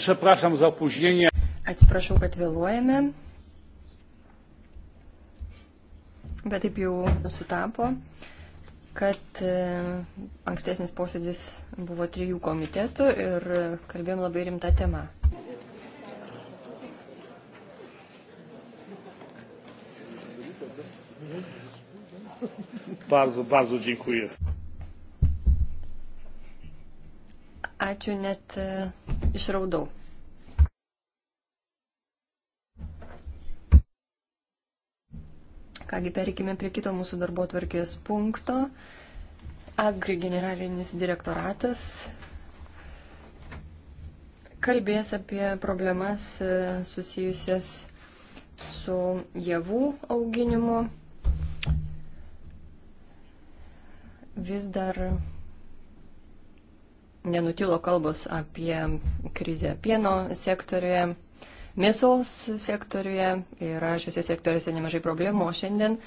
Przepraszam za opóźnienie. Atsiprašau, kad vėluojame. Bet taip jau sutapo, kad e, ankstesnis posėdis buvo trijų komitetų ir kalbėjom labai rimtą temą. Bardzo, bardzo dziękuję. Ačiū net e, išraudau. Kągi, perikime prie kito mūsų darbo tvarkės punkto. Agri generalinis direktoratas kalbės apie problemas e, susijusias su javų auginimu. Vis dar nenutilo kalbos apie krizę pieno sektoriuje, mėsos sektoriuje. Yra šiuose sektoriuose nemažai problemų, o šiandien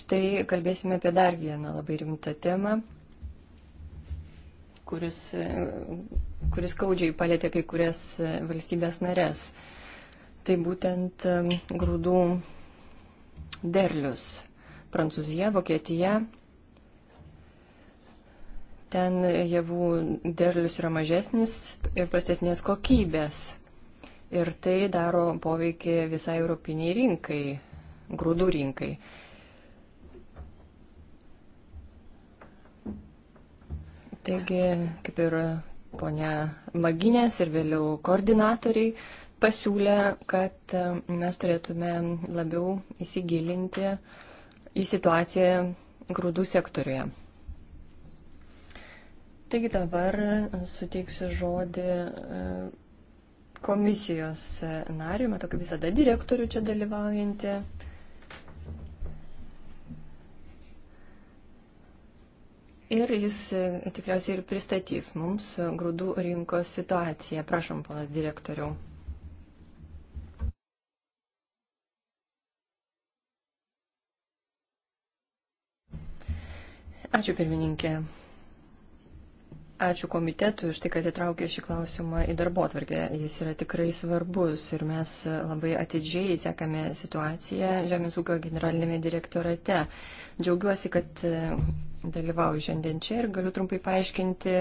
štai kalbėsime apie dar vieną labai rimtą temą, kuris, kuris kaudžiai palėtė kai kurias valstybės narės. Tai būtent grūdų derlius. Prancūzija, Vokietija Ten javų derlius yra mažesnis ir prastesnės kokybės. Ir tai daro poveikį visai europiniai rinkai, grūdų rinkai. Taigi, kaip ir ponia Maginės ir vėliau koordinatoriai pasiūlė, kad e, mes turėtume labiau įsigilinti į situaciją grūdų sektoriuje. Taigi dabar e, suteiksiu žodį e, komisijos e, nariui, matau, kaip visada direktorių čia dalyvaujantį. Ir jis tikriausiai ir pristatys mums grūdų rinkos situaciją. Prašom, ponas direktoriau. Ačiū pirmininkė. Ačiū komitetui už tai, kad įtraukė šį klausimą į darbo atvarkę. Jis yra tikrai svarbus ir mes labai atidžiai sekame situaciją Žemės ūkio generalinėme direktorate. Džiaugiuosi, kad e, dalyvauju šiandien čia ir galiu trumpai paaiškinti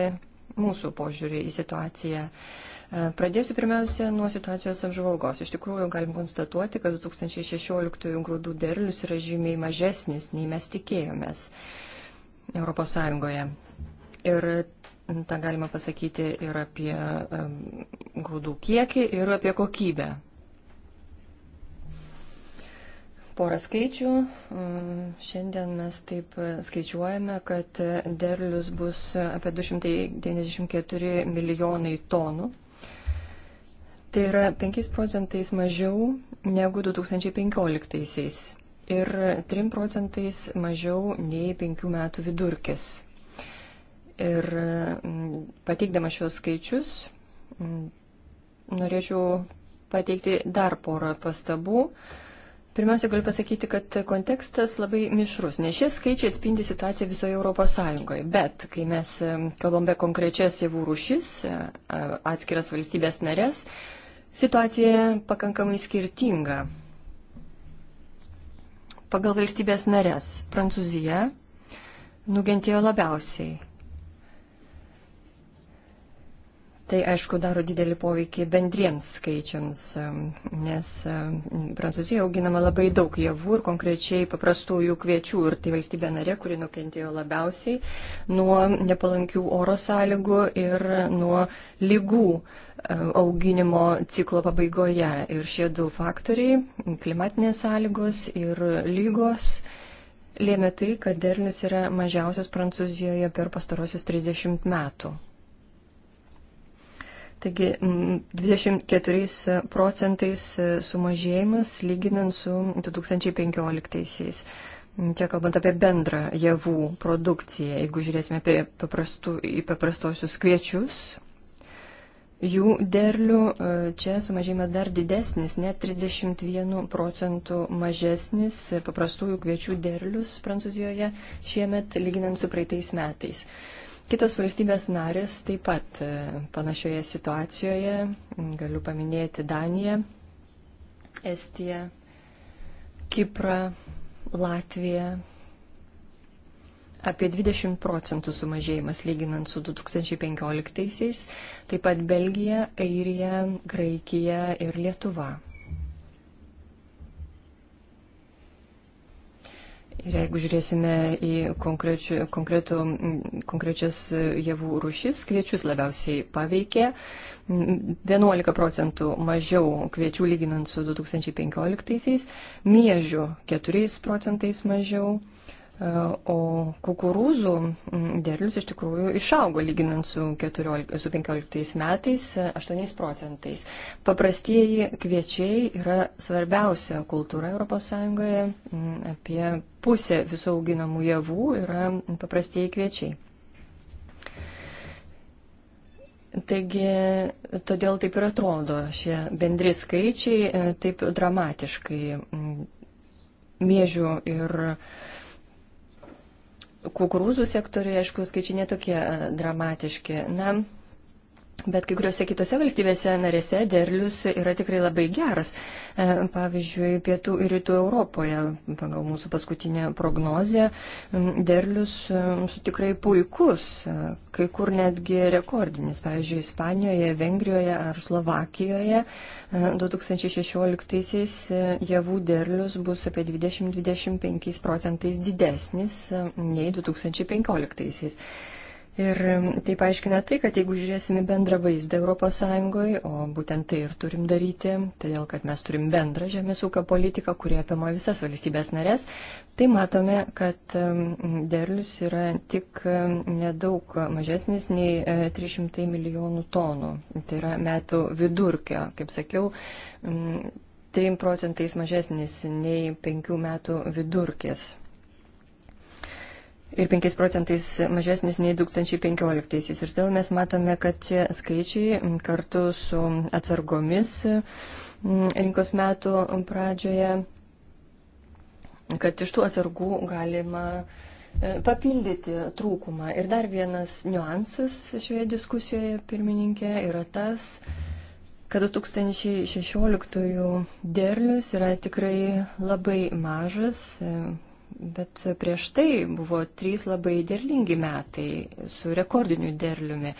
mūsų požiūrį į situaciją. E, pradėsiu pirmiausia nuo situacijos apžvalgos. Iš tikrųjų, galim konstatuoti, kad 2016 grūdų derlius yra žymiai mažesnis, nei mes tikėjomės ES. Ir tą galima pasakyti ir apie grūdų kiekį, ir apie kokybę. Porą skaičių. Mm, šiandien mes taip skaičiuojame, kad derlius bus apie 294 milijonai tonų. Tai yra 5 procentais mažiau negu 2015-aisiais ir 3 procentais mažiau nei 5 metų vidurkis. Ir mm, pateikdama šios skaičius, mm, norėčiau pateikti dar porą pastabų. Pirmiausia, galiu pasakyti, kad kontekstas labai mišrus, nes šie skaičiai atspindi situaciją visoje Europos Sąjungoje. Bet kai mes mm, kalbam be konkrečias javų rušis, atskiras valstybės narės, situacija pakankamai skirtinga. Pagal valstybės narės Prancūzija nugentėjo labiausiai Tai aišku daro didelį poveikį bendriems skaičiams, nes Prancūzijoje auginama labai daug javų ir konkrečiai paprastųjų kviečių ir tai valstybė narė, kuri nukentėjo labiausiai nuo nepalankių oro sąlygų ir nuo lygų auginimo ciklo pabaigoje. Ir šie du faktoriai - klimatinės sąlygos ir lygos lėmė tai, kad derlis yra mažiausias Prancūzijoje per pastarosius 30 metų. Taigi 24 e, procentais e, sumažėjimas lyginant su 2015-aisiais. Čia kalbant apie bendrą javų produkciją, jeigu žiūrėsime apie paprastų, į paprastosius kviečius, jų derlių, e, čia sumažėjimas dar didesnis, net 31 procentų mažesnis paprastųjų kviečių derlius Prancūzijoje šiemet lyginant su praeitais metais. Kitos valstybės narės taip pat e, panašioje situacijoje, galiu paminėti Daniją, Estiją, Kiprą, Latviją. Apie 20 procentų sumažėjimas lyginant su 2015-aisiais, taip pat Belgija, Airija, Graikija ir Lietuva. Ir jeigu žiūrėsime į konkrečių, konkretų, mm, konkrečias e, javų rušis, kviečius labiausiai paveikė. 11 mm, procentų mažiau kviečių lyginant su 2015-aisiais, miežių 4 procentais mažiau, O kukurūzų derlius iš tikrųjų išaugo lyginant su, 14, su 15 metais 8 procentais. Paprastieji kviečiai yra svarbiausia kultūra ES. Apie pusę visų auginamų javų yra paprastieji kviečiai. Taigi, todėl taip ir atrodo šie bendri skaičiai taip dramatiškai. Mėžių ir uh, kukurūzų sektoriuje, aišku, skaičiai netokie e, dramatiški. Na, Bet kai kuriuose kitose valstybėse narėse derlius yra tikrai labai geras. E, pavyzdžiui, pietų ir rytų Europoje, pagal mūsų paskutinę prognozę, derlius tikrai puikus, e, kai kur netgi rekordinis. Pavyzdžiui, Ispanijoje, Vengrijoje ar Slovakijoje 2016-aisiais e, javų derlius bus apie 20-25 procentais didesnis nei 2015-aisiais. Ir tai paaiškina tai, kad jeigu žiūrėsime bendrą vaizdą ES, o būtent tai ir turim daryti, todėl kad mes turim bendrą žemės ūkio politiką, kurie apima visas valstybės narės, tai matome, kad derlius yra tik nedaug mažesnis nei 300 e, milijonų tonų. Tai yra metų vidurkio, kaip sakiau. 3 procentais mažesnis nei 5 metų vidurkis ir 5 procentais mažesnis nei 2015-aisiais. Ir todėl mes matome, kad čia skaičiai kartu su atsargomis rinkos metų pradžioje, kad iš tų atsargų galima e, papildyti trūkumą. Ir dar vienas niuansas šioje diskusijoje, pirmininkė, yra tas, kad 2016 derlius yra tikrai labai mažas, e, Bet prieš tai buvo trys labai derlingi metai su rekordiniu derliumi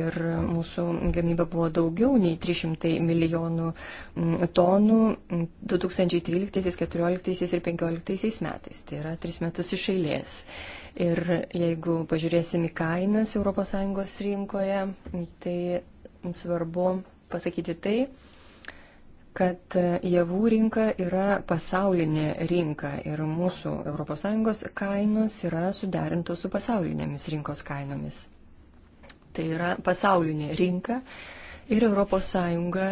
ir mūsų gamyba buvo daugiau nei 300 milijonų tonų 2013, 2014 ir 2015 metais. Tai yra tris metus iš eilės. Ir jeigu pažiūrėsim į kainas ES rinkoje, tai svarbu pasakyti tai, kad e, javų rinka yra pasaulinė rinka ir mūsų ES kainos yra suderintos su pasaulinėmis rinkos kainomis. Tai yra pasaulinė rinka ir ES e,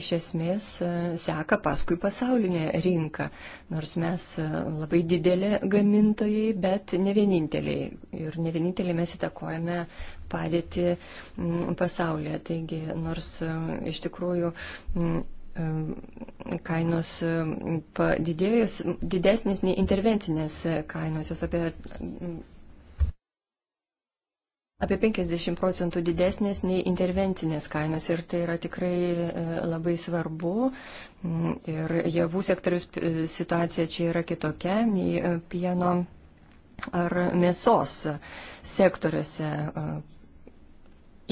iš esmės e, seka paskui pasaulinę rinką, nors mes labai didelė gamintojai, bet ne vieninteliai. Ir ne vieninteliai mes įtakojame padėti pasaulyje. Taigi, nors iš tikrųjų kainos padidėjus, didesnės nei intervencinės kainos, jos apie, apie 50 procentų didesnės nei intervencinės kainos ir tai yra tikrai e, labai svarbu ir javų sektorius e, situacija čia yra kitokia nei e, pieno ar mėsos sektoriuose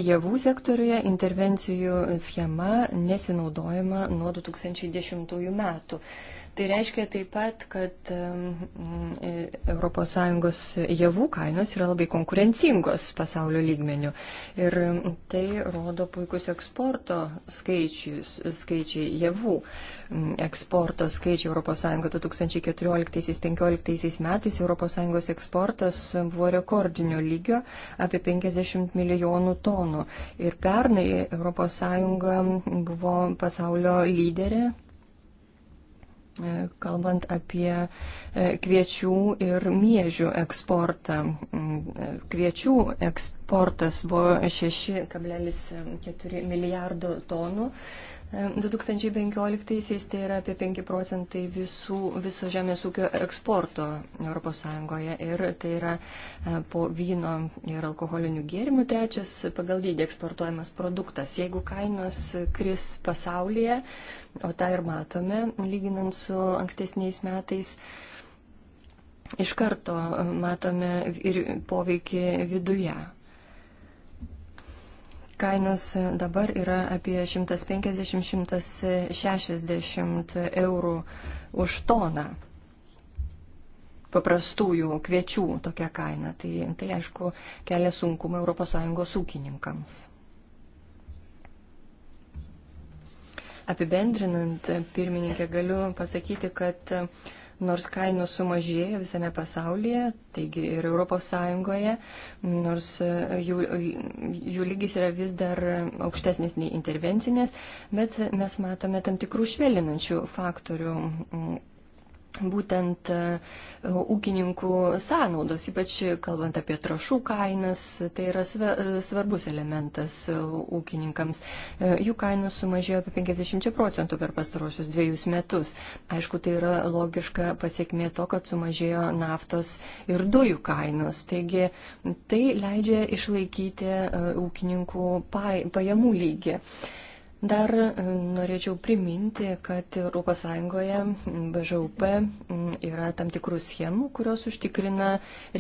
Javų sektoriuje intervencijų schema nesinaudojama nuo 2010 metų. Tai reiškia taip pat, kad ES e, javų kainos yra labai konkurencingos pasaulio lygmenių. Ir tai rodo puikus eksporto skaičius, skaičiai javų. Eksporto skaičiai ES 2014-2015 metais ES eksportas buvo rekordinio lygio apie 50 milijonų tonų. Ir pernai ES buvo pasaulio lyderė E, kalbant apie e, kviečių ir miežių eksportą. Mm, e, kviečių eksportas buvo 6,4 milijardo tonų, 2015-aisiais tai yra apie 5 procentai visų, viso žemės ūkio eksporto ES ir tai yra e, po vyno ir alkoholinių gėrimų trečias pagal dydį eksportuojamas produktas. Jeigu kainos kris pasaulyje, o tą ir matome, lyginant su ankstesniais metais, iš karto e, matome ir poveikį viduje. Kainos dabar yra apie 150-160 eurų už toną paprastųjų kviečių tokia kaina. Tai, tai aišku, kelia sunkumą ES ūkininkams. Apibendrinant, pirmininkė, galiu pasakyti, kad nors kainų sumažėjo visame pasaulyje, taigi ir ES, nors e, jų, e, jų lygis yra vis dar aukštesnis nei intervencinės, bet mes matome tam tikrų švelinančių faktorių būtent e, ūkininkų sąnaudos, ypač kalbant apie trašų kainas, tai yra e, svarbus elementas e, ūkininkams. Jų kainos sumažėjo apie 50 procentų per pastarosius dviejus metus. Aišku, tai yra logiška pasiekmė to, kad sumažėjo naftos ir dujų kainos. Taigi tai leidžia išlaikyti ūkininkų pajamų lygį. Dar e, norėčiau priminti, kad ES BŽUP yra tam tikrų schemų, kurios užtikrina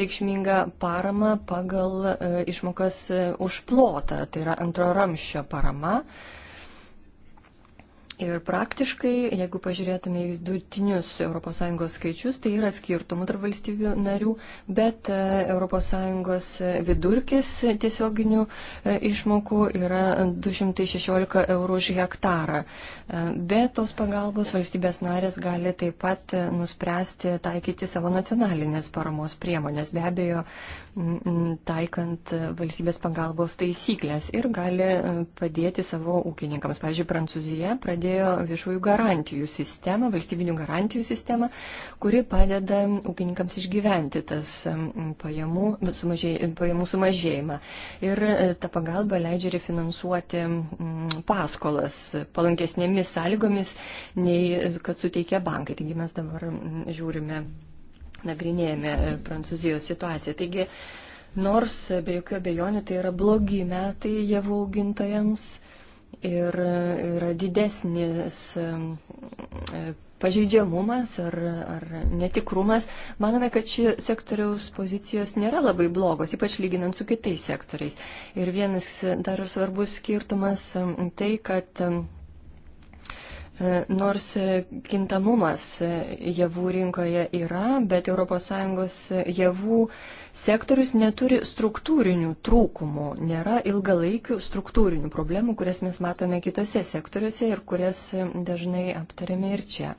reikšmingą paramą pagal e, išmokas e, už plotą, tai yra antro ramščio parama. Ir praktiškai, jeigu pažiūrėtume į vidutinius ES skaičius, tai yra skirtumų tarp valstybių narių, bet e, ES vidurkis tiesioginių e, išmokų yra 216 eurų už hektarą. E, be tos pagalbos valstybės narės gali taip pat nuspręsti taikyti savo nacionalinės paramos priemonės, be abejo, taikant valstybės pagalbos taisyklės ir gali padėti savo ūkininkams. Pavyzdžiui, Prancūzija pradėjo pradėjo viešųjų garantijų sistemą, valstybinių garantijų sistemą, kuri padeda ūkininkams išgyventi tas pajamų, sumažė, pajamų sumažėjimą. Ir e, ta pagalba leidžia refinansuoti paskolas palankesnėmis sąlygomis, nei e, kad suteikia bankai. Taigi mes dabar žiūrime, nagrinėjame e, Prancūzijos situaciją. Taigi, Nors be jokių abejonių tai yra blogi metai javų augintojams, ir yra didesnis e, pažeidžiamumas ar, ar netikrumas. Manome, kad ši sektoriaus pozicijos nėra labai blogos, ypač lyginant su kitais sektoriais. Ir vienas dar svarbus skirtumas tai, kad Nors kintamumas javų rinkoje yra, bet ES javų sektorius neturi struktūrinių trūkumų, nėra ilgalaikių struktūrinių problemų, kurias mes matome kitose sektoriuose ir kurias dažnai aptarėme ir čia.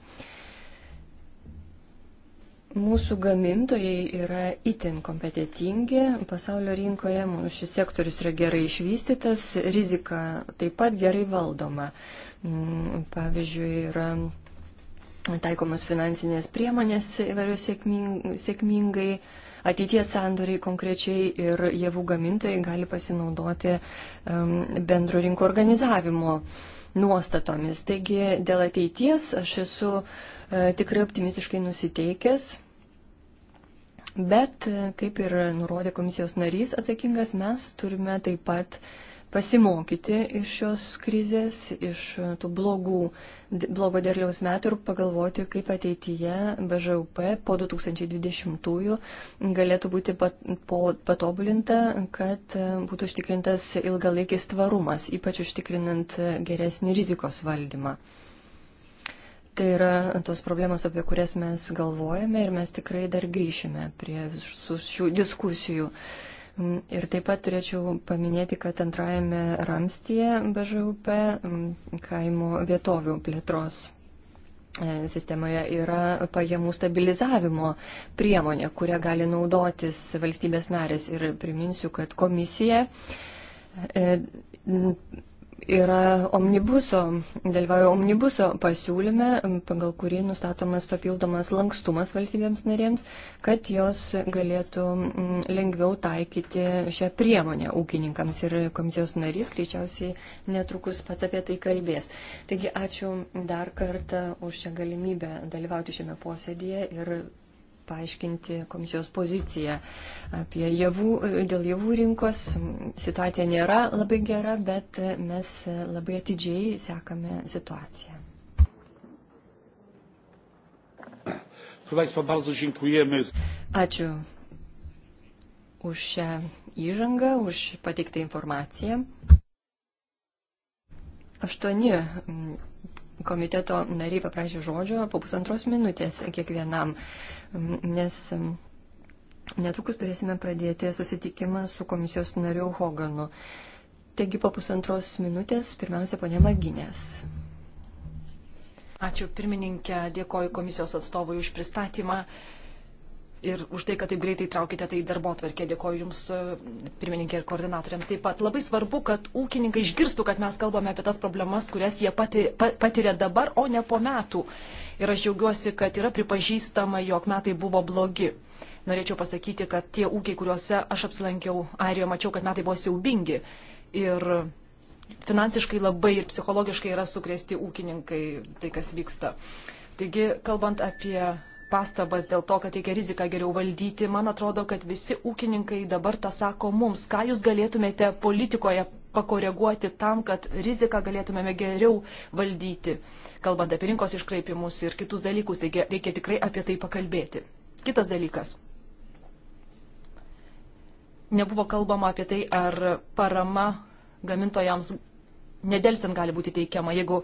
Mūsų gamintojai yra itin kompetitingi pasaulio rinkoje, šis sektorius yra gerai išvystytas, rizika taip pat gerai valdoma. Mm, pavyzdžiui, yra taikomos finansinės priemonės įvairios sėkming, sėkmingai, ateities sandoriai konkrečiai ir javų gamintojai gali pasinaudoti um, bendro rinko organizavimo nuostatomis. Taigi dėl ateities aš esu uh, tikrai optimistiškai nusiteikęs. Bet, kaip ir nurodė komisijos narys atsakingas, mes turime taip pat uh, pasimokyti iš šios krizės, iš tų blogų, blogo derliaus metų ir pagalvoti, kaip ateityje BŽUP po 2020-ųjų galėtų būti pat, po, patobulinta, kad būtų užtikrintas ilgalaikis tvarumas, ypač užtikrinant geresnį rizikos valdymą. Tai yra tos problemos, apie kurias mes galvojame ir mes tikrai dar grįšime prie šių diskusijų. Uh, Mm, ir taip pat turėčiau paminėti, kad antrajame ramstyje BŽUP mm, kaimo vietovių plėtros e, sistemoje yra pajamų stabilizavimo priemonė, kurią gali naudotis valstybės narės. Ir priminsiu, kad komisija e, yra omnibuso, dalyvauja omnibuso pasiūlyme, pagal kurį nustatomas papildomas lankstumas valstybėms narėms, kad jos galėtų mm, lengviau taikyti šią priemonę ūkininkams ir komisijos narys greičiausiai netrukus pats apie tai kalbės. Taigi ačiū dar kartą už šią galimybę dalyvauti šiame posėdėje ir paaiškinti komisijos poziciją apie javų, dėl javų rinkos. Situacija nėra labai gera, bet mes labai atidžiai sekame situaciją. Ačiū už šią įžangą, už pateiktą informaciją. Aštuoni mm, komiteto nariai paprašė žodžio po pusantros minutės kiekvienam nes netrukus turėsime pradėti susitikimą su komisijos nariu Hoganu. Taigi po pusantros minutės pirmiausia ponė Maginės. Ačiū pirmininkė, dėkoju komisijos atstovui už pristatymą ir už tai, kad taip greitai traukite tai darbo atvarkė. Dėkoju Jums, e, pirmininkė ir koordinatoriams. Taip pat labai svarbu, kad ūkininkai išgirstų, kad mes kalbame apie tas problemas, kurias jie patiria, patiria dabar, o ne po metų. Ir aš džiaugiuosi, kad yra pripažįstama, jog metai buvo blogi. Norėčiau pasakyti, kad tie ūkiai, kuriuose aš apsilankiau Airijoje, mačiau, kad metai buvo siaubingi. Ir finansiškai labai ir psichologiškai yra sukrėsti ūkininkai tai, kas vyksta. Taigi, kalbant apie pastabas dėl to, kad reikia riziką geriau valdyti. Man atrodo, kad visi ūkininkai dabar tą sako mums. Ką jūs galėtumėte politikoje pakoreguoti tam, kad riziką galėtumėme geriau valdyti, kalbant apie rinkos iškraipimus ir kitus dalykus. Taigi reikia tikrai apie tai pakalbėti. Kitas dalykas. Nebuvo kalbama apie tai, ar parama gamintojams nedelsint gali būti teikiama. Jeigu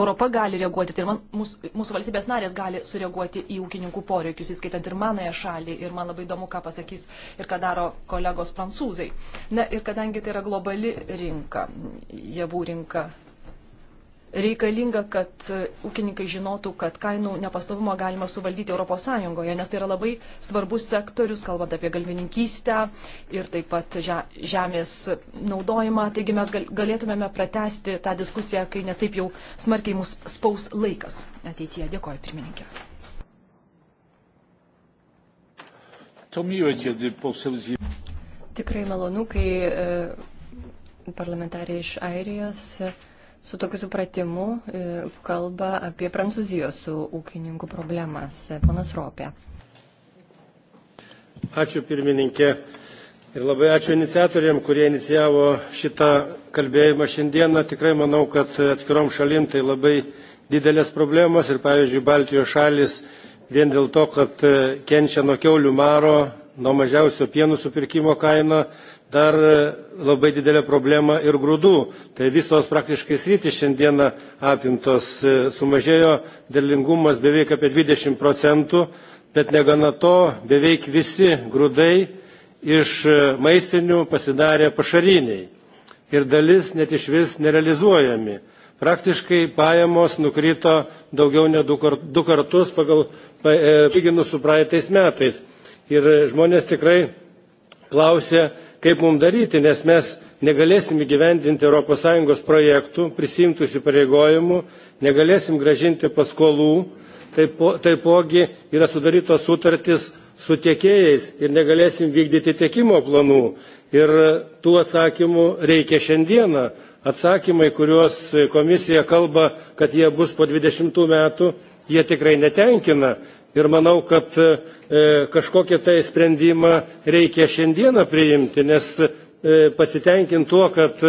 Europa gali reaguoti, tai man, mūsų, mūsų valstybės narės gali sureaguoti į ūkininkų poreikius, įskaitant ir manąją šalį. Ir man labai įdomu, ką pasakys ir ką daro kolegos prancūzai. Na ir kadangi tai yra globali rinka, javų rinka reikalinga, kad e, ūkininkai žinotų, kad kainų nepastovumą galima suvaldyti ES, nes tai yra labai svarbus sektorius, kalbant apie galvininkystę ir taip pat žemės naudojimą. Taigi mes galėtumėme pratesti tą diskusiją, kai netaip jau smarkiai mus spaus laikas ateityje. Dėkoju, pirmininkė. Tikrai malonu, kai e, parlamentarai iš Airijos su tokiu supratimu e, kalba apie Prancūzijos ūkininkų problemas. E, Panas Ropė. Ačiū pirmininkė. Ir labai ačiū iniciatoriam, kurie inicijavo šitą kalbėjimą šiandieną. Tikrai manau, kad atskirom šalim tai labai didelės problemos ir pavyzdžiui Baltijos šalis vien dėl to, kad e, kenčia nuo keulių maro, nuo mažiausio pienų supirkimo kaino, dar e, labai didelė problema ir grūdų. Tai visos praktiškai sritis šiandieną apimtos e, sumažėjo derlingumas beveik apie 20 procentų, bet negana to beveik visi grūdai iš e, maistinių pasidarė pašariniai ir dalis net iš vis nerealizuojami. Praktiškai pajamos nukrito daugiau nei du kartus pagal palyginus su praeitais metais. Ir žmonės tikrai klausė, kaip mums daryti, nes mes negalėsim įgyvendinti ES projektų, prisimtų įsipareigojimų, negalėsim gražinti paskolų, taipo, taipogi yra sudarytos sutartis su tiekėjais ir negalėsim vykdyti tiekimo planų. Ir tų atsakymų reikia šiandieną. Atsakymai, kuriuos komisija kalba, kad jie bus po 20 metų, jie tikrai netenkina. Ir manau, kad e, e, kažkokį tai sprendimą reikia šiandieną priimti, nes e, pasitenkinti tuo, kad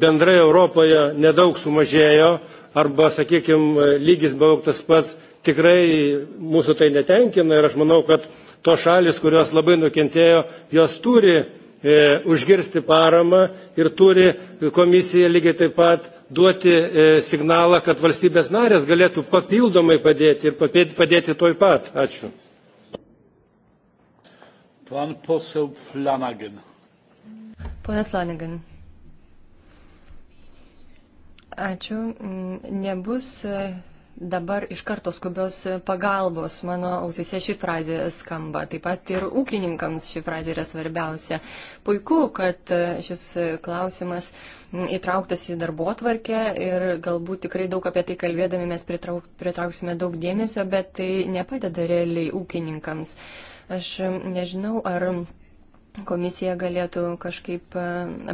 bendrai Europoje nedaug sumažėjo arba, sakykime, lygis beveik tas pats, tikrai mūsų tai netenkina ir aš manau, kad tos šalis, kurios labai nukentėjo, jos turi e, užgirsti paramą ir turi komisija lygiai taip pat duoti e, signalą, kad valstybės narės galėtų papildomai padėti ir padėti toj pat. Ačiū. Pan poseł Flanagan. Ponas Flanagan. Ačiū. Nebus e, Dabar iš karto skubios pagalbos mano ausise ši frazė skamba. Taip pat ir ūkininkams ši frazė yra svarbiausia. Puiku, kad e, šis klausimas įtrauktas į darbo tvarkę ir galbūt tikrai daug apie tai kalbėdami mes pritrauk, pritrauksime daug dėmesio, bet tai nepadeda realiai ūkininkams. Aš nežinau, ar komisija galėtų kažkaip e,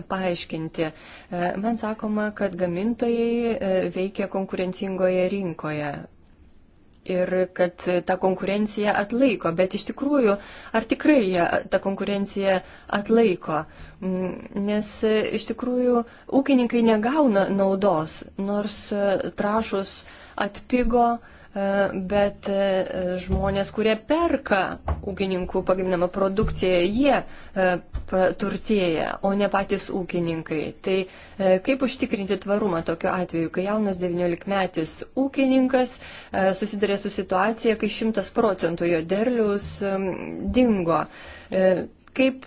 paaiškinti. E, man sakoma, kad gamintojai e, veikia konkurencingoje rinkoje. Ir kad ta konkurencija atlaiko, bet iš tikrųjų, ar tikrai ta konkurencija atlaiko? Mm, nes iš tikrųjų ūkininkai negauna naudos, nors trašus atpigo, E, bet e, žmonės, kurie perka ūkininkų pagaminamą produkciją, jie e, turtėja, o ne patys ūkininkai. Tai kaip užtikrinti tvarumą tokiu atveju, kai jaunas 19-metis ūkininkas susidarė su situacija, kai 100 procentų jo derlius dingo. Kaip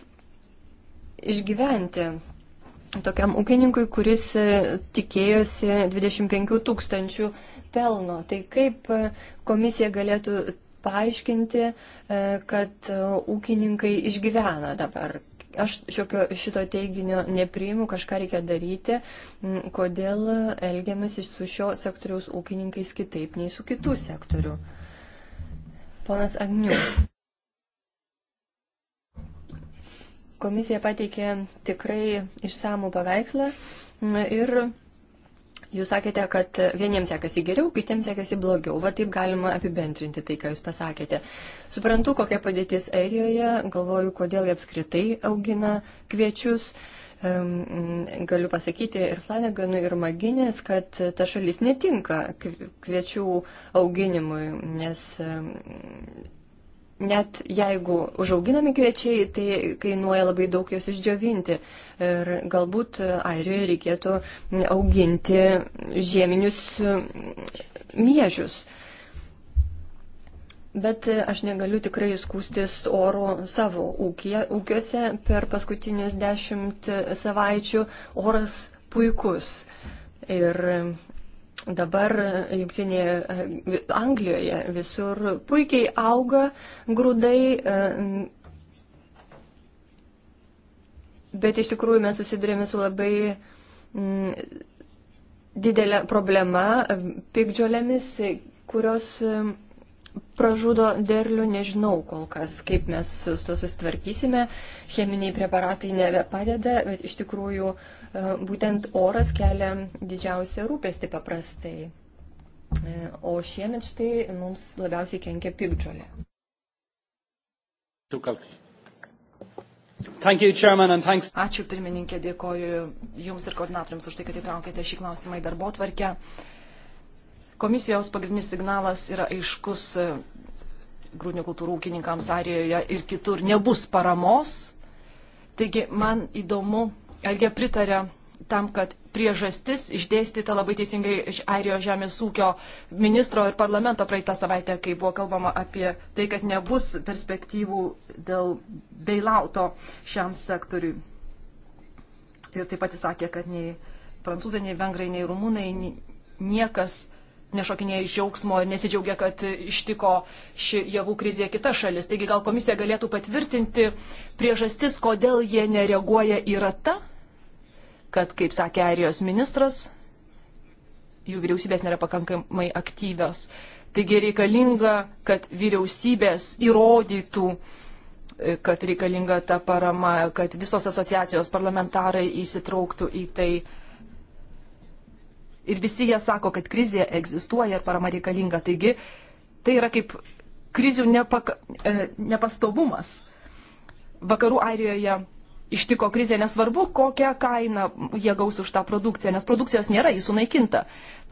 išgyventi tokiam ūkininkui, kuris tikėjosi 25 tūkstančių 000 pelno. Tai kaip e, komisija galėtų paaiškinti, e, kad e, ūkininkai išgyvena dabar? Aš šiokio, šito teiginio nepriimu, kažką reikia daryti, mm, kodėl elgiamės su šio sektoriaus ūkininkais kitaip nei su kitų sektorių. Ponas Agniu. Komisija pateikė tikrai išsamų paveikslą mm, ir Jūs sakėte, kad vieniems sekasi geriau, kitiems sekasi blogiau. Va taip galima apibendrinti tai, ką Jūs pasakėte. Suprantu, kokia padėtis Airijoje, galvoju, kodėl jie apskritai augina kviečius. Galiu pasakyti ir Flanaganui, ir Maginės, kad ta šalis netinka kviečių auginimui, nes net jeigu užauginami kviečiai, tai kainuoja labai daug juos išdžiovinti. Ir galbūt e, Airijoje reikėtų auginti žieminius miežius. Bet e, aš negaliu tikrai skūstis oru savo ūkija, ūkiuose. Per paskutinius dešimt e, savaičių oras puikus. Ir Dabar e, jungtinėje e, Anglijoje visur puikiai auga grūdai, e, bet iš tikrųjų mes susidurėme su labai didelė problema pikdžiolėmis, kurios pražudo derlių, nežinau kol kas, kaip mes su to susitvarkysime. Cheminiai preparatai nebepadeda, bet iš tikrųjų E, būtent oras kelia didžiausią rūpestį paprastai. E, o šiemet štai mums labiausiai kenkia pikdžiolė. Ačiū pirmininkė, dėkoju Jums ir koordinatoriams už tai, kad įtraukėte šį klausimą į darbo tvarkę. Komisijos pagrindinis signalas yra aiškus e, grūdinių kultūrų ūkininkams Arijoje ir kitur nebus paramos. Taigi man įdomu, ar jie pritarė tam, kad priežastis išdėstyta labai teisingai iš Airijos žemės ūkio ministro ir parlamento praeitą savaitę, kai buvo kalbama apie tai, kad nebus perspektyvų dėl beilauto šiam sektoriui. Ir taip pat jis sakė, kad nei prancūzai, nei vengrai, nei rumūnai, niekas nešokinėja iš džiaugsmo ir nesidžiaugia, kad ištiko ši javų krizė kita šalis. Taigi gal komisija galėtų patvirtinti priežastis, kodėl jie nereaguoja yra ta, kad, kaip sakė Airijos ministras, jų vyriausybės nėra pakankamai aktyvios. Taigi reikalinga, kad vyriausybės įrodytų, e, kad reikalinga ta parama, kad visos asociacijos parlamentarai įsitrauktų į tai. Ir visi jie sako, kad krizė egzistuoja ir parama reikalinga. Taigi tai yra kaip krizių nepak, e, nepastovumas. Vakarų Airijoje ištiko krizė, nesvarbu, kokią kainą jie gaus už tą produkciją, nes produkcijos nėra, jis sunaikinta.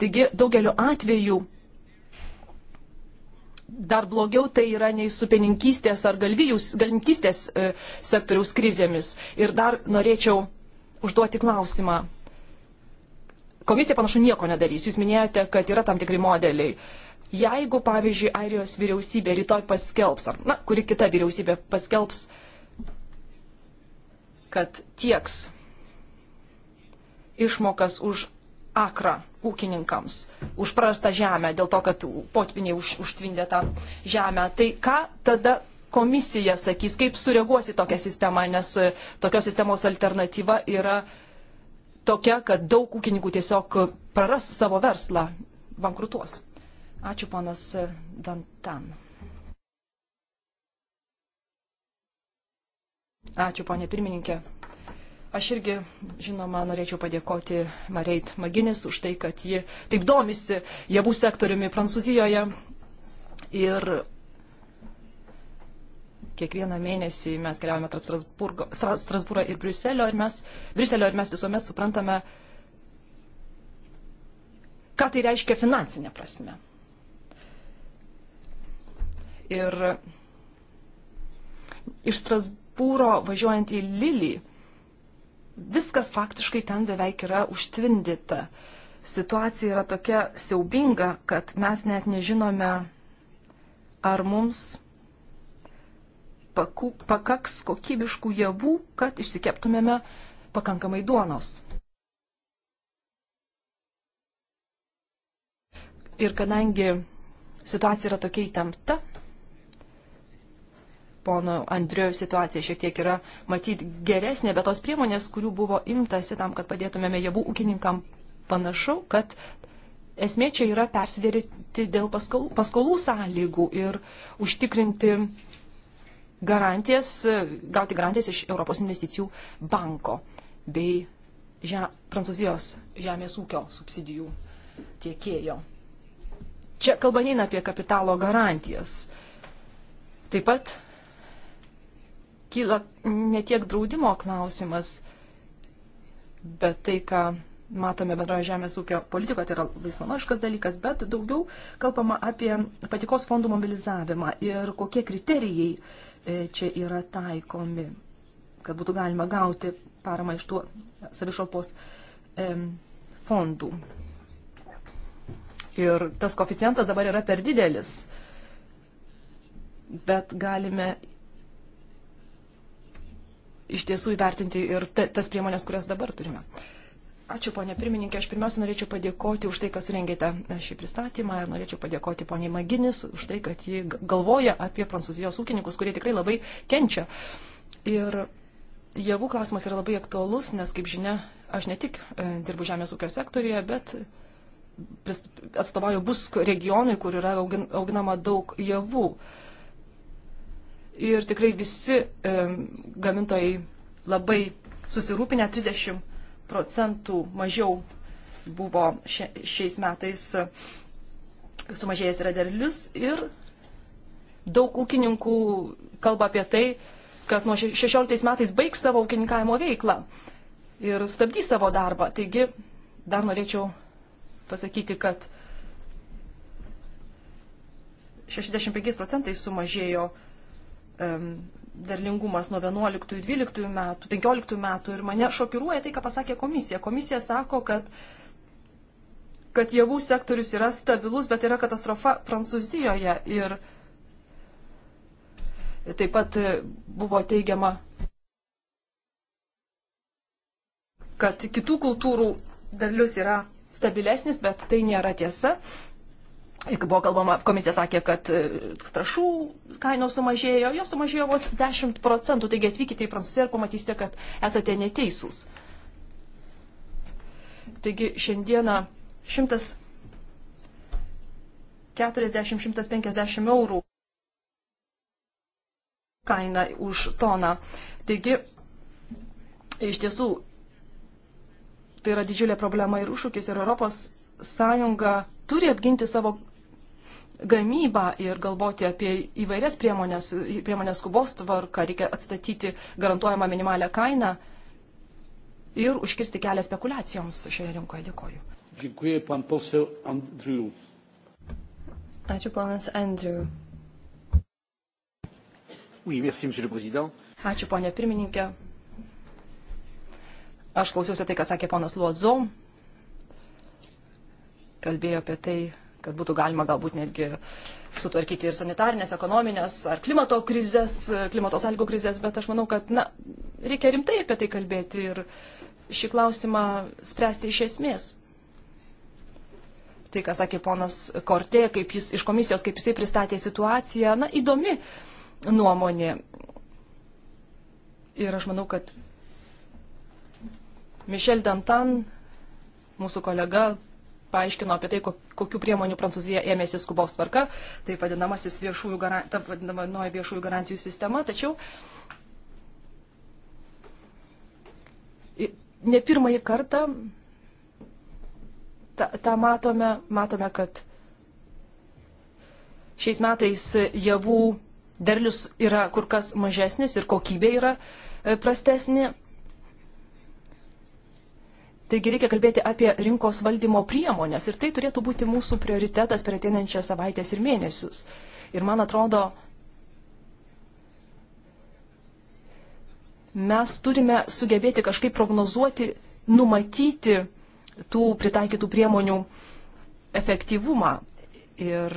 Taigi daugeliu atveju dar blogiau tai yra nei su peninkystės ar galvijus, galvinkystės e, sektoriaus krizėmis. Ir dar norėčiau užduoti klausimą. Komisija panašu nieko nedarys. Jūs minėjote, kad yra tam tikri modeliai. Jeigu, pavyzdžiui, Airijos vyriausybė rytoj paskelbs, ar, na, kuri kita vyriausybė paskelbs, uh, kad tieks išmokas už akrą ūkininkams, už prastą žemę, dėl to, kad potviniai už, užtvindė tą žemę. Tai ką tada komisija sakys, kaip sureaguosi tokią sistemą, nes e, tokios sistemos alternatyva yra tokia, kad daug ūkininkų tiesiog praras savo verslą, bankrutuos. Ačiū, ponas e, Dantan. Ačiū, ponė pirmininkė. Aš irgi, žinoma, norėčiau padėkoti Mareit Maginis už tai, kad ji taip domisi javų sektoriumi Prancūzijoje. Ir kiekvieną mėnesį mes keliaujame tarp Strasbūro ir Briuselio ir, mes, Briuselio ir mes visuomet suprantame, ką tai reiškia finansinė prasme. Ir iš Strasbūro pūro važiuojant į Lilį, viskas faktiškai ten beveik yra užtvindyta. Situacija yra tokia siaubinga, kad mes net nežinome, ar mums paku, pakaks kokybiškų javų, kad išsikeptumėme pakankamai duonos. Ir kadangi situacija yra tokia įtempta, pono Andriojų situacija šiek tiek yra matyti geresnė, bet tos priemonės, kurių buvo imtasi tam, kad padėtumėme javų ūkininkam, panašu, kad esmė čia yra persidėrėti dėl paskolų, paskolų sąlygų ir užtikrinti garantijas, gauti garantijas iš Europos investicijų banko bei žem, Prancūzijos žemės ūkio subsidijų tiekėjo. Čia kalba neina apie kapitalo garantijas. Taip pat kyla ne tiek draudimo klausimas, bet tai, ką matome bendroje žemės ūkio politikoje, tai yra laisvanoriškas dalykas, bet daugiau kalbama apie patikos fondų mobilizavimą ir kokie kriterijai e, čia yra taikomi, kad būtų galima gauti paramą iš tų savišalpos fondų. Ir tas koficijantas dabar yra per didelis, bet galime iš tiesų įvertinti ir tas priemonės, kurias dabar turime. Ačiū, ponė pirmininkė. Aš pirmiausia norėčiau padėkoti už tai, kad surengėte šį pristatymą ir norėčiau padėkoti poniai Maginis už tai, kad ji galvoja apie prancūzijos ūkininkus, kurie tikrai labai kenčia. Ir javų klausimas yra labai aktuolus, nes, kaip žinia, aš ne tik e, dirbu žemės ūkio sektorijoje, bet atstovauju bus regionui, kur yra auginama daug javų ir tikrai visi e, gamintojai labai susirūpinę, 30 procentų mažiau buvo šia, šiais metais sumažėjęs yra derlius ir daug ūkininkų kalba apie tai, kad nuo 16 metais baigs savo ūkininkavimo veiklą ir stabdys savo darbą. Taigi dar norėčiau pasakyti, kad 65 procentai sumažėjo uh, derlingumas nuo 11-12 metų, 15 metų ir mane šokiruoja tai, ką pasakė komisija. Komisija sako, kad, kad javų sektorius yra stabilus, bet yra katastrofa Prancūzijoje ir taip pat e, buvo teigiama, kad kitų kultūrų derlius yra stabilesnis, bet tai nėra tiesa. Buvo kalbama, komisija sakė, kad e, trašų kainos sumažėjo, jos sumažėjo vos 10 procentų, taigi atvykite į Prancūziją ir pamatysite, kad esate neteisūs. Taigi šiandieną 140-150 eurų kaina už toną. Taigi iš tiesų tai yra didžiulė problema ir užšūkis ir Europos Sąjunga turi apginti savo gamybą ir galvoti apie įvairias priemonės, priemonės skubos tvarką, reikia atstatyti garantuojamą minimalę kainą ir užkirsti kelią spekulacijoms šioje rinkoje. Dėkoju. Dėkuoju, pan posel Andriu. Ačiū, ponas Andriu. Oui, merci, monsieur le président. Ačiū, ponė pirmininkė. Aš klausiausi tai, ką sakė ponas Luozo. Kalbėjo apie tai, kad būtų galima galbūt netgi sutvarkyti ir sanitarinės, ekonominės ar klimato krizės, klimato sąlygų krizės, bet aš manau, kad na, reikia rimtai apie tai kalbėti ir šį klausimą spręsti iš esmės. Tai, ką sakė ponas Kortė, kaip jis iš komisijos, kaip jisai pristatė situaciją, na, įdomi nuomonė. Ir aš manau, kad Mišel Dantan, mūsų kolega, paaiškino apie tai, kokiu priemonių Prancūzija ėmėsi skubos tvarka, tai vadinamasis viešųjų, garant, vadinama, viešųjų garantijų sistema, tačiau ne pirmąjį kartą tą, tą matome, matome, kad šiais metais javų derlius yra kur kas mažesnis ir kokybė yra e, prastesnė. Taigi reikia kalbėti apie rinkos valdymo priemonės ir tai turėtų būti mūsų prioritetas per ateinančią savaitės ir mėnesius. Ir man atrodo, mes turime sugebėti kažkaip prognozuoti, numatyti tų pritaikytų priemonių efektyvumą. Ir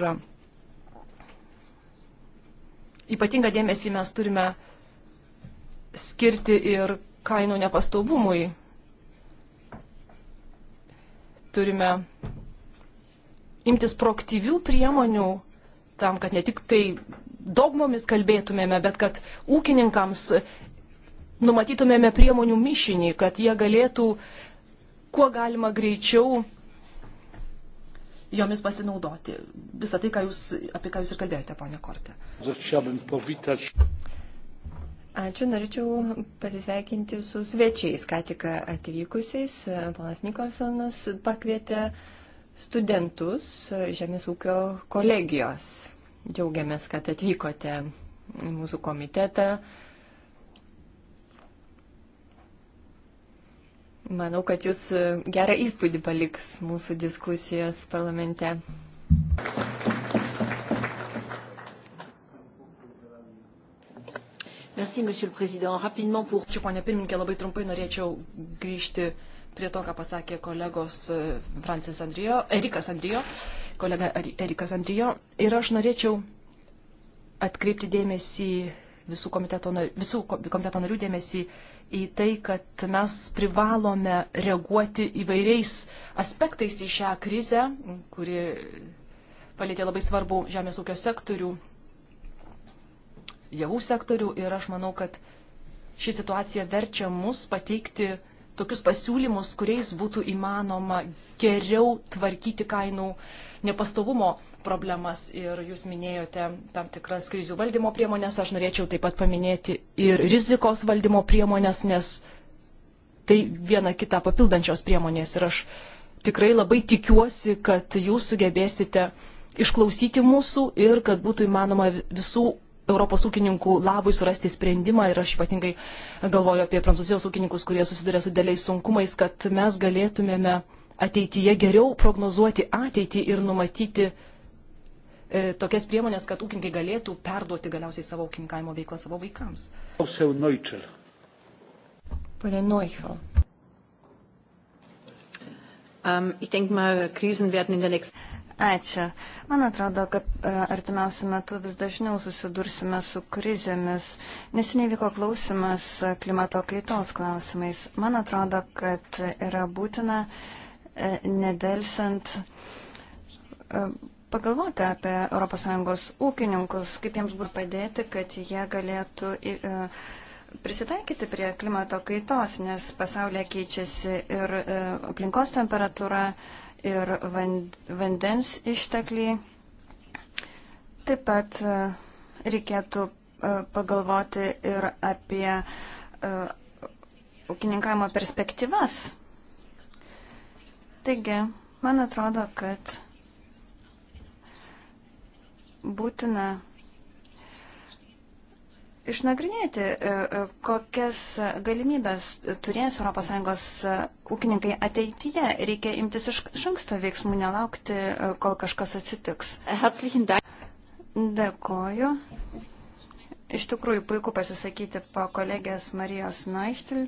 ypatingą dėmesį mes turime skirti ir kainų nepastovumui turime imtis proaktyvių priemonių tam, kad ne tik tai dogmomis kalbėtumėme, bet kad ūkininkams numatytumėme priemonių mišinį, kad jie galėtų kuo galima greičiau jomis pasinaudoti. Visą tai, ką jūs, apie ką jūs ir kalbėjote, ponia Korte. Ačiū, norėčiau pasisveikinti su svečiais, ką tik atvykusiais. Ponas Nikolsonas pakvietė studentus Žemės ūkio kolegijos. Džiaugiamės, kad atvykote į mūsų komitetą. Manau, kad jūs gerą įspūdį paliks mūsų diskusijos parlamente. Thank you. Merci, Monsieur le Président. Rapidement pour... Ačiū, ponė pirmininkė, labai trumpai norėčiau grįžti prie to, ką pasakė kolegos e, Francis Andrijo, Erikas Andrijo, kolega Erikas Andrijo. Ir aš norėčiau atkreipti dėmesį visų komiteto, visų komiteto narių dėmesį į tai, kad mes privalome reaguoti įvairiais aspektais į šią krizę, kuri palėtė labai svarbu žemės ūkio sektorių javų sektorių ir aš manau, kad ši situacija verčia mus pateikti tokius pasiūlymus, kuriais būtų įmanoma geriau tvarkyti kainų nepastovumo problemas. Ir jūs minėjote tam tikras krizių valdymo priemonės, aš norėčiau taip pat paminėti ir rizikos valdymo priemonės, nes tai viena kita papildančios priemonės. Ir aš tikrai labai tikiuosi, kad jūs sugebėsite išklausyti mūsų ir kad būtų įmanoma visų Europos ūkininkų labui surasti sprendimą ir aš ypatingai galvoju apie prancūzijos ūkininkus, kurie susiduria su dėliais sunkumais, kad mes galėtumėme ateityje geriau prognozuoti ateitį ir numatyti e, tokias priemonės, kad ūkininkai galėtų perduoti galiausiai savo ūkininkavimo veiklą savo vaikams. Pane Neuchel. Um, ich denke mal, Krisen werden in der nächsten. Ačiū. Man atrodo, kad e, artimiausių metų vis dažniau susidursime su krizėmis. Nesiniai vyko klausimas klimato kaitos klausimais. Man atrodo, kad yra būtina e, nedelsant e, pagalvoti apie ES ūkininkus, kaip jiems būtų padėti, kad jie galėtų prisitaikyti prie klimato kaitos, nes pasaulyje keičiasi ir aplinkos temperatūra, ir vandens ištekliai. Taip pat e, reikėtų e, pagalvoti ir apie e, ūkininkavimo perspektyvas. Taigi, man atrodo, kad būtina išnagrinėti, e, e, kokias galimybės turės ES e, ūkininkai ateityje. Reikia imtis iš šanksto veiksmų, nelaukti, kol kažkas atsitiks. Dėkoju. Iš tikrųjų, puiku pasisakyti po kolegės Marijos Noichtil.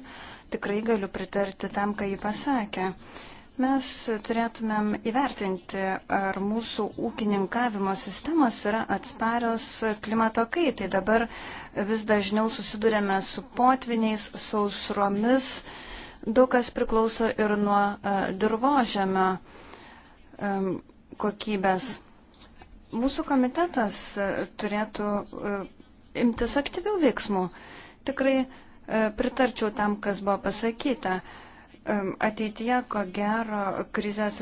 Tikrai galiu pritarti tam, ką ji pasakė. Uh, Mes turėtumėm įvertinti, ar mūsų ūkininkavimo sistemos yra atsparios klimato kaitai. Dabar vis dažniau susidurėme su potviniais, sausromis. Daug kas priklauso ir nuo e, dirbožėmio kokybės. Mūsų komitetas e, turėtų e, imtis aktyvių veiksmų. Tikrai pritarčiau tam, kas buvo pasakyta. Ateityje, ko gero, krizės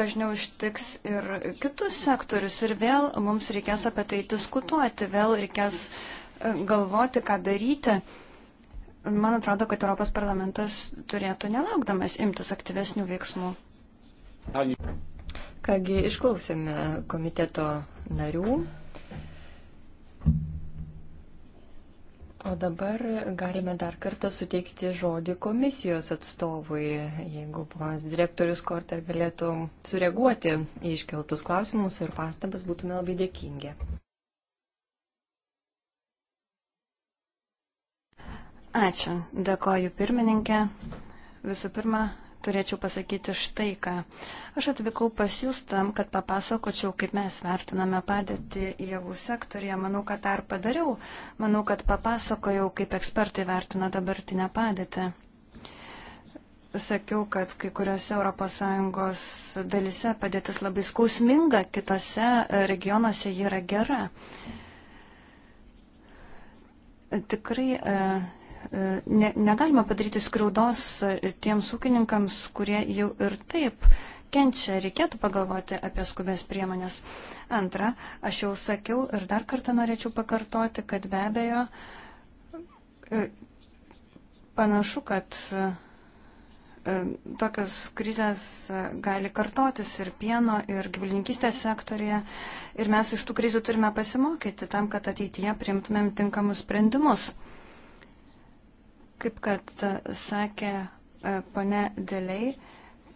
dažniau ištiks ir kitus sektorius ir vėl mums reikės apie tai diskutuoti, vėl reikės e, galvoti, ką daryti. Man atrodo, kad Europos parlamentas turėtų nelaukdamas imtis aktyvesnių veiksmų. Kągi, išklausėme komiteto narių. O dabar galime dar kartą suteikti žodį komisijos atstovui, jeigu ponas direktorius Korter galėtų sureaguoti į iškeltus klausimus ir pastabas, būtume labai dėkingi. Ačiū. Dėkoju pirmininkė. Visų pirma, turėčiau pasakyti štai ką. Aš atvykau pas jūs tam, kad papasakočiau, kaip mes vertiname padėtį javų sektorėje. Manau, kad tą ir padariau. Manau, kad papasakojau, kaip ekspertai vertina dabartinę padėtį. Sakiau, kad kai kuriuose ES dalise padėtis labai skausminga, kitose regionuose ji yra gera. Tikrai e, E, ne, negalima padaryti skriaudos e, tiems ūkininkams, kurie jau ir taip kenčia, reikėtų pagalvoti apie skubės priemonės. Antra, aš jau sakiau ir dar kartą norėčiau pakartoti, kad be abejo e, panašu, kad tokios krizės gali kartotis ir pieno, ir gyvulininkystės sektorija. Ir mes iš tų krizių turime pasimokyti tam, kad ateityje priimtumėm tinkamus sprendimus. Kaip kad e, sakė e, pane Dėliai,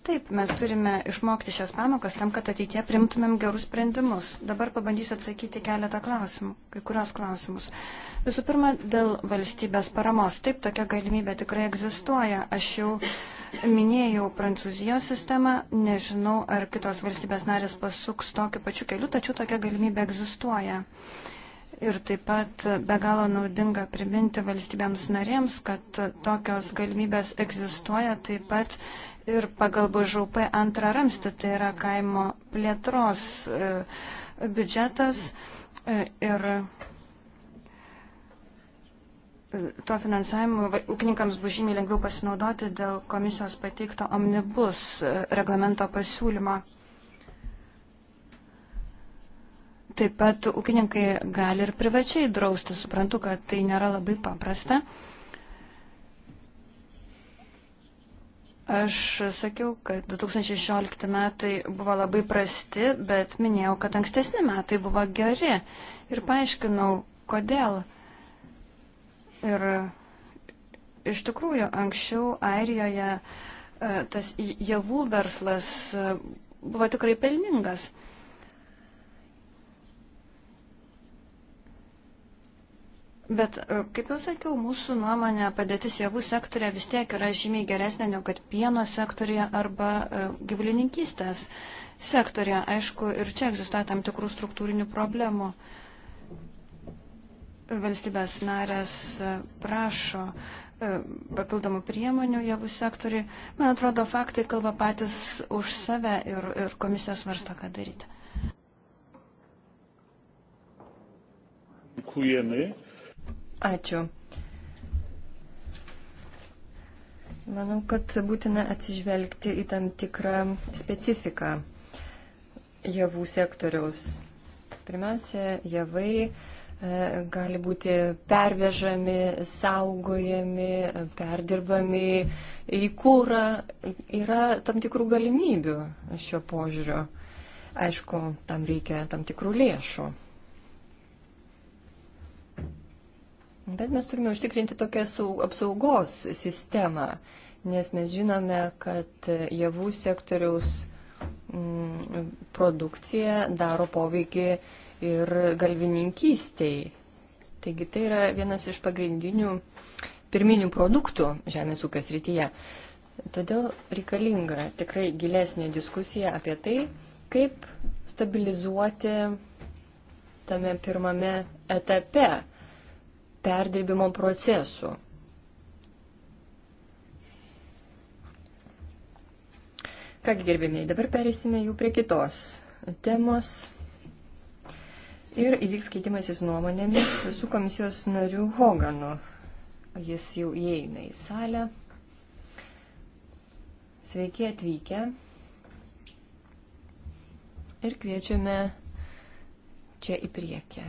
taip, mes turime išmokti šias pamokas tam, kad ateitie primtumėm gerus sprendimus. Dabar pabandysiu atsakyti keletą klausimų, kai kurios klausimus. Visų pirma, dėl valstybės paramos. Taip, tokia galimybė tikrai egzistuoja. Aš jau minėjau Prancūzijos sistemą, nežinau, ar kitos valstybės narės pasuks tokiu pačiu keliu, tačiau tokia galimybė egzistuoja. Uh, Ir taip pat be galo naudinga priminti valstybėms narėms, kad tokios galimybės egzistuoja taip pat ir pagal BŽUP antrą ramstį, tai yra kaimo plėtros e, biudžetas e, ir e, to finansavimu ūkininkams bus žymiai lengviau pasinaudoti dėl komisijos pateikto omnibus reglamento pasiūlymo. Taip pat ūkininkai gali ir privačiai drausti. Suprantu, kad tai nėra labai paprasta. Aš sakiau, kad 2016 metai buvo labai prasti, bet minėjau, kad ankstesni metai buvo geri ir paaiškinau, kodėl. Ir iš tikrųjų, anksčiau Airijoje e, tas javų verslas e, buvo tikrai pelningas. Bet, e, kaip jau sakiau, mūsų nuomonė padėtis javų sektorė vis tiek yra žymiai geresnė negu kad pieno sektorija arba e, gyvulininkystės sektorija. Aišku, ir čia egzistuoja tam tikrų struktūrinių problemų. Valstybės narės e, prašo papildomų priemonių javų sektoriui. Man atrodo, faktai kalba patys už save ir, ir komisijos svarsto, ką daryti. Dziękujemy. Ačiū. Manau, kad būtina atsižvelgti į tam tikrą specifiką javų sektoriaus. Pirmiausia, javai e, gali būti pervežami, saugojami, perdirbami į kūrą. Yra tam tikrų galimybių šio požiūrio. Aišku, tam reikia tam tikrų lėšų. Bet mes turime užtikrinti tokią apsaugos sistemą, nes mes žinome, kad javų sektoriaus mm, produkcija daro poveikį ir galvininkystiai. Taigi tai yra vienas iš pagrindinių pirminių produktų žemės ūkio srityje. Todėl reikalinga tikrai gilesnė diskusija apie tai, kaip stabilizuoti tame pirmame etape perdirbimo procesų. Kągi gerbėmiai, dabar perėsime jau prie kitos temos. Ir įvyks keitimasis nuomonėmis su komisijos nariu Hoganu. Jis jau įeina į salę. Sveiki atvykę. Ir kviečiame čia į priekį.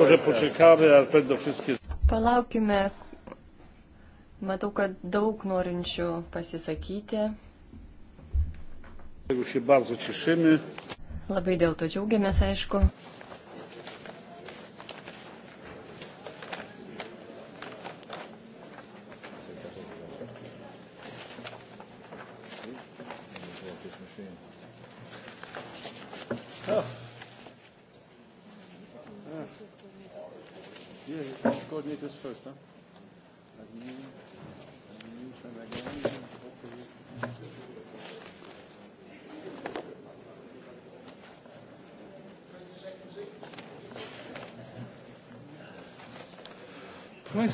Może poczekamy, aż będą wszystkie. Palaukime. Matau, kad daug norinčių pasisakyti. Labai dėl to džiaugiamės, aišku.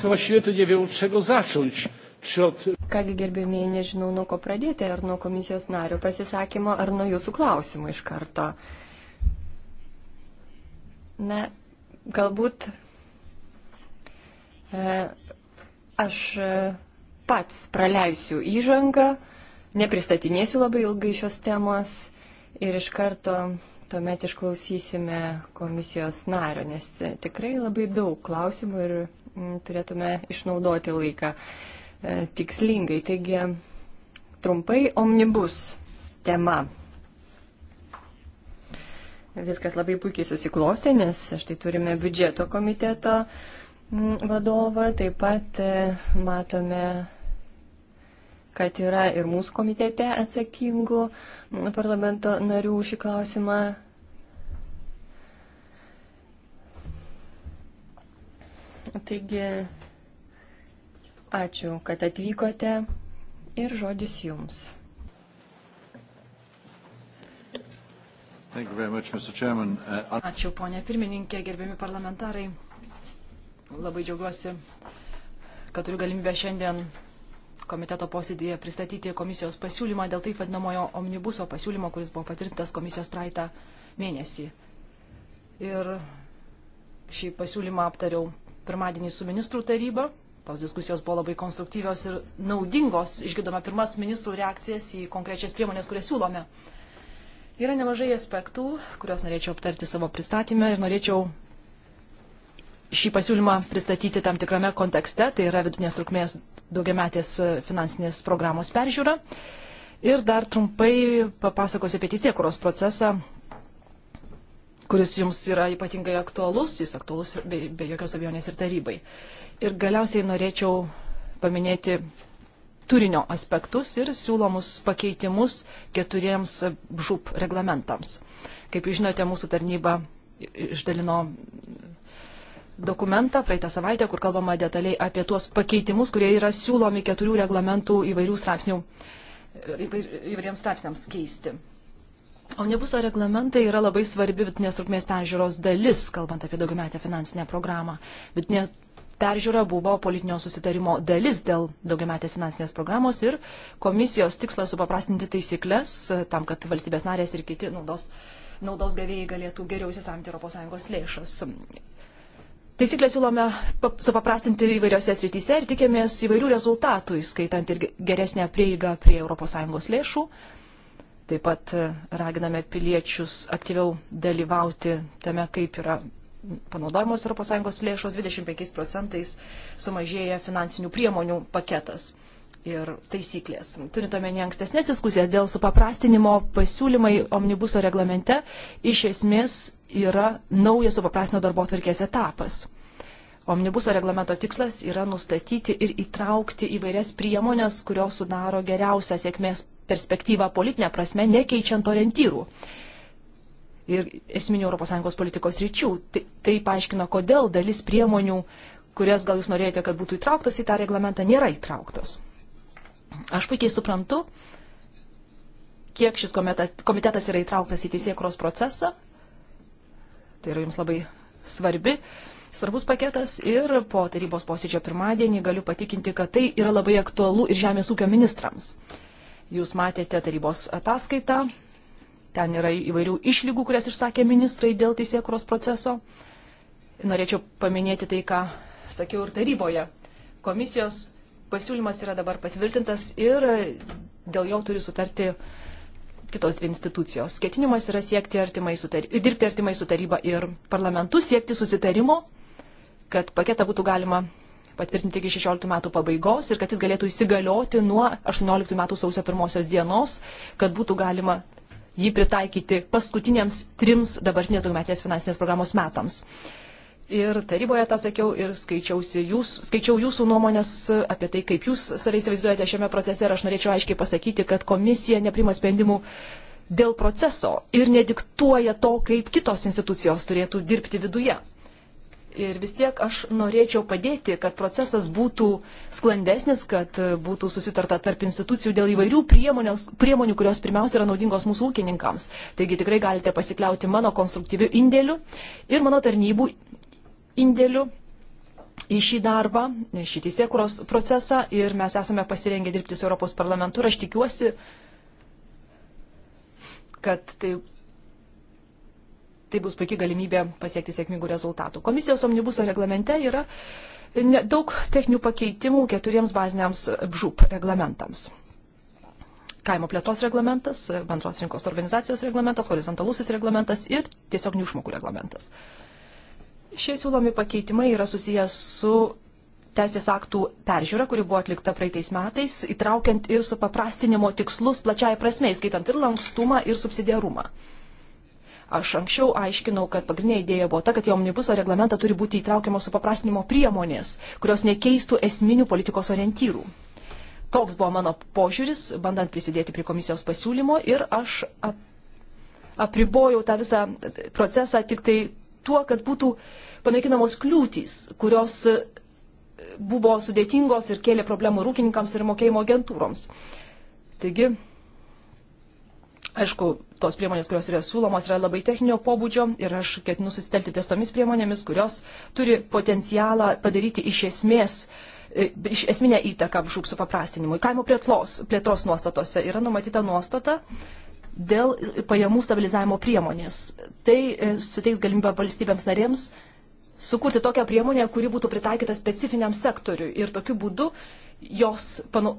Państwa, właściwie to nie wiem, od czego zacząć. Od... Kągi gerbėmiai, nežinau, nuo ko pradėti, ar nuo komisijos nario pasisakymo, ar nuo jūsų klausimų iš karto. Na, galbūt e, aš e, pats praleisiu įžangą, nepristatinėsiu labai ilgai šios temos ir iš karto tuomet išklausysime komisijos nario, nes tikrai labai daug klausimų ir turėtume išnaudoti laiką e, tikslingai. Taigi, trumpai omnibus tema. Viskas labai puikiai susiklostė, nes štai turime biudžeto komiteto vadovą, taip pat e, matome kad yra ir mūsų komitete atsakingų parlamento narių šį klausimą Taigi, ačiū, kad atvykote ir žodis jums. Much, uh, Ačiū, ponė pirmininkė, gerbiami parlamentarai. Labai džiaugiuosi, kad turiu galimybę šiandien komiteto posėdėje pristatyti komisijos pasiūlymą dėl taip vadinamojo omnibuso pasiūlymo, kuris buvo patvirtintas komisijos praeitą mėnesį. Ir šį pasiūlymą aptariau pirmadienį su ministrų taryba. Tos diskusijos buvo labai konstruktyvios ir naudingos. Išgirdome pirmas ministrų reakcijas į konkrečias priemonės, kurias siūlome. Yra nemažai aspektų, kuriuos norėčiau aptarti savo pristatymę ir norėčiau šį pasiūlymą pristatyti tam tikrame kontekste. Tai yra vidutinės trukmės daugiametės finansinės programos peržiūra. Ir dar trumpai papasakosiu apie teisėkuros procesą kuris jums yra ypatingai aktualus, jis aktualus be, be jokios abejonės ir tarybai. Ir galiausiai norėčiau paminėti turinio aspektus ir siūlomus pakeitimus keturiems žūp reglamentams. Kaip jūs žinote, mūsų tarnyba išdalino dokumentą praeitą savaitę, kur kalbama detaliai apie tuos pakeitimus, kurie yra siūlomi keturių reglamentų įvairių straipsnių, įvairiems straipsniams keisti. Omnibuso reglamentai yra labai svarbi vidutinės trukmės peržiūros dalis, kalbant apie daugiametę finansinę programą. Vidutinė peržiūra buvo politinio susitarimo dalis dėl daugiametės finansinės programos ir komisijos tikslas supaprastinti taisyklės e, tam, kad valstybės narės ir kiti naudos, naudos gavėjai galėtų geriau įsisamti ES lėšas. Taisyklę siūlome supaprastinti įvairiose srityse ir tikėmės įvairių rezultatų, įskaitant ir geresnę prieigą prie ES lėšų Taip pat e, raginame piliečius aktyviau dalyvauti tame, kaip yra panaudojamos ES lėšos, 25 procentais sumažėja finansinių priemonių paketas ir taisyklės. Turint omenyje ankstesnės diskusijas dėl supaprastinimo pasiūlymai omnibuso reglamente, iš esmės yra naujas supaprastinio darbo tvarkės etapas. Omnibuso reglamento tikslas yra nustatyti ir įtraukti įvairias priemonės, kurios sudaro geriausią sėkmės perspektyvą politinę prasme, nekeičiant orientyrų ir esminių ES politikos ryčių. Tai, tai paaiškina, kodėl dalis priemonių, kurias gal jūs norėjote, kad būtų įtrauktos į tą reglamentą, nėra įtrauktos. Aš puikiai suprantu, kiek šis komitetas, komitetas yra įtrauktas į teisėkros procesą. Tai yra jums labai svarbi, svarbus paketas ir po tarybos posėdžio pirmadienį galiu patikinti, kad tai yra labai aktualu ir žemės ūkio ministrams. Jūs matėte tarybos ataskaitą, ten yra įvairių išlygų, kurias išsakė ministrai dėl teisėkuros proceso. Norėčiau paminėti tai, ką sakiau ir taryboje. Komisijos pasiūlymas yra dabar patvirtintas ir dėl jo turi sutarti kitos dvi institucijos. Ketinimas yra siekti artimai sutar... dirbti artimai su taryba ir parlamentu, siekti susitarimo, kad paketą būtų galima patvirtinti iki 16 metų pabaigos ir kad jis galėtų įsigalioti nuo 18 metų sausio pirmosios dienos, kad būtų galima jį pritaikyti paskutiniams trims dabartinės daugmetinės finansinės programos metams. Ir taryboje tą sakiau ir jūs, skaičiau jūsų nuomonės apie tai, kaip jūs save įsivaizduojate šiame procese ir aš norėčiau aiškiai pasakyti, kad komisija neprima sprendimų dėl proceso ir nediktuoja to, kaip kitos institucijos turėtų dirbti viduje. Ir vis tiek aš norėčiau padėti, kad procesas būtų sklandesnis, kad būtų susitarta tarp institucijų dėl įvairių priemonių, kurios pirmiausia yra naudingos mūsų ūkininkams. Taigi tikrai galite pasikliauti mano konstruktyviu indėliu ir mano tarnybų indėliu į šį darbą, šį teisėkuros procesą ir mes esame pasirengę dirbti su Europos parlamentu ir aš tikiuosi, kad tai tai bus puikia galimybė pasiekti sėkmingų rezultatų. Komisijos omnibuso reglamente yra daug techninių pakeitimų keturiems baziniams žūp reglamentams. Kaimo plėtos reglamentas, bendros rinkos organizacijos reglamentas, horizontalusis reglamentas ir tiesiog neužmokų reglamentas. Šie siūlomi pakeitimai yra susijęs su teisės aktų peržiūra, kuri buvo atlikta praeitais metais, įtraukiant ir supaprastinimo tikslus plačiai prasme, skaitant ir lankstumą, ir subsidiarumą. Aš anksčiau aiškinau, kad pagrindinė idėja buvo ta, kad į omnibuso reglamentą turi būti įtraukiamos supaprastinimo priemonės, kurios nekeistų esminių politikos orientyrų. Toks buvo mano požiūris, bandant prisidėti prie komisijos pasiūlymo ir aš apribojau tą visą procesą tik tai tuo, kad būtų panaikinamos kliūtys, kurios e, buvo sudėtingos ir kėlė problemų rūkininkams ir mokėjimo agentūroms. Taigi, Aišku, tos priemonės, kurios yra siūlomos, yra labai techninio pobūdžio ir aš ketinu susitelti ties tomis priemonėmis, kurios turi potencialą padaryti iš esmės, e, iš esminę įtaką žūp supaprastinimui. Kaimo plėtlos, plėtros nuostatose yra numatyta nuostata dėl pajamų stabilizavimo priemonės. Tai e, suteiks galimybę valstybėms narėms sukurti tokią priemonę, kuri būtų pritaikyta specifiniam sektoriui ir tokiu būdu jos panu,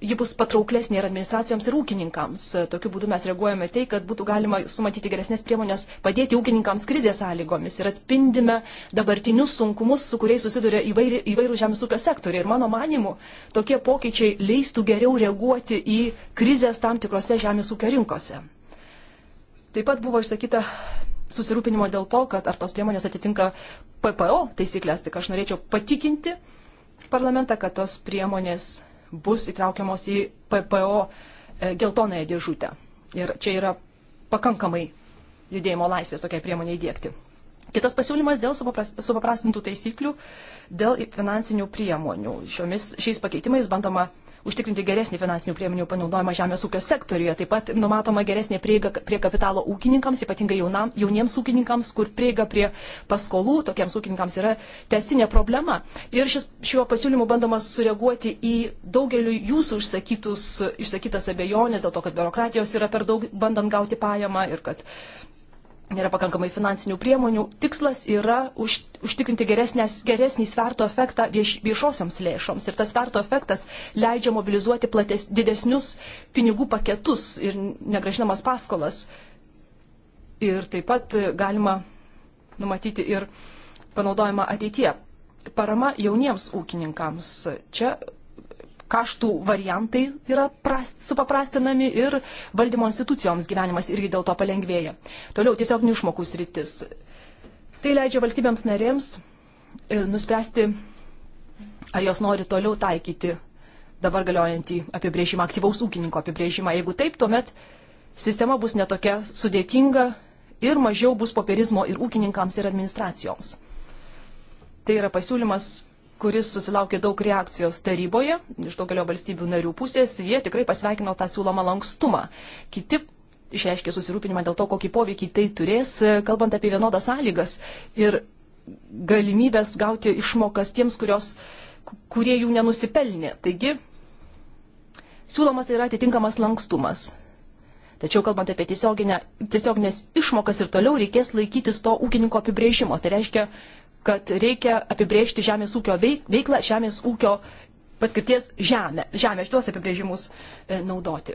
ji bus patrauklesnė ir administracijoms, ir ūkininkams. Tokiu būdu mes reaguojame tai, kad būtų galima sumatyti geresnės priemonės padėti ūkininkams krizės sąlygomis ir atspindime dabartinius sunkumus, su kuriais susiduria įvairi, įvairių žemės ūkio sektoriai. Ir mano manimu, tokie pokyčiai leistų geriau reaguoti į krizės tam tikrose žemės ūkio rinkose. Taip pat buvo išsakyta susirūpinimo dėl to, kad ar tos priemonės atitinka PPO taisyklės, tik aš norėčiau patikinti parlamentą, kad tos priemonės bus įtraukiamos į PPO e, geltonąją dėžutę. Ir čia yra pakankamai judėjimo laisvės tokiai priemonė įdėkti. Kitas pasiūlymas dėl supaprastintų taisyklių, dėl finansinių priemonių. Šiomis, šiais pakeitimais bandoma užtikrinti geresnį finansinių priemonių panaudojimą žemės ūkio sektoriuje. Taip pat numatoma geresnė prieiga prie kapitalo ūkininkams, ypatingai jaunam, jauniems ūkininkams, kur prieiga prie paskolų tokiems ūkininkams yra testinė problema. Ir šis, šiuo pasiūlymu bandoma sureaguoti į daugeliu jūsų išsakytas abejonės dėl to, kad biurokratijos yra per daug bandant gauti pajamą ir kad nėra pakankamai finansinių priemonių. Tikslas yra už, užtikrinti geresnės, geresnį sverto efektą vieš, viešosioms lėšoms. Ir tas sverto efektas leidžia mobilizuoti plates, didesnius pinigų paketus ir negražinamas paskolas. Ir taip pat galima numatyti ir panaudojimą ateityje. Parama jauniems ūkininkams. Čia kaštų variantai yra prast, supaprastinami ir valdymo institucijoms gyvenimas irgi dėl to palengvėja. Toliau tiesiog neišmokų sritis. Tai leidžia valstybėms narėms e, nuspręsti, ar jos nori toliau taikyti dabar galiojantį apibrėžimą, aktyvaus ūkininko apibrėžimą. Jeigu taip, tuomet sistema bus netokia sudėtinga ir mažiau bus popierizmo ir ūkininkams ir administracijoms. Tai yra pasiūlymas kuris susilaukė daug reakcijos taryboje iš daugelio valstybių narių pusės, jie tikrai pasveikino tą siūlomą lankstumą. Kiti išreiškė susirūpinimą dėl to, kokį poveikį tai turės, kalbant apie vienodas sąlygas ir galimybės gauti išmokas tiems, kurios, kurie jų nenusipelnė. Taigi, siūlomas yra atitinkamas lankstumas. Tačiau kalbant apie tiesioginę, tiesioginės išmokas ir toliau reikės laikytis to ūkininko apibrėžimo. Tai reiškia, kad reikia apibrėžti žemės ūkio veiklą, žemės ūkio paskirties žemę, žemę šitos apibrėžimus e, naudoti.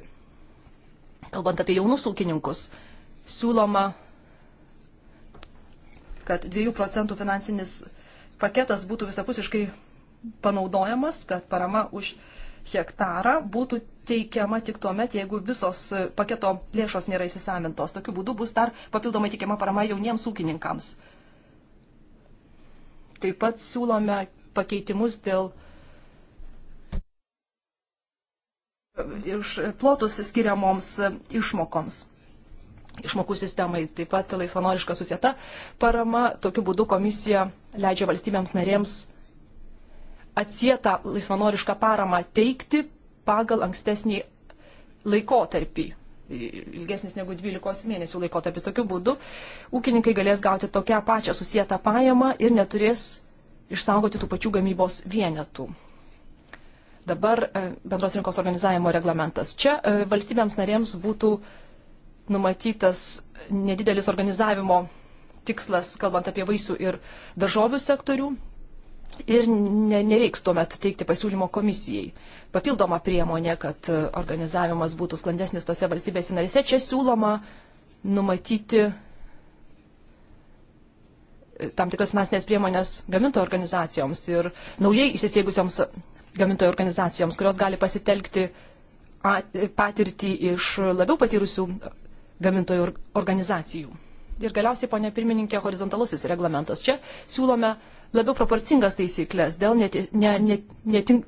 Kalbant apie jaunus ūkininkus, siūloma, kad 2 procentų finansinis paketas būtų visapusiškai panaudojamas, kad parama už hektarą būtų teikiama tik tuo met, jeigu visos paketo lėšos nėra įsisavintos. Tokiu būdu bus dar papildomai teikiama parama jauniems ūkininkams. Taip pat siūlome pakeitimus dėl iš plotus skiriamoms išmokoms. Išmokų sistemai taip pat laisvanoriška susieta parama. Tokiu būdu komisija leidžia valstybėms narėms atsietą laisvanorišką paramą teikti pagal ankstesnį laikotarpį ilgesnis negu 12 mėnesių laikotarpis. Tokiu būdu ūkininkai galės gauti tokią pačią susijęta pajamą ir neturės išsaugoti tų pačių gamybos vienetų. Dabar e, bendros rinkos organizavimo reglamentas. Čia e, valstybėms narėms būtų numatytas nedidelis organizavimo tikslas, kalbant apie vaisių ir daržovių sektorių, ir ne, nereiks tuomet teikti pasiūlymo komisijai. Papildoma priemonė, kad organizavimas būtų sklandesnis tose valstybėse narėse, čia siūloma numatyti e, tam tikras masinės priemonės gamintojų organizacijoms ir naujai įsisteigusioms gamintojų organizacijoms, kurios gali pasitelkti patirtį iš labiau patyrusių gamintojų organizacijų. Ir galiausiai, ponė pirmininkė, horizontalusis reglamentas. Čia siūlome labiau proporcingas taisyklės dėl neti, ne, ne, netink,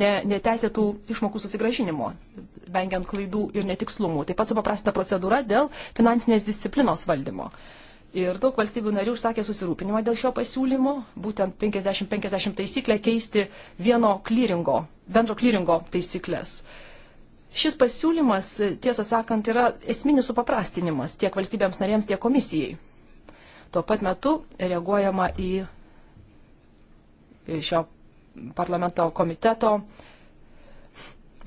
ne, neteisėtų išmokų susigražinimo, vengiant klaidų ir netikslumų. Taip pat supaprastinta procedūra dėl finansinės disciplinos valdymo. Ir daug valstybių narių užsakė susirūpinimą dėl šio pasiūlymo, būtent 50-50 taisyklę keisti vieno klyringo, bendro klyringo taisyklės. Šis pasiūlymas, tiesą sakant, yra esminis supaprastinimas tiek valstybėms narėms, tiek komisijai. Tuo pat metu reaguojama į šio parlamento komiteto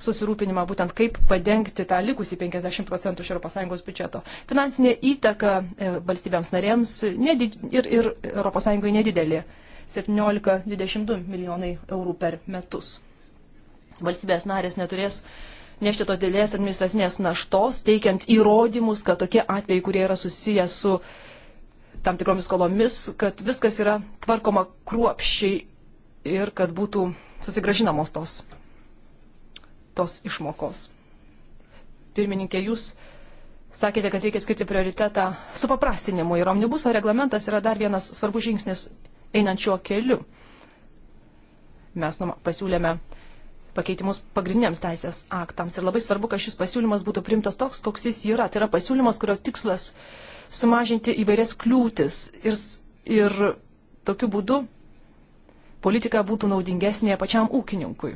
susirūpinimą būtent kaip padengti tą likusį 50 procentų iš ES biudžeto. Finansinė įtaka e, valstybėms narėms nedid, ir, ir ES nedidelė - 17-22 milijonai eurų per metus. Valstybės narės neturės nešti tos dėlės administracinės naštos, teikiant įrodymus, kad tokie atvejai, kurie yra susiję su uh, tam tikromis skolomis, kad viskas yra tvarkoma kruopščiai ir kad būtų susigražinamos tos, tos išmokos. Pirmininkė, jūs sakėte, kad reikia skirti prioritetą supaprastinimui ir omnibuso reglamentas yra dar vienas svarbus žingsnis einant šiuo keliu. Mes nu, pasiūlėme pakeitimus pagrindiniams teisės aktams ir labai svarbu, kad šis pasiūlymas būtų primtas toks, koks jis yra. Tai yra pasiūlymas, kurio tikslas sumažinti įvairias kliūtis ir, ir tokiu būdu politika būtų naudingesnė pačiam ūkininkui.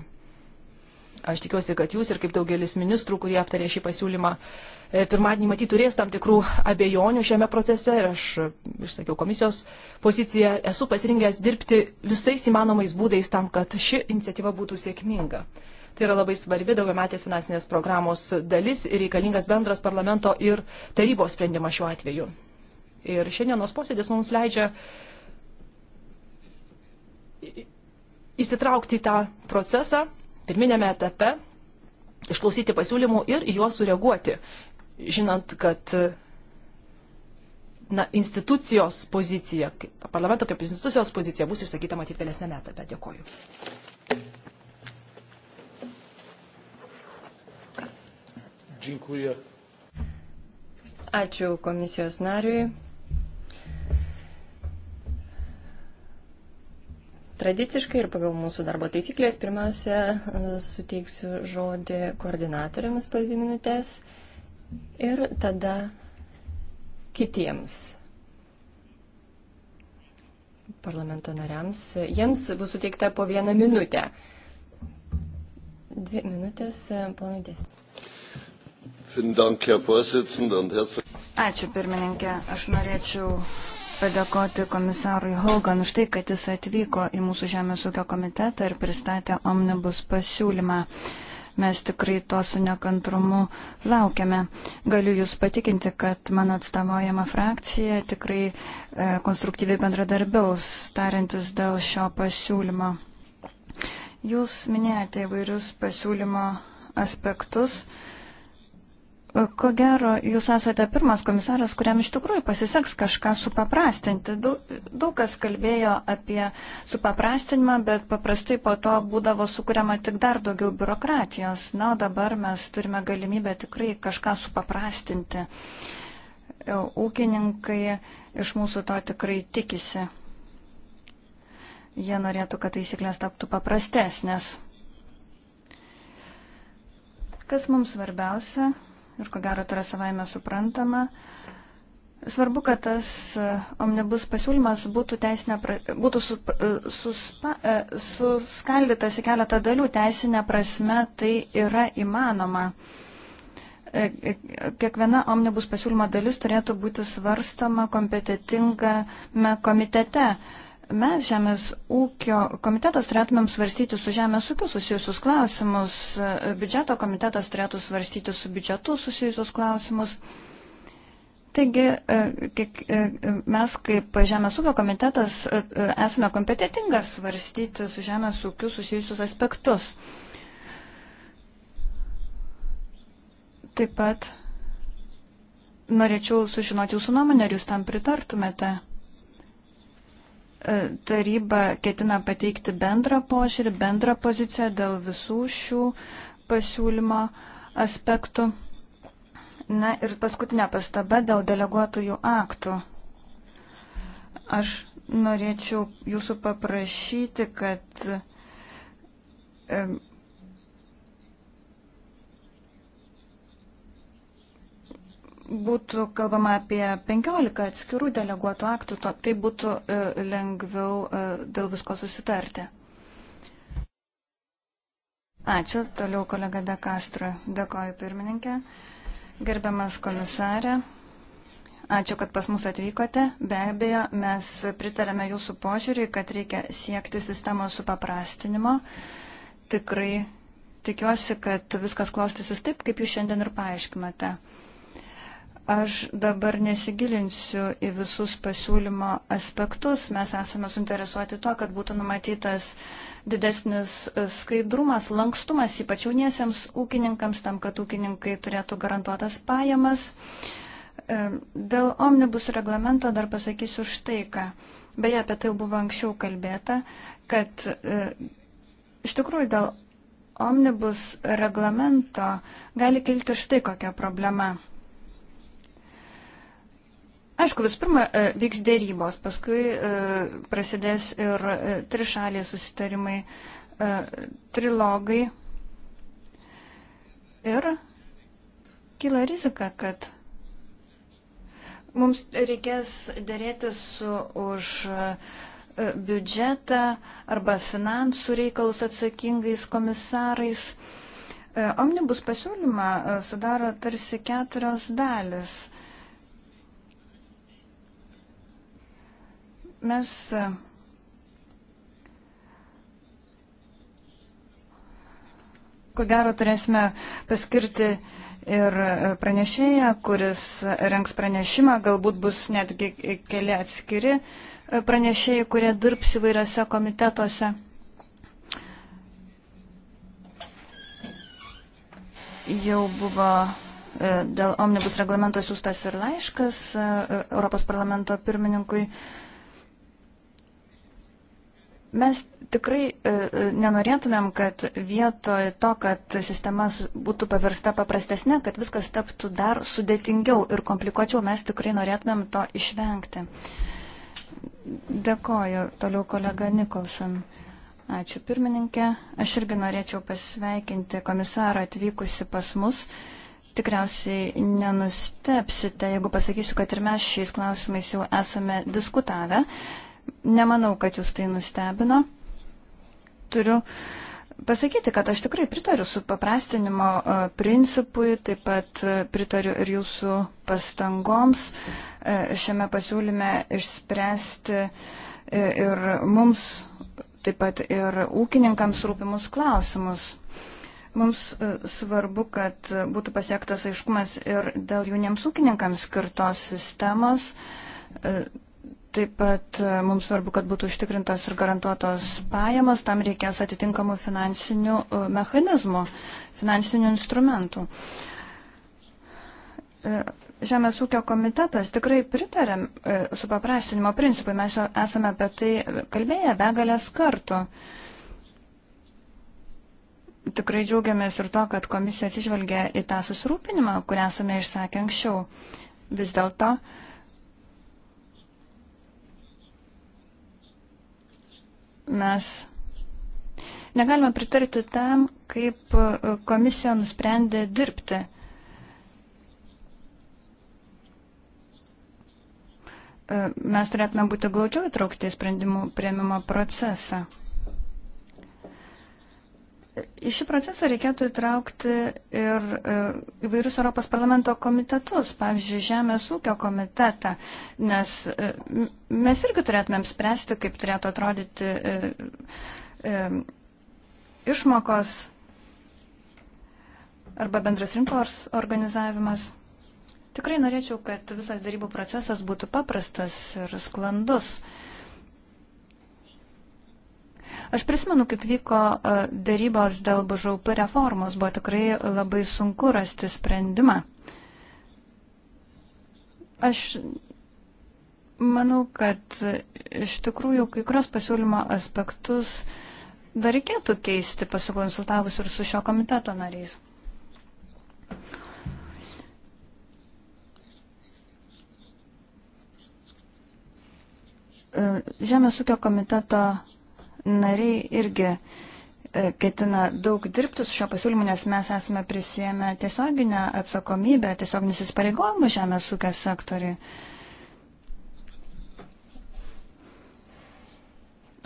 Aš tikiuosi, kad jūs ir kaip daugelis ministrų, kurie aptarė šį pasiūlymą, e, pirmadienį matyt turės tam tikrų abejonių šiame procese ir aš e, išsakiau komisijos poziciją, esu pasirinkęs dirbti visais įmanomais būdais tam, kad ši iniciatyva būtų sėkminga. Tai yra labai svarbi daugiametės finansinės programos dalis ir reikalingas bendras parlamento ir tarybos sprendimas šiuo atveju. Ir šiandienos posėdis mums leidžia įsitraukti į tą procesą pirminėme etape, išklausyti pasiūlymų ir juos sureaguoti, žinant, kad na, institucijos pozicija, parlamento kaip institucijos pozicija bus išsakyta matyti vėlesnėme etape. Dėkoju. Dziękuję. Ačiū komisijos nariui. Tradiciškai ir pagal mūsų darbo taisyklės pirmiausia e, suteiksiu žodį koordinatoriams po dvi minutės ir tada kitiems parlamento nariams. Jiems bus suteikta po vieną minutę. Dvi minutės, e, ponai dėstė. Ačiū pirmininkė. Aš norėčiau padėkoti komisarui Hogan už tai, kad jis atvyko į mūsų Žemės ūkio komitetą ir pristatė omnibus pasiūlymą. Mes tikrai to su nekantrumu laukiame. Galiu Jūs patikinti, kad mano atstovaujama frakcija tikrai e, konstruktyviai bendradarbiaus, tariantis dėl šio pasiūlymo. Jūs minėjote įvairius pasiūlymo aspektus. E, Ko gero, jūs esate pirmas komisaras, kuriam iš tikrųjų pasiseks kažką supaprastinti. Daug, daug kas kalbėjo apie supaprastinimą, bet paprastai po to būdavo sukūriama tik dar daugiau biurokratijos. Na, o dabar mes turime galimybę tikrai kažką supaprastinti. E, ūkininkai iš mūsų to tikrai tikisi. Jie norėtų, kad taisyklės taptų paprastesnės. Kas mums svarbiausia? ir ko gero tai yra savaime suprantama. Svarbu, kad tas e, omnibus pasiūlymas būtų, teisinė, būtų su, e, suspa, e, suskaldytas į keletą dalių teisinę prasme, tai yra įmanoma. Kiekviena omnibus pasiūlymo dalis turėtų būti svarstama kompetitingame komitete. Mes, Žemės ūkio komitetas, turėtumėm svarstyti su Žemės ūkiu susijusius klausimus, biudžeto komitetas turėtų svarstyti su biudžetu susijusius klausimus. Taigi, e, e, mes kaip Žemės ūkio komitetas e, esame kompetitingas svarstyti su Žemės ūkiu susijusius aspektus. Taip pat norėčiau sužinoti jūsų nuomonę, ar jūs tam pritartumėte. E, taryba ketina pateikti bendrą požiūrį, bendrą poziciją dėl visų šių pasiūlymo aspektų. Na ir paskutinė pastaba dėl deleguotojų aktų. Aš norėčiau jūsų paprašyti, kad e, būtų kalbama apie 15 atskirų deleguotų aktų, to, tai būtų e, lengviau e, dėl visko susitarti. Ačiū. Toliau kolega De Castro. Dėkoju pirmininkė. Gerbiamas komisarė. Ačiū, kad pas mus atvykote. Be abejo, mes pritarėme jūsų požiūrį, kad reikia siekti sistemos supaprastinimo. Tikrai tikiuosi, kad viskas klostysis taip, kaip jūs šiandien ir paaiškinote. Aš dabar nesigilinsiu į visus pasiūlymo aspektus. Mes esame suinteresuoti tuo, kad būtų numatytas didesnis skaidrumas, lankstumas, ypač jauniesiems ūkininkams, tam, kad ūkininkai turėtų garantuotas pajamas. E, dėl omnibus reglamento dar pasakysiu štai ką. Beje, apie tai buvo anksčiau kalbėta, kad e, iš tikrųjų dėl omnibus reglamento gali kilti štai kokia problema Aišku, vis pirma, e, vyks dėrybos, paskui e, prasidės ir e, trišaliai susitarimai, trilogai. Ir kyla rizika, kad mums reikės dėrėtis už biudžetą arba finansų reikalus atsakingais komisarais. Omnibus pasiūlymą sudaro tarsi keturios dalis. Mes e, ko gero turėsime paskirti ir pranešėją, kuris renks pranešimą, galbūt bus netgi keli atskiri e, pranešėjai, kurie dirbs įvairiose komitetuose. Jau buvo e, dėl omnibus reglamento siūstas ir laiškas Europos parlamento pirmininkui Mes tikrai e, e, nenorėtumėm, kad vietoj to, kad sistema būtų pavirsta paprastesnė, kad viskas taptų dar sudėtingiau ir komplikuočiau, mes tikrai norėtumėm to išvengti. Dėkoju toliau kolega Nikolson. Ačiū pirmininkė. Aš irgi norėčiau pasveikinti komisarą atvykusi pas mus. Tikriausiai nenustepsite, jeigu pasakysiu, kad ir mes šiais klausimais jau esame diskutavę. Nemanau, kad jūs tai nustebino. Turiu pasakyti, kad aš tikrai pritariu su paprastinimo e, principui, taip pat e, pritariu ir jūsų pastangoms e, šiame pasiūlyme išspręsti ir mums, taip pat ir ūkininkams rūpimus klausimus. Mums svarbu, kad būtų pasiektas aiškumas ir dėl jauniems ūkininkams skirtos sistemos Taip pat e, mums svarbu, kad būtų užtikrintas ir garantuotos pajamos, tam reikės atitinkamų finansinių e, mechanizmų, finansinių instrumentų. E, Žemės ūkio komitetas tikrai pritarė supaprastinimo principui, mes esame apie tai kalbėję begalės kartų. Tikrai džiaugiamės ir to, kad komisija atsižvelgia į tą susirūpinimą, kurią esame išsakę anksčiau. Vis dėlto, uh, mes negalime pritarti tam, kaip komisija nusprendė dirbti. Mes turėtume būti glaučiau įtraukti į sprendimų prieimimo procesą. Į šį procesą reikėtų įtraukti ir e, įvairius Europos parlamento komitetus, pavyzdžiui, Žemės ūkio komitetą, nes e, mes irgi turėtumėm spręsti, kaip turėtų atrodyti e, išmokos arba bendras rinkos organizavimas. Tikrai norėčiau, kad visas darybų procesas būtų paprastas ir sklandus. Uh, Aš prisimenu, kaip vyko e, darybos dėl BŽUP reformos. Buvo tikrai labai sunku rasti sprendimą. Aš manau, kad iš tikrųjų kai kurios pasiūlymo aspektus dar reikėtų keisti, pasikonsultavus ir su šio komiteto nariais. E, Žemės ūkio komiteto nariai irgi e, ketina daug dirbti su šio pasiūlymu, nes mes esame prisėmę tiesioginę atsakomybę, tiesioginius įsipareigojimus žemės ūkio sektoriui.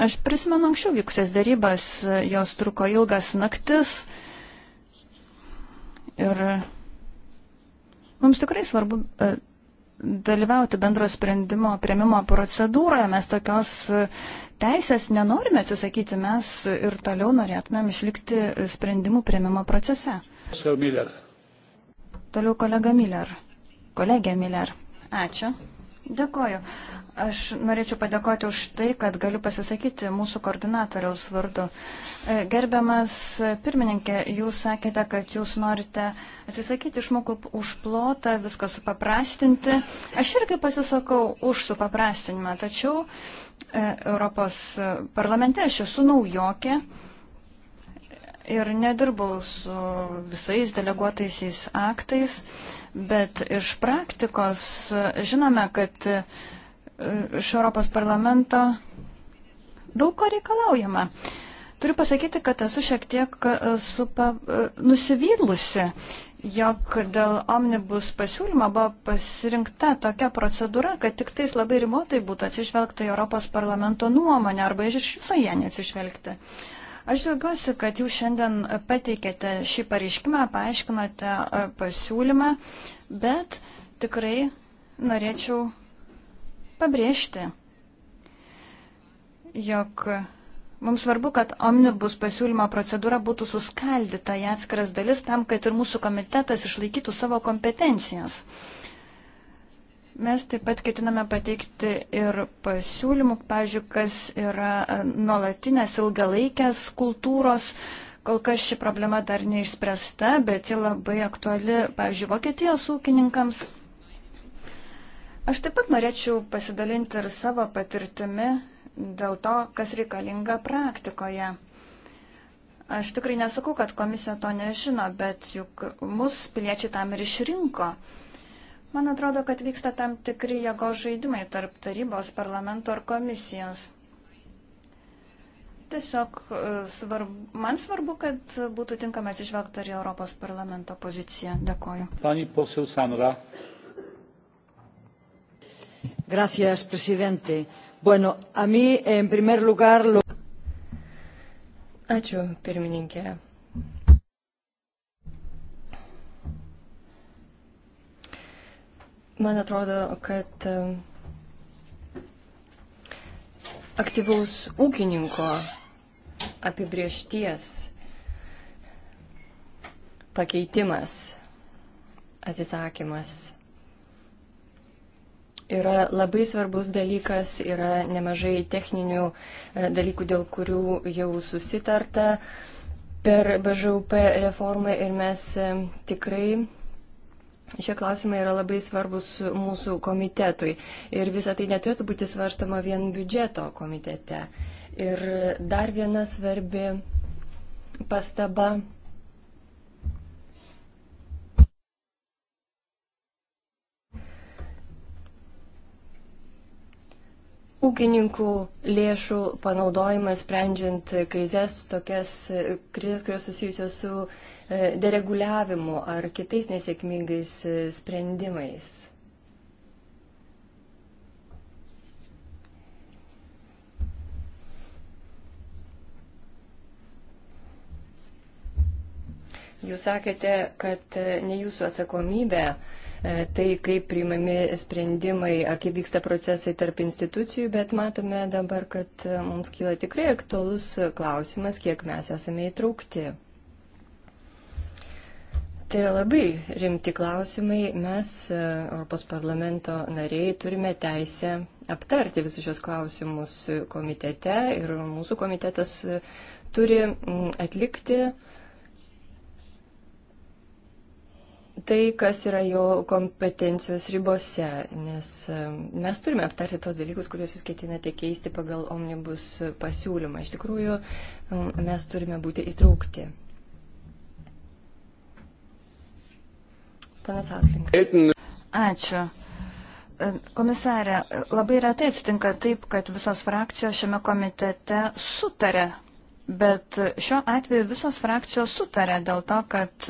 Aš prisimenu anksčiau vykusias darybas, e, jos truko ilgas naktis ir mums tikrai svarbu e, dalyvauti bendro sprendimo prieimimo procedūroje. Mes tokios teisės nenorime atsisakyti, mes ir toliau norėtumėm išlikti sprendimų prieimimo procese. Toliau kolega Miller. Kolegė Miller. Ačiū. Dėkoju. Aš norėčiau padėkoti už tai, kad galiu pasisakyti mūsų koordinatoriaus vardu. E, gerbiamas pirmininkė, jūs sakėte, kad jūs norite atsisakyti išmokų už plotą, viską supaprastinti. Aš irgi pasisakau už supaprastinimą, tačiau e, Europos parlamente aš esu naujokė ir nedirbau su visais deleguotaisiais aktais, bet iš praktikos e, žinome, kad iš Europos parlamento daug ko reikalaujama. Turiu pasakyti, kad esu šiek tiek e, supa, e, nusivylusi, jog dėl omnibus pasiūlymo buvo pasirinkta tokia procedūra, kad tik tais labai ribotai būtų atsižvelgta į Europos parlamento nuomonę arba iš viso ją neatsižvelgti. Aš džiaugiuosi, kad jūs šiandien pateikėte šį pareiškimą, paaiškinote e, pasiūlymą, bet tikrai norėčiau pabrėžti, jog mums svarbu, kad omnibus pasiūlymo procedūra būtų suskaldyta į atskiras dalis tam, kad ir mūsų komitetas išlaikytų savo kompetencijas. Mes taip pat ketiname pateikti ir pasiūlymų, pavyzdžiui, kas yra nuolatinės ilgalaikės kultūros. Kol kas ši problema dar neišspręsta, bet ji labai aktuali, pavyzdžiui, Vokietijos ūkininkams. Aš taip pat norėčiau pasidalinti ir savo patirtimi dėl to, kas reikalinga praktikoje. Aš tikrai nesakau, kad komisija to nežino, bet juk mus piliečiai tam ir išrinko. Man atrodo, kad vyksta tam tikri jėgos žaidimai tarp tarybos, parlamento ar komisijos. Tiesiog e, svarb, man svarbu, kad būtų tinkamai atsižvelgta ir Europos parlamento pozicija. Dėkoju. Pani posiau Sanra. Gracias, presidente. Bueno, a mí, en primer lugar, lo... Ačiū, pirmininkė. Man atrodo, kad e, aktyvaus ūkininko apibriešties pakeitimas, atsisakymas yra labai svarbus dalykas, yra nemažai techninių e, dalykų, dėl kurių jau susitarta per BŽUP reformą ir mes e, tikrai. Šie klausimai yra labai svarbus mūsų komitetui ir visa tai neturėtų būti svarstama vien biudžeto komitete. Ir dar viena svarbi pastaba ūkininkų lėšų panaudojimas sprendžiant krizės, tokias krizės, kurios susijusios su e, dereguliavimu ar kitais nesėkmingais e, sprendimais. Jūs sakėte, kad e, ne jūsų atsakomybė E, tai, kaip priimami sprendimai ar kaip vyksta procesai tarp institucijų, bet matome dabar, kad e, mums kyla tikrai aktualus klausimas, kiek mes esame įtraukti. Tai yra labai rimti klausimai. Mes, e, Europos parlamento nariai, turime teisę aptarti visus šios klausimus komitete ir mūsų komitetas turi atlikti uh, tai, kas yra jo kompetencijos ribose, nes mes turime aptarti tos dalykus, kuriuos jūs ketinate keisti pagal omnibus pasiūlymą. Iš tikrųjų, mes turime būti įtraukti. Panas Auslink. Ačiū. Komisarė, labai retai atsitinka taip, kad visos frakcijos šiame komitete sutarė Bet šiuo atveju visos frakcijos sutarė dėl to, kad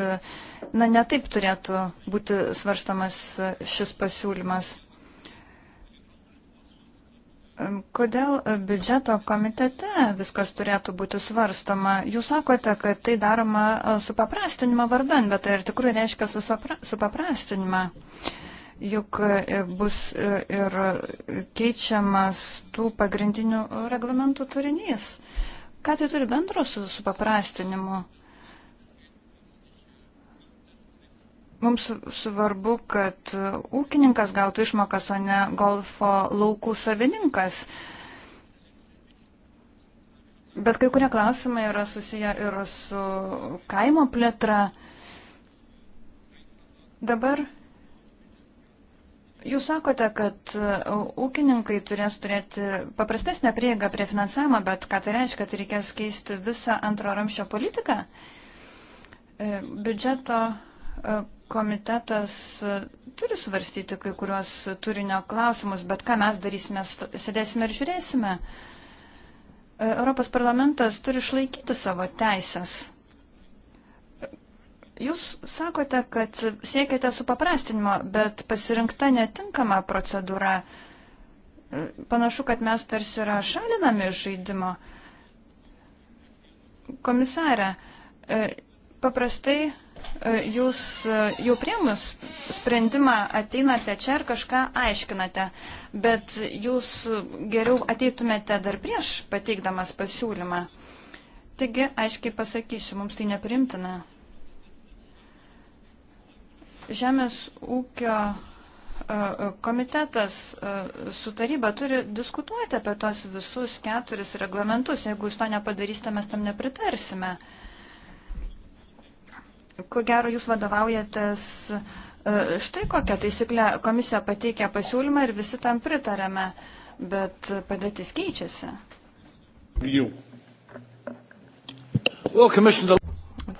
na, netaip turėtų būti svarstamas šis pasiūlymas. Kodėl biudžeto komitete viskas turėtų būti svarstoma? Jūs sakote, kad tai daroma supaprastinimo vardan, bet tai ir tikrai reiškia supaprastinimą. Juk bus ir keičiamas tų pagrindinių reglamentų turinys. Ką tai turi bendro su, su paprastinimu? Mums svarbu, kad ūkininkas gautų išmokas, o ne golfo laukų savininkas. Bet kai kurie klausimai yra susiję ir su kaimo plėtra. Dabar Jūs sakote, kad e, ūkininkai turės turėti paprastesnę prieigą prie finansavimo, bet ką tai reiškia, tai reikės keisti visą antro ramščio politiką? E, biudžeto e, komitetas turi svarstyti kai kuriuos turinio klausimus, bet ką mes darysime, sėdėsime ir žiūrėsime. Europos parlamentas turi išlaikyti savo teisės. Jūs sakote, kad siekite supaprastinimo, bet pasirinkta netinkama procedūra. Panašu, kad mes tarsi yra šalinami iš žaidimo. Komisarė, e, paprastai e, jūs e, jau priemus sprendimą ateinate čia ir kažką aiškinate, bet jūs geriau ateitumėte dar prieš pateikdamas pasiūlymą. Taigi, aiškiai pasakysiu, mums tai neprimtina. Žemės ūkio e, e, komitetas e, su taryba turi diskutuoti apie tos visus keturis reglamentus. Jeigu jūs to nepadarysite, mes tam nepritarsime. Ko gero, jūs vadovaujatės štai kokią taisyklę komisija pateikia pasiūlymą ir visi tam pritarėme, bet padėtis keičiasi. Jau. Well,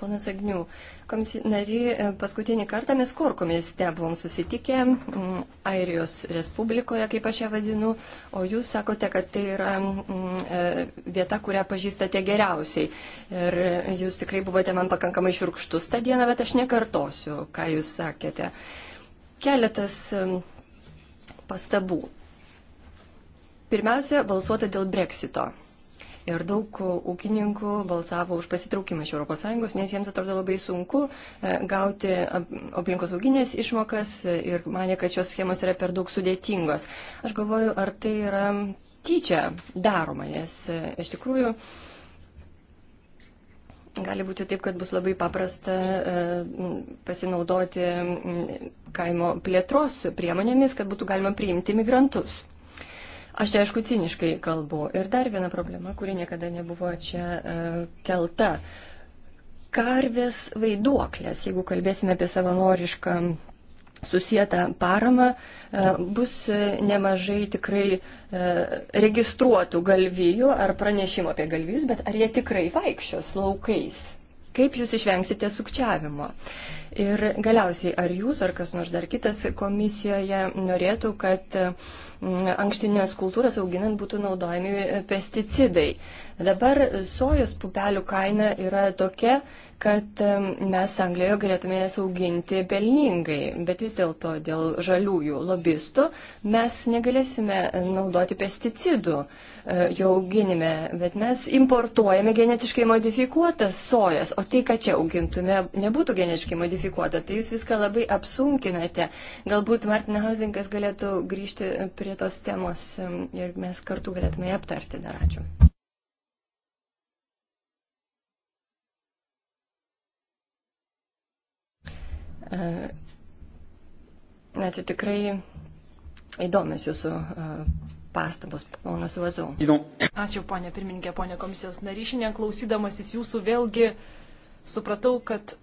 ponas Agnių. Komisijos nariai, e, paskutinį kartą mes Korko mieste buvom susitikę, mm, Airijos Respublikoje, kaip aš ją vadinu, o jūs sakote, kad tai yra mm, e, vieta, kurią pažįstate geriausiai. Ir e, jūs tikrai buvote man pakankamai širkštus tą dieną, bet aš nekartosiu, ką jūs sakėte. Keletas mm, pastabų. Pirmiausia, balsuota dėl breksito. Ir daug ūkininkų balsavo už pasitraukimą iš ES, nes jiems atrodo labai sunku e, gauti aplinkosauginės išmokas ir mane, kad šios schemos yra per daug sudėtingos. Aš galvoju, ar tai yra tyčia daroma, nes e, iš tikrųjų. Gali būti taip, kad bus labai paprasta e, pasinaudoti kaimo plėtros priemonėmis, kad būtų galima priimti migrantus. Aš čia aišku ciniškai kalbu. Ir dar viena problema, kuri niekada nebuvo čia uh, kelta. Karvės vaiduoklės, jeigu kalbėsime apie savanorišką susijęta parama, e, bus e, nemažai tikrai registruotų galvijų ar pranešimų apie galvijus, bet ar jie tikrai vaikščios laukais? Kaip jūs išvengsite sukčiavimo? Ir galiausiai, ar jūs, ar kas nors dar kitas komisijoje norėtų, kad mm, ankštinės kultūras auginant būtų naudojami pesticidai. Dabar sojos pupelių kaina yra tokia, kad mm, mes Anglijoje galėtume jas auginti pelningai, bet vis dėlto dėl žaliųjų lobistų mes negalėsime naudoti pesticidų e, jo auginime, bet mes importuojame genetiškai modifikuotas sojas, o tai, kad čia augintume, nebūtų genetiškai modifikuotas kvalifikuota. Tai jūs viską labai apsunkinate. Galbūt Martin Hauslinkas galėtų grįžti prie tos temos ir mes kartu galėtume ją aptarti. Dar ačiū. E, na, čia tikrai įdomios jūsų e, pastabos, ponas Vazau. Ačiū, ponė pirmininkė, ponė komisijos narišinė. Klausydamasis jūsų vėlgi supratau, kad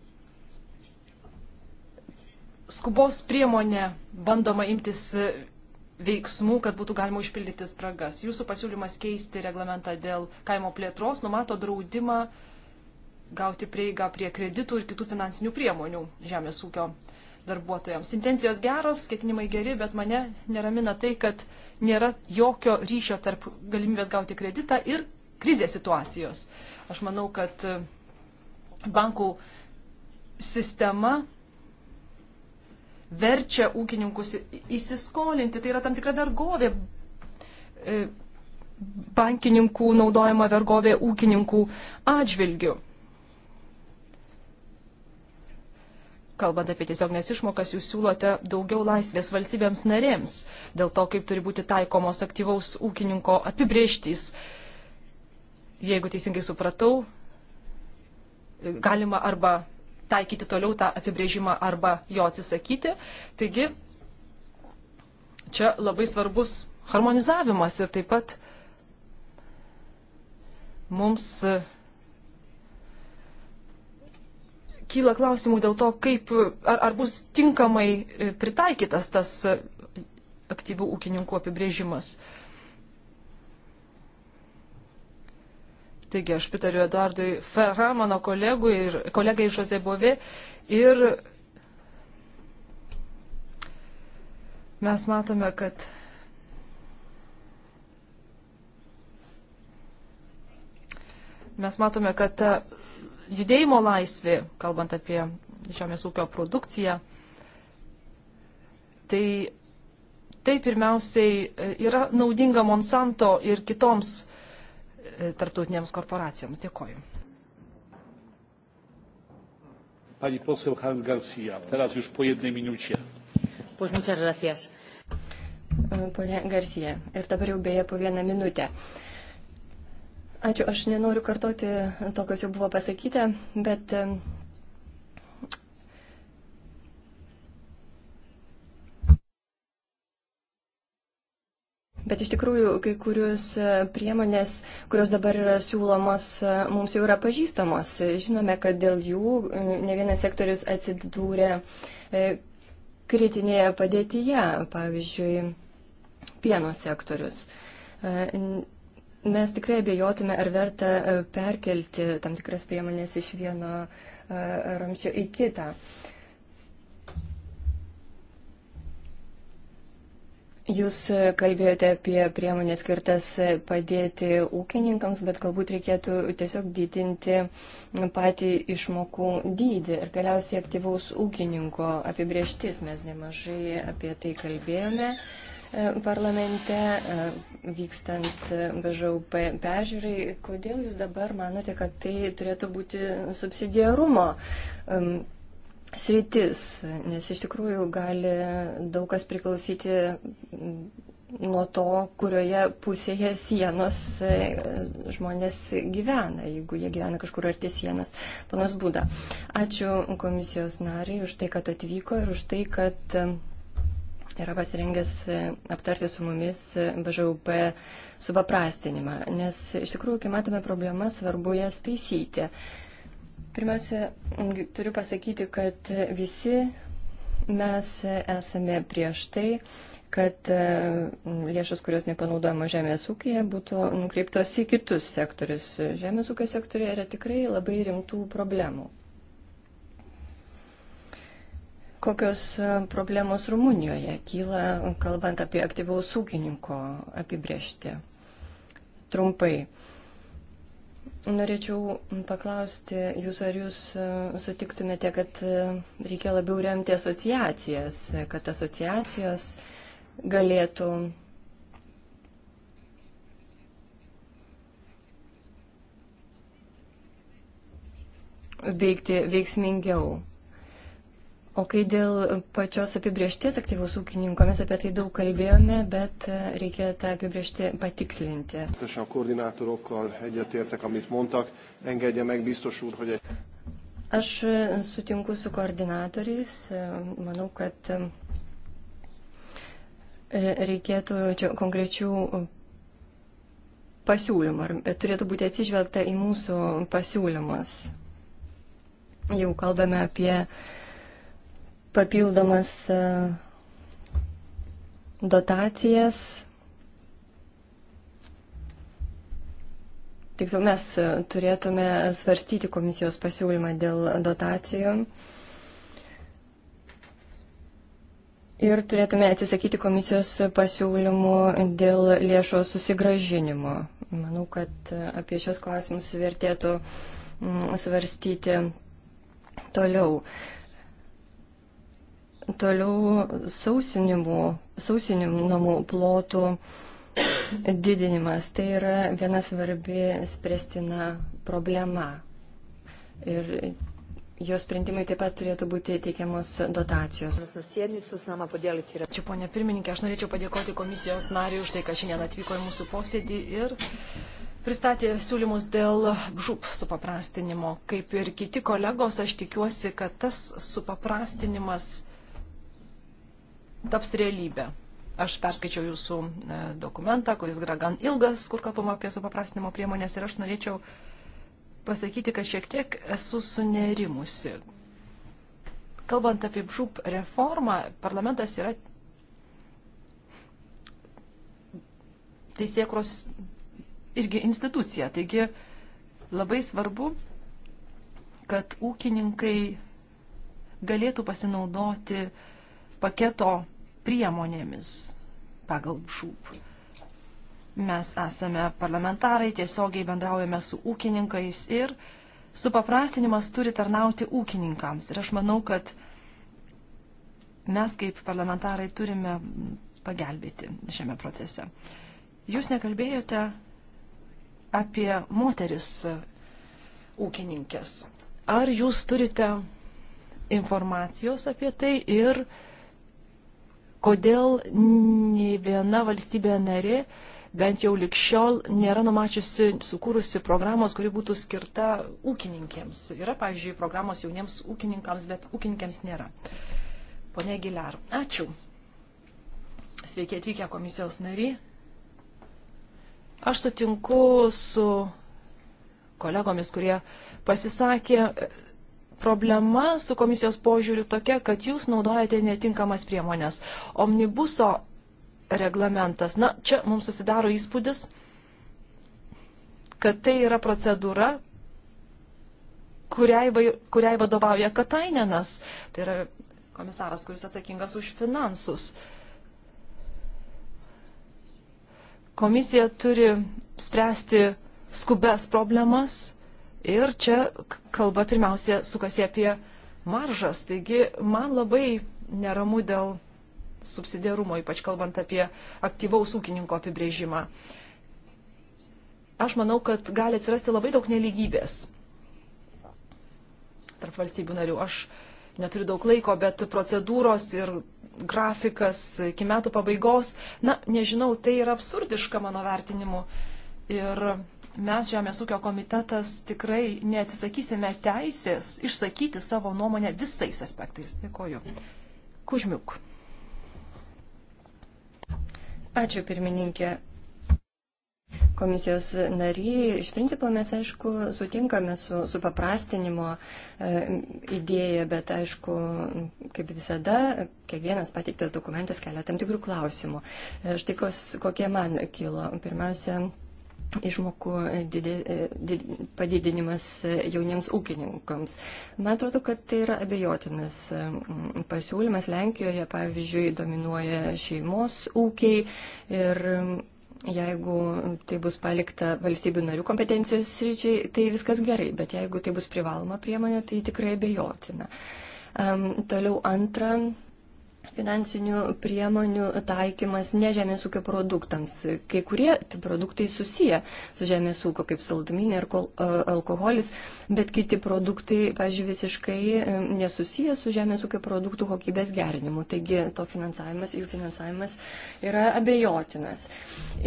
skubos priemonė bandoma imtis e, veiksmų, kad būtų galima užpildyti spragas. Jūsų pasiūlymas keisti reglamentą dėl kaimo plėtros numato draudimą gauti prieigą prie kreditų ir kitų finansinių priemonių žemės ūkio darbuotojams. Intencijos geros, ketinimai geri, bet mane neramina tai, kad nėra jokio ryšio tarp galimybės gauti kreditą ir krizės situacijos. Aš manau, kad e, bankų sistema verčia ūkininkus įsiskolinti. Tai yra tam tikra vergovė, e, bankininkų naudojama vergovė ūkininkų atžvilgių. Kalbant apie tiesiognės išmokas, jūs siūlote daugiau laisvės valstybėms narėms dėl to, kaip turi būti taikomos aktyvaus ūkininko apibrieštys. Jeigu teisingai supratau, galima arba taikyti toliau tą apibrėžimą arba jo atsisakyti. Taigi čia labai svarbus harmonizavimas ir taip pat mums e, kyla klausimų dėl to, kaip, ar, ar bus tinkamai e, pritaikytas tas e, aktyvių ūkininkų apibrėžimas. Uh, Taigi aš pritariu Eduardui Ferra, mano kolegui ir kolegai iš Ozebovi. Ir mes matome, kad mes matome, kad ta judėjimo laisvė, kalbant apie žemės ūkio produkciją, tai tai pirmiausiai yra naudinga Monsanto ir kitoms uh, tarptautinėms korporacijoms. Dėkoju. Pani poseł Hans Garcia, teraz już po jednej minucie. Pues muchas gracias. E, Pone Garcia, ir dabar jau beje po vieną minutę. Ačiū, aš nenoriu kartoti to, kas jau buvo pasakyta, bet e, Bet iš tikrųjų, kai kurios e, priemonės, kurios dabar yra siūlomos, e, mums jau yra pažįstamos. Žinome, kad dėl jų e, ne vienas sektorius atsidūrė kritinėje padėtyje, pavyzdžiui, pieno sektorius. Mes tikrai abejotume, ar verta perkelti tam tikras priemonės iš vieno ramščio į kitą. Jūs kalbėjote apie priemonės skirtas padėti ūkininkams, bet galbūt reikėtų tiesiog didinti patį išmokų dydį. Ir galiausiai aktyvaus ūkininko apibrieštis, mes nemažai apie tai kalbėjome e, parlamente, e, vykstant BŽUP peržiūrai. Kodėl jūs dabar manote, kad tai turėtų būti subsidiarumo sritis, nes iš tikrųjų gali daug kas priklausyti nuo to, kurioje pusėje sienos e, žmonės gyvena, jeigu jie gyvena kažkur arti sienos. Panas Būda, ačiū komisijos nariai už tai, kad atvyko ir už tai, kad e, yra pasirengęs e, aptarti su mumis BŽUP supaprastinimą, nes iš tikrųjų, kai matome problemas, svarbu jas taisyti. Pirmiausia, turiu pasakyti, kad visi mes esame prieš tai, kad e, lėšas, kurios nepanaudojamos žemės ūkėje, būtų nukreiptos į kitus sektorius. Žemės ūkio sektorija yra tikrai labai rimtų problemų. Kokios e, problemos Rumunijoje kyla, kalbant apie aktyvaus ūkininko apibriežti? Trumpai. Norėčiau paklausti jūsų, ar jūs e, sutiktumėte, kad e, reikia labiau remti asociacijas, kad asociacijos galėtų veikti veiksmingiau. O kai dėl pačios apibriešties aktyvaus ūkininko, mes apie tai daug kalbėjome, bet e, reikia tą apibriešti patikslinti. Aš e, sutinku su koordinatoriais, e, manau, kad reikėtų čia konkrečių pasiūlymų, ar turėtų būti atsižvelgta į mūsų pasiūlymus. Jau kalbame apie uh, papildomas e, dotacijas. Tiksliau mes e, turėtume svarstyti komisijos pasiūlymą dėl dotacijų. Ir turėtume atsisakyti komisijos pasiūlymų dėl lėšų susigražinimo. Manau, kad e, apie šios klausimus vertėtų mm, svarstyti toliau. Toliau sausinimų, sausinimų plotų didinimas. Tai yra viena svarbi spręstina problema. Ir jos sprendimai taip pat turėtų būti teikiamos dotacijos. Ačiū, ponė pirmininkė, aš norėčiau padėkoti komisijos nariui už tai, kad šiandien atvyko į mūsų posėdį ir pristatė siūlymus dėl žūp supaprastinimo. Kaip ir kiti kolegos, aš tikiuosi, kad tas supaprastinimas taps realybė. Aš perskaičiau jūsų e, dokumentą, kuris yra gan ilgas, kur kalbama apie supaprastinimo priemonės ir aš norėčiau pasakyti, kad šiek tiek esu sunerimusi. Kalbant apie BŽUP reformą, parlamentas yra teisėkros irgi institucija. Taigi labai svarbu, kad ūkininkai galėtų pasinaudoti uh, paketo priemonėmis pagal žūp. Mes esame parlamentarai, tiesiogiai bendraujame su ūkininkais ir supaprastinimas turi tarnauti ūkininkams. Ir aš manau, kad mes kaip parlamentarai turime pagelbėti šiame procese. Jūs nekalbėjote apie moteris ūkininkės. Ar jūs turite informacijos apie tai ir kodėl nei viena valstybė narė bent jau likščiol nėra numačiusi, sukūrusi programos, kuri būtų skirta ūkininkėms. Yra, pavyzdžiui, programos jauniems ūkininkams, bet ūkininkėms nėra. Pone Giliar, ačiū. Sveiki atvykę komisijos nariai. Aš sutinku su kolegomis, kurie pasisakė, problema su komisijos požiūriu tokia, kad jūs naudojate netinkamas priemonės. Omnibuso reglamentas. Na, čia mums susidaro įspūdis, kad tai yra procedūra, kuriai, kuriai vadovauja Katainenas. Tai yra komisaras, kuris atsakingas už finansus. Komisija turi spręsti skubes problemas Ir čia kalba pirmiausia sukasi apie maržas. Taigi man labai neramu dėl subsidiarumo, ypač kalbant apie aktyvaus ūkininko apibrėžimą. Aš manau, kad gali atsirasti labai daug neligybės tarp valstybių narių. Aš neturiu daug laiko, bet procedūros ir grafikas iki metų pabaigos, na, nežinau, tai yra absurdiška mano vertinimu. Ir mes, Žemės ūkio komitetas, tikrai neatsisakysime teisės išsakyti savo nuomonę visais aspektais. Dėkoju. Kužmiuk. Ačiū, pirmininkė. Komisijos nariai, iš principo mes, aišku, sutinkame su, su paprastinimo e, idėja, bet, aišku, kaip visada, kiekvienas pateiktas dokumentas kelia tam tikrų klausimų. E, štai kokie man kilo. Pirmiausia, išmokų e, didė, e, did, padidinimas e, jauniems ūkininkams. Man atrodo, kad tai yra abejotinas pasiūlymas. Lenkijoje, pavyzdžiui, dominuoja šeimos ūkiai ir jeigu tai bus palikta valstybių narių kompetencijos ryčiai, tai viskas gerai, bet jeigu tai bus privaloma priemonė, tai tikrai abejotina. Um, toliau antra finansinių priemonių taikymas ne žemės ūkio produktams. Kai kurie produktai susiję su žemės ūkio, kaip salduminė ir alkoholis, bet kiti produktai, pažiūrėjau, visiškai e, nesusiję su žemės ūkio produktų kokybės gerinimu. Taigi to finansavimas, jų finansavimas yra abejotinas.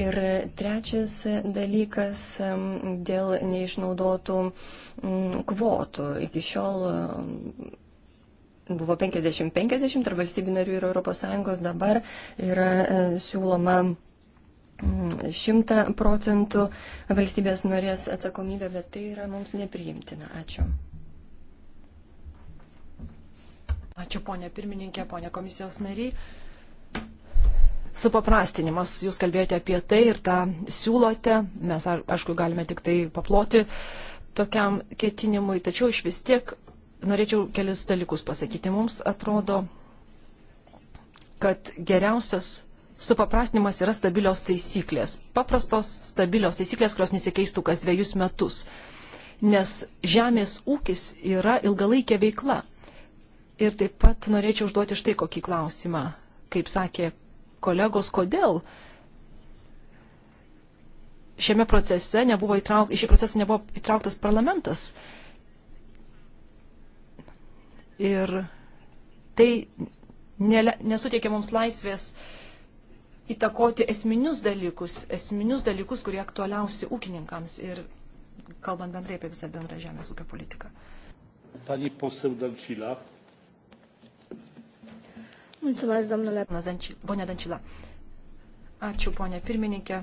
Ir trečias dalykas dėl neišnaudotų kvotų. Iki šiol buvo 50-50 tarp valstybių narių ir ES, dabar yra e, siūloma 100 mm, procentų valstybės norės atsakomybė, bet tai yra mums nepriimtina. Ačiū. Ačiū, ponė pirmininkė, ponė komisijos nariai. Supaprastinimas, jūs kalbėjote apie tai ir tą siūlote, mes aišku galime tik tai paploti tokiam ketinimui, tačiau iš vis tiek norėčiau kelis dalykus pasakyti. Mums atrodo, kad geriausias supaprastinimas yra stabilios taisyklės. Paprastos stabilios taisyklės, kurios nesikeistų kas dviejus metus. Nes žemės ūkis yra ilgalaikė veikla. Ir taip pat norėčiau užduoti štai kokį klausimą. Kaip sakė kolegos, kodėl šiame procese nebuvo įtrauktas, šį procesą nebuvo įtrauktas parlamentas. Uh, Ir tai nesuteikia mums laisvės įtakoti esminius dalykus, esminius dalykus, kurie aktualiausi ūkininkams ir kalbant bendrai apie visą bendrą žemės ūkio politiką. Pani poseł Dancila. Mulțumesc, domnule. Pone Dancila. Ačiū, ponė pirmininkė.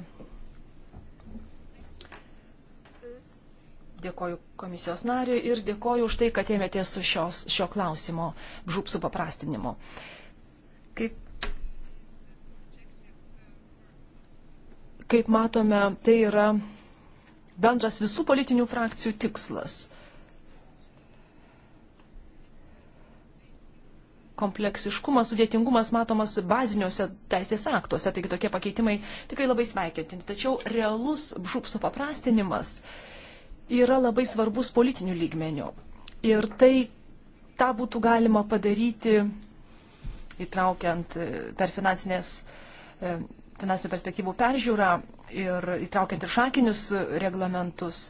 Dėkoju komisijos nariui ir dėkoju už tai, kad ėmėtės šios, šio klausimo žūp supaprastinimo. Kaip, kaip matome, tai yra bendras visų politinių frakcijų tikslas. kompleksiškumas, sudėtingumas matomas baziniuose teisės aktuose, taigi tokie pakeitimai tikrai labai sveikinti. Tačiau realus žūp supaprastinimas paprastinimas yra labai svarbus politinių lygmenių. Ir tai tą būtų galima padaryti įtraukiant e, per finansinės, e, finansinių perspektyvų peržiūrą ir įtraukiant ir šakinius reglamentus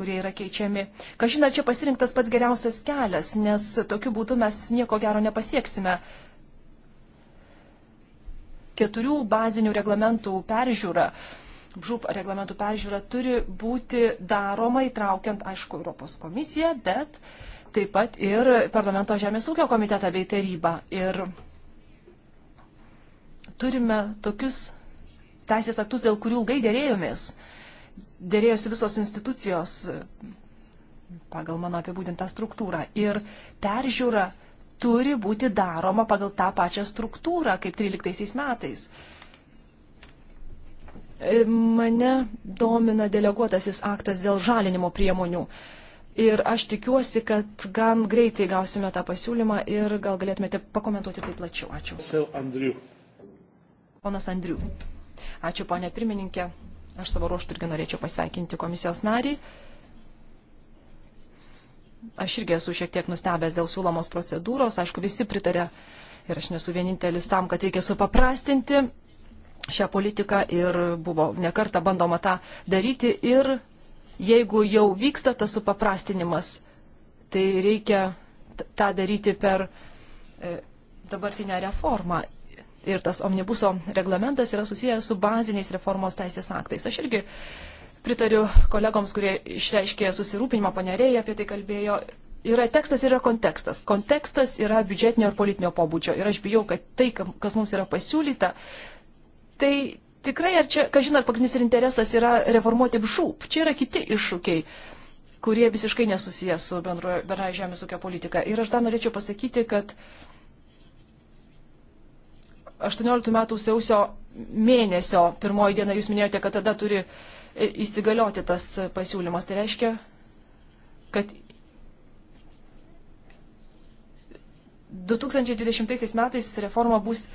kurie yra keičiami. Kažina, čia pasirinktas pats geriausias kelias, nes tokiu būdu mes nieko gero nepasieksime. Keturių bazinių reglamentų peržiūra uh, žūp reglamentų peržiūra turi būti daroma įtraukiant, aišku, Europos komisiją, bet taip pat ir parlamento žemės ūkio komitetą bei tarybą. Ir turime tokius teisės aktus, dėl kurių ilgai dėrėjomės. Dėrėjosi visos institucijos pagal mano apibūdintą struktūrą. Ir peržiūra turi būti daroma pagal tą pačią struktūrą kaip 13 metais. E, mane domina deleguotasis aktas dėl žalinimo priemonių. Ir aš tikiuosi, kad gan greitai gausime tą pasiūlymą ir gal galėtumėte pakomentuoti tai plačiau. Ačiū. Andriu. Ponas Andriu. Ačiū, ponė pirmininkė. Aš savo ruoštų irgi norėčiau pasveikinti komisijos narį. Aš irgi esu šiek tiek nustebęs dėl siūlomos procedūros. Aišku, visi pritarė ir aš nesu vienintelis tam, kad reikia supaprastinti šią politiką ir buvo nekarta bandoma tą daryti ir jeigu jau vyksta tas supaprastinimas, tai reikia tą daryti per e, dabartinę reformą. Ir tas omnibuso reglamentas yra susijęs su baziniais reformos teisės aktais. Aš irgi pritariu kolegoms, kurie išreiškė susirūpinimą, panerėjai apie tai kalbėjo. Yra tekstas ir yra kontekstas. Kontekstas yra biudžetinio ir politinio pobūdžio. Ir aš bijau, kad tai, kas mums yra pasiūlyta, Tai tikrai, ar čia, kažin ar pagrindinis ir interesas yra reformuoti BŽUP, čia yra kiti iššūkiai kurie visiškai nesusiję su bendroje žemės ūkio politika. Ir aš dar norėčiau pasakyti, kad 18 metų sausio mėnesio pirmoji diena jūs minėjote, kad tada turi e, įsigalioti tas pasiūlymas. Tai reiškia, kad 2020 metais reforma bus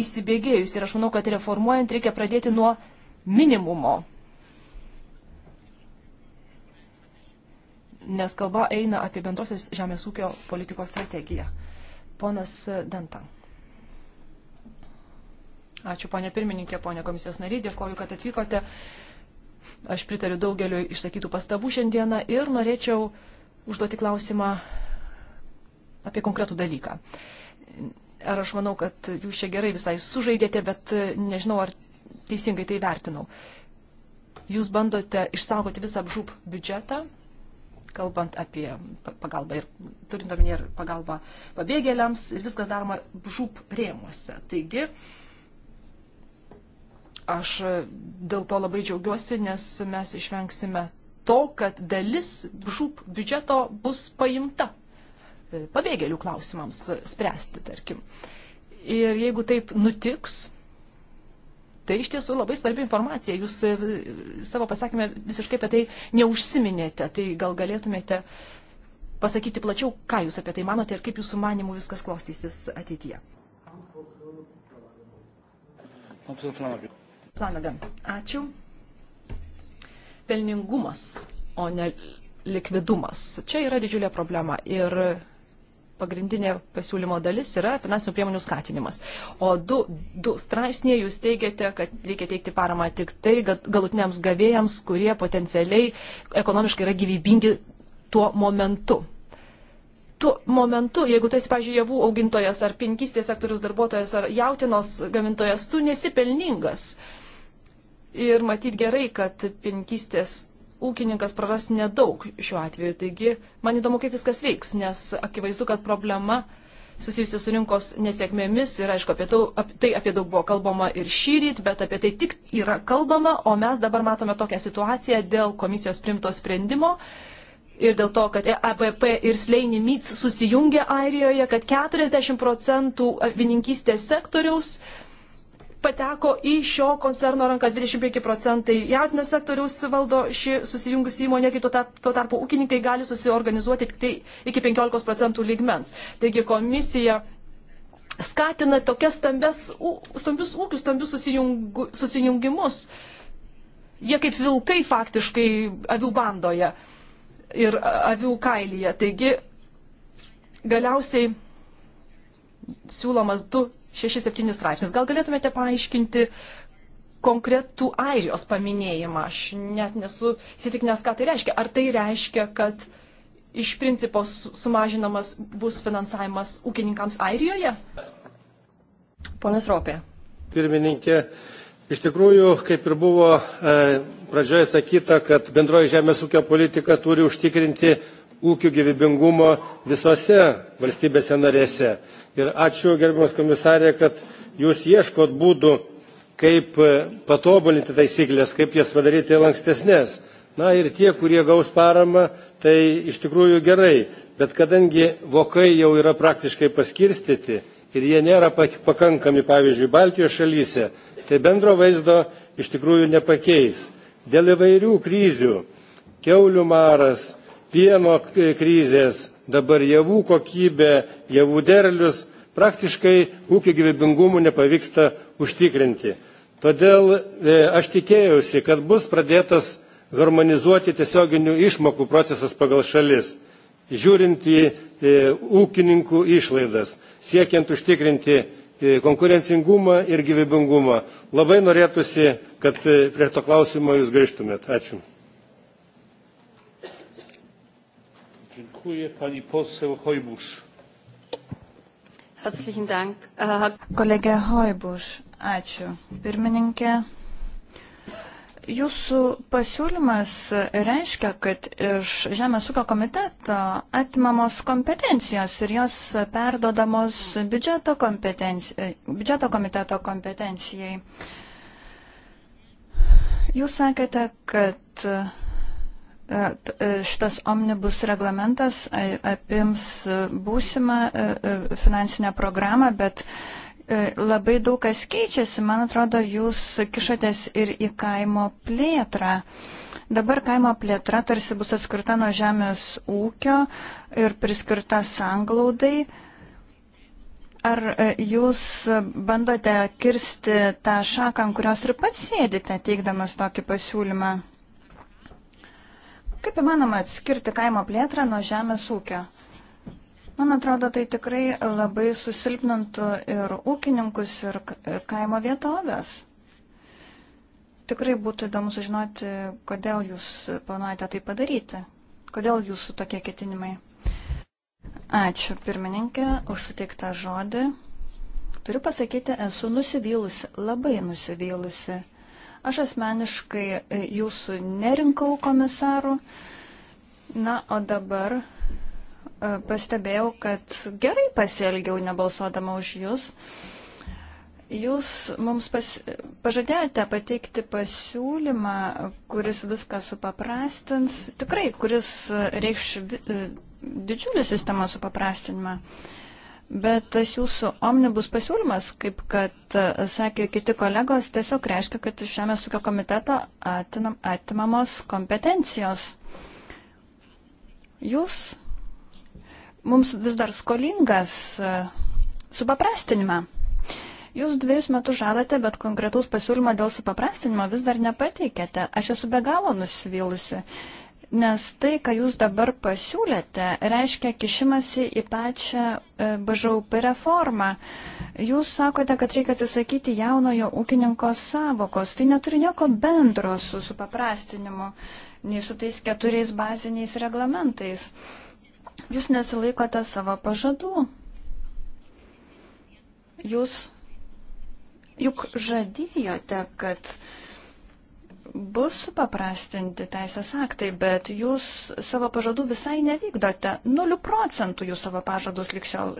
įsibėgėjusi ir aš manau, kad reformuojant reikia pradėti nuo minimumo. Nes kalba eina apie bendrosios žemės ūkio politikos strategiją. Ponas Dantan. Ačiū, ponė pirmininkė, ponė komisijos nariai, dėkoju, kad atvykote. Aš pritariu daugeliu išsakytų pastabų šiandieną ir norėčiau užduoti klausimą apie konkretų dalyką ar aš manau, kad jūs čia gerai visai sužaidėte, bet e, nežinau, ar teisingai tai vertinau. Jūs bandote išsaugoti visą apžūp biudžetą, kalbant apie pagalbą ir turint omenyje ir pagalbą pabėgėliams, ir viskas daroma žūp rėmuose. Taigi, aš e, dėl to labai džiaugiuosi, nes mes išvengsime to, kad dalis žūp biudžeto bus paimta pabėgėlių klausimams spręsti, tarkim. Ir jeigu taip nutiks, tai iš tiesų labai svarbi informacija. Jūs e, savo pasakymę visiškai apie tai neužsiminėte, tai gal galėtumėte pasakyti plačiau, ką jūs apie tai manote ir kaip jūsų manimų viskas klostysis ateityje. Planagan, ačiū. Pelningumas, o ne likvidumas. Čia yra didžiulė problema ir pagrindinė pasiūlymo dalis yra finansinių priemonių skatinimas. O du, du straipsnėje jūs teigiate, kad reikia teikti paramą tik tai galutiniams gavėjams, kurie potencialiai ekonomiškai yra gyvybingi tuo momentu. Tuo momentu, jeigu tu esi, pažiūrėjau, javų augintojas ar pinkystės sektorius darbuotojas ar jautinos gamintojas, tu nesi pelningas. Ir matyt gerai, kad pinkystės ūkininkas praras nedaug šiuo atveju. Taigi, man įdomu, kaip viskas veiks, nes akivaizdu, kad problema susijusi su rinkos nesėkmėmis ir, aišku, apie tau, ap, tai apie daug buvo kalbama ir šį rytą, bet apie tai tik yra kalbama, o mes dabar matome tokią situaciją dėl komisijos primto sprendimo. Ir dėl to, kad e ABP ir Sleini Myts susijungė Airijoje, kad 40 procentų vininkystės sektoriaus uh, pateko į šio koncerno rankas 25 procentai. Jautinio sektoriaus valdo ši susijungusi įmonė, kai tuo, tarp, tuo tarpu ūkininkai gali susiorganizuoti tik tai iki 15 procentų lygmens. Taigi komisija skatina tokias stambes, stambius ūkius, stambius susijungu, susijungimus. Jie kaip vilkai faktiškai avių bandoje ir avių kailyje. Taigi galiausiai siūlomas 2 6-7 straipsnis. Gal galėtumėte paaiškinti konkretų airijos paminėjimą? Aš net nesu įsitikinęs, ką tai reiškia. Ar tai reiškia, kad iš principo sumažinamas bus finansavimas ūkininkams airijoje? Ponas Ropė. Pirmininkė, Iš tikrųjų, kaip ir buvo e, pradžioje sakyta, kad bendroji žemės ūkio politika turi užtikrinti ūkių gyvybingumo visose valstybėse narėse. Ir ačiū, gerbiamas komisarė, kad jūs ieškot būdų, kaip e, patobulinti taisyklės, kaip jas padaryti lankstesnės. Na ir tie, kurie gaus paramą, tai iš tikrųjų gerai. Bet kadangi vokai jau yra praktiškai paskirstyti ir jie nėra pakankami, pavyzdžiui, Baltijos šalyse, tai bendro vaizdo iš tikrųjų nepakeis. Dėl įvairių krizių - keulių maras, pieno krizės, dabar javų kokybė, javų derlius, praktiškai ūkio gyvybingumo nepavyksta užtikrinti. Todėl e, aš tikėjausi, kad bus pradėtas harmonizuoti tiesioginių išmokų procesas pagal šalis, žiūrint į e, ūkininkų išlaidas, siekiant užtikrinti e, konkurencingumą ir gyvybingumą. Labai norėtųsi, kad prie to klausimo jūs grįžtumėt. Ačiū. Dziękuję pani poseł Hojbuš. Kolegė Hojbuš, ačiū. Pirmininkė, jūsų pasiūlymas reiškia, kad iš Žemės ūkio komiteto atimamos kompetencijos ir jos perdodamos biudžeto, kompetenci... E, biudžeto komiteto kompetencijai. Jūs sakėte, kad E, e, šitas omnibus reglamentas e, apims būsimą finansinę programą, bet labai daug kas keičiasi. Man atrodo, jūs kišotės ir į kaimo plėtrą. Dabar kaimo plėtra tarsi bus atskirta nuo žemės ūkio ir priskirta sanglaudai. Ar jūs bandote kirsti tą šaką, ant kurios ir pats sėdite, teikdamas tokį pasiūlymą? Kaip įmanoma atskirti kaimo plėtrą nuo žemės ūkio? Man atrodo, tai tikrai labai susilpnintų ir ūkininkus, ir kaimo vietovės. Tikrai būtų įdomu sužinoti, kodėl jūs planuojate tai padaryti, kodėl jūsų tokie ketinimai. Ačiū pirmininkė už suteiktą žodį. Turiu pasakyti, esu nusivylusi, labai nusivylusi. Aš asmeniškai e, jūsų nerinkau komisarų. Na, o dabar e, pastebėjau, kad gerai pasielgiau nebalsuodama už jūs. Jūs mums pas, pažadėjote pateikti pasiūlymą, kuris viską supaprastins, tikrai, kuris reikš e, didžiulį sistemą supaprastinimą. Uh, Bet tas jūsų omnibus pasiūlymas, kaip kad e, sakė kiti kolegos, tiesiog reiškia, kad iš Žemės ūkio komiteto atinam, atimamos kompetencijos. Jūs mums vis dar skolingas e, supaprastinimą. Jūs dviejus metus žadate, bet konkretaus pasiūlymo dėl supaprastinimo vis dar nepateikėte. Aš esu be galo nusivylusi nes tai, ką jūs dabar pasiūlėte, reiškia kišimasi į pačią e, BŽUP reformą. Jūs sakote, kad reikia atsisakyti jaunojo ūkininko savokos. Tai neturi nieko bendro su supaprastinimu, nei su tais keturiais baziniais reglamentais. Jūs nesilaikote savo pažadų. Jūs juk žadėjote, kad uh, bus supaprastinti teisės aktai, bet jūs savo pažadų visai nevykdote. 0 procentų jūs savo pažadus likščiau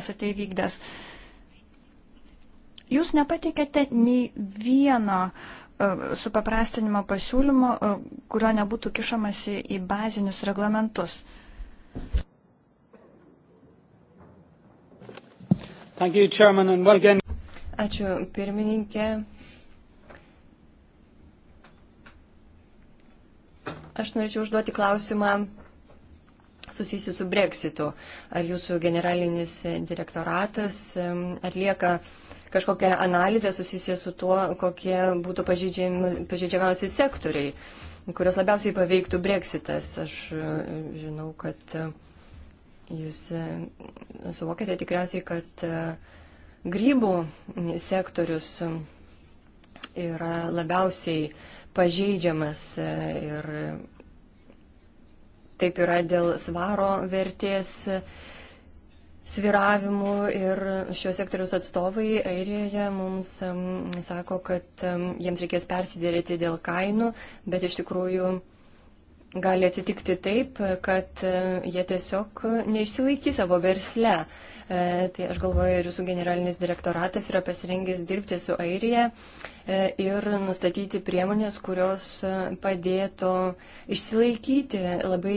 esate įvykdęs. Jūs nepateikėte nei vieno e, supaprastinimo pasiūlymo, e, kurio nebūtų kišamasi į bazinius reglamentus. Thank you, Chairman, and once again. Ačiū pirmininkė. Aš norėčiau užduoti klausimą susijusiu su breksitu. Ar jūsų generalinis direktoratas atlieka kažkokią analizę susijusią su tuo, kokie būtų pažydžiamiausi sektoriai, kurios labiausiai paveiktų breksitas? Aš žinau, kad jūs suvokite tikriausiai, kad grybų sektorius yra labiausiai pažeidžiamas e, ir taip yra dėl svaro vertės sviravimų ir šios sektoriaus atstovai Airijoje mums sako, kad jiems reikės persidėrėti dėl kainų, bet iš tikrųjų gali atsitikti taip, kad e, jie tiesiog neišsilaikys savo versle. E, tai aš galvoju, ir jūsų generalinis direktoratas yra pasirengęs dirbti su Airija E, ir nustatyti priemonės, kurios e, padėtų išsilaikyti labai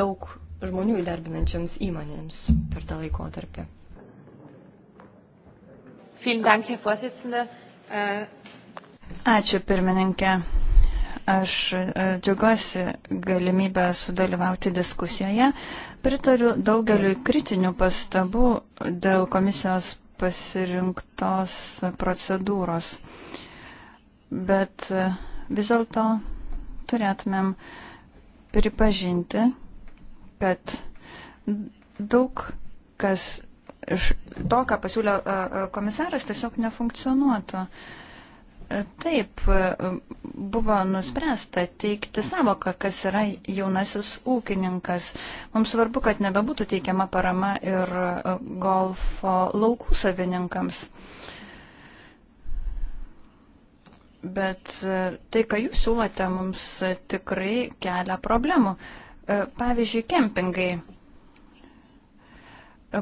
daug žmonių įdarbinančiams įmonėms per tą laikotarpį. Äh, Ačiū pirmininkė. Aš e, džiugiuosi galimybę sudalyvauti diskusijoje. Pritariu daugeliu kritinių pastabų dėl komisijos pasirinktos procedūros. Bet e, vis dėlto turėtumėm pripažinti, kad daug kas iš to, ką pasiūlė e, e, komisaras, tiesiog nefunkcionuotų. Uh, Taip, buvo nuspręsta teikti savoką, kas yra jaunasis ūkininkas. Mums svarbu, kad nebebūtų teikiama parama ir e, golfo laukų savininkams. Bet e, tai, ką jūs siūlote, mums tikrai kelia problemų. E, pavyzdžiui, kempingai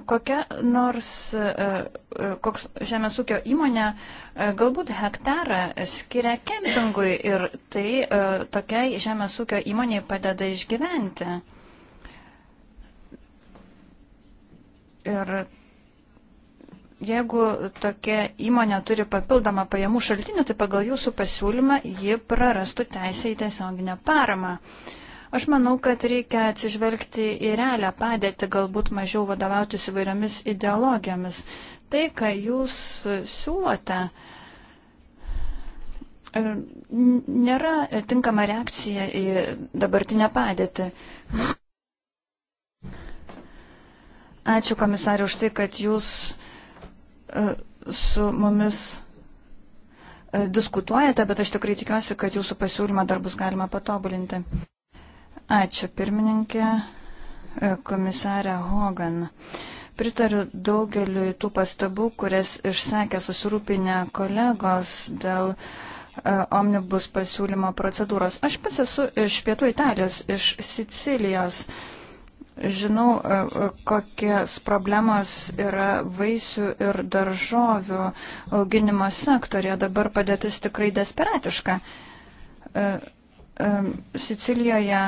Kokia nors e, e, koks žemės ūkio įmonė e, galbūt hektarą skiria kempingui ir tai tokiai žemės ūkio įmoniai padeda išgyventi. Ir jeigu tokia įmonė turi papildomą pajamų šaltinį, tai pagal jūsų pasiūlymą ji prarastų teisę į tiesioginę paramą. Uh, Aš manau, kad reikia atsižvelgti į realią padėtį, galbūt mažiau vadovautis įvairiomis ideologijomis. Tai, ką jūs siūlote, e, nėra tinkama reakcija į dabartinę padėtį. Ačiū komisariu už tai, kad jūs e, su mumis e, diskutuojate, bet aš tikrai tikiuosi, kad jūsų pasiūlymą dar bus galima patobulinti. Ačiū, pirmininkė, e, komisarė Hogan. Pritariu daugeliu tų pastabų, kurias išsakė susirūpinę kolegos dėl e, omnibus pasiūlymo procedūros. Aš pats esu iš pietų Italijos, iš Sicilijos. Žinau, e, kokios problemos yra vaisių ir daržovių auginimo sektorija. Dabar padėtis tikrai desperatiška. Sicilijoje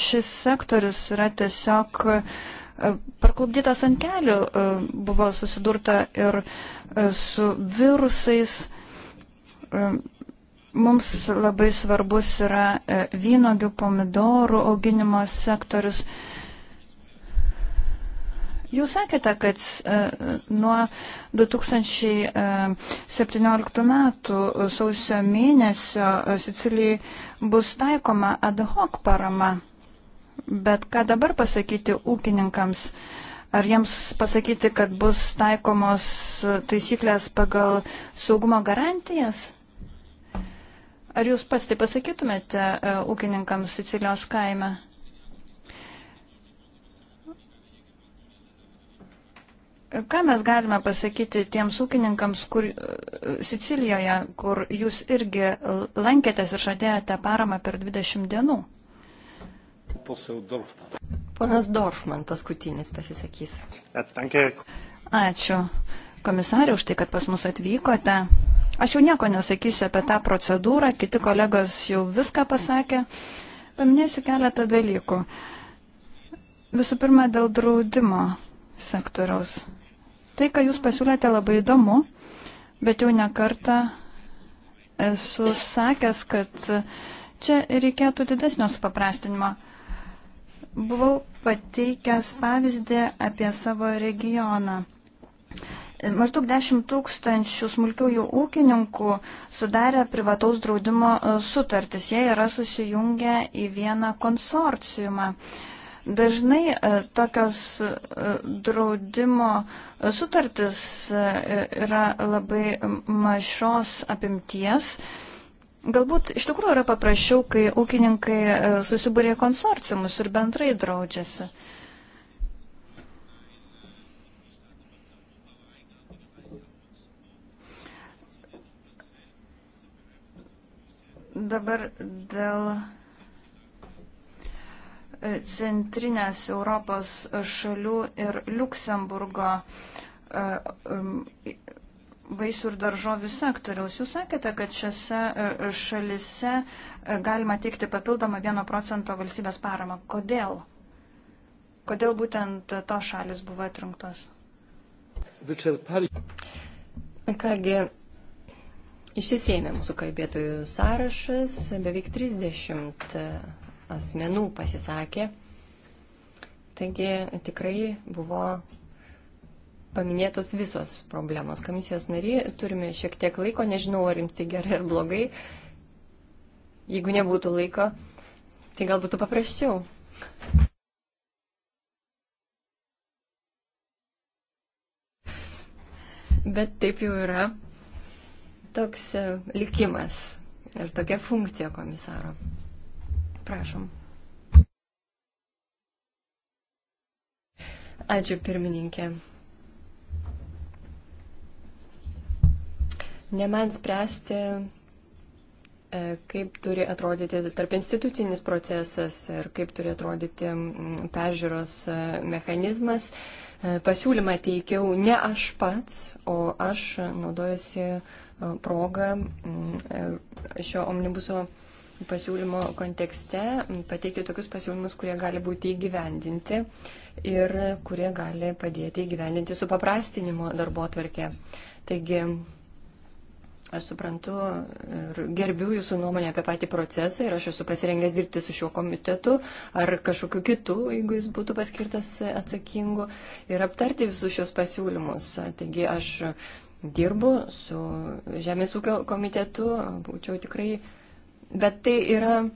šis sektorius yra tiesiog e, parklubdytas ant kelių, e, buvo susidurta ir e, su virusais. Mums labai svarbus yra vynogių pomidorų auginimo sektorius. Jūs sakėte, kad e, nuo 2017 e, metų sausio mėnesio e, Sicilijai bus taikoma ad hoc parama. Bet ką dabar pasakyti ūkininkams? Ar jiems pasakyti, kad bus taikomos taisyklės pagal saugumo garantijas? Ar jūs pats tai pasakytumėte ūkininkams Sicilijos kaime? Ką mes galime pasakyti tiems ūkininkams, kur Sicilijoje, kur jūs irgi lankėtės ir žadėjote paramą per 20 dienų? Ponas Dorfman paskutinis pasisakys. Ačiū komisarė už tai, kad pas mus atvykote. Aš jau nieko nesakysiu apie tą procedūrą, kiti kolegos jau viską pasakė. Paminėsiu keletą dalykų. Visų pirma, dėl draudimo sektoriaus. Tai, ką Jūs pasiūlėte, labai įdomu, bet jau nekartą esu sakęs, kad čia reikėtų didesnio supaprastinimo. Buvau pateikęs pavyzdį apie savo regioną. Maždaug 10 tūkstančių smulkiųjų ūkininkų sudarė privataus draudimo sutartis. Jie yra susijungę į vieną konsorciumą. Uh, Dažnai e, tokios e, draudimo sutartis e, yra labai mažos apimties. Galbūt iš tikrųjų yra paprasčiau, kai ūkininkai susibūrė konsorciumus ir bendrai draudžiasi. Dabar dėl centrinės Europos šalių ir Luksemburgo e, vaisių ir daržovių sektoriaus. Jūs sakėte, kad šiose e, šalise e, galima teikti papildomą 1 procento valstybės paramą. Kodėl? Kodėl būtent to šalis buvo atrinktos? Kągi, išsisėmė mūsų kalbėtojų sąrašas, beveik 30 asmenų pasisakė. Taigi tikrai buvo paminėtos visos problemos. Komisijos nariai, turime šiek tiek laiko, nežinau, ar jums tai gerai ar blogai. Jeigu nebūtų laiko, tai gal būtų paprasčiau. Bet taip jau yra toks likimas ir tokia funkcija komisaro. Prašom. Ačiū pirmininkė. Ne man spręsti, e, kaip turi atrodyti tarp institucinis procesas ir kaip turi atrodyti peržiūros e, mechanizmas. E, pasiūlymą teikiau ne aš pats, o aš naudojusi progą šio omnibuso pasiūlymo kontekste pateikti tokius pasiūlymus, kurie gali būti įgyvendinti ir kurie gali padėti įgyvendinti su paprastinimo darbo atvarkė. Taigi, aš suprantu ir gerbiu jūsų nuomonę apie patį procesą ir aš esu pasirengęs dirbti su šiuo komitetu ar kažkokiu kitu, jeigu jis būtų paskirtas atsakingu, ir aptarti visus šios pasiūlymus. Taigi aš dirbu su Žemės ūkio komitetu, būčiau tikrai bet tai yra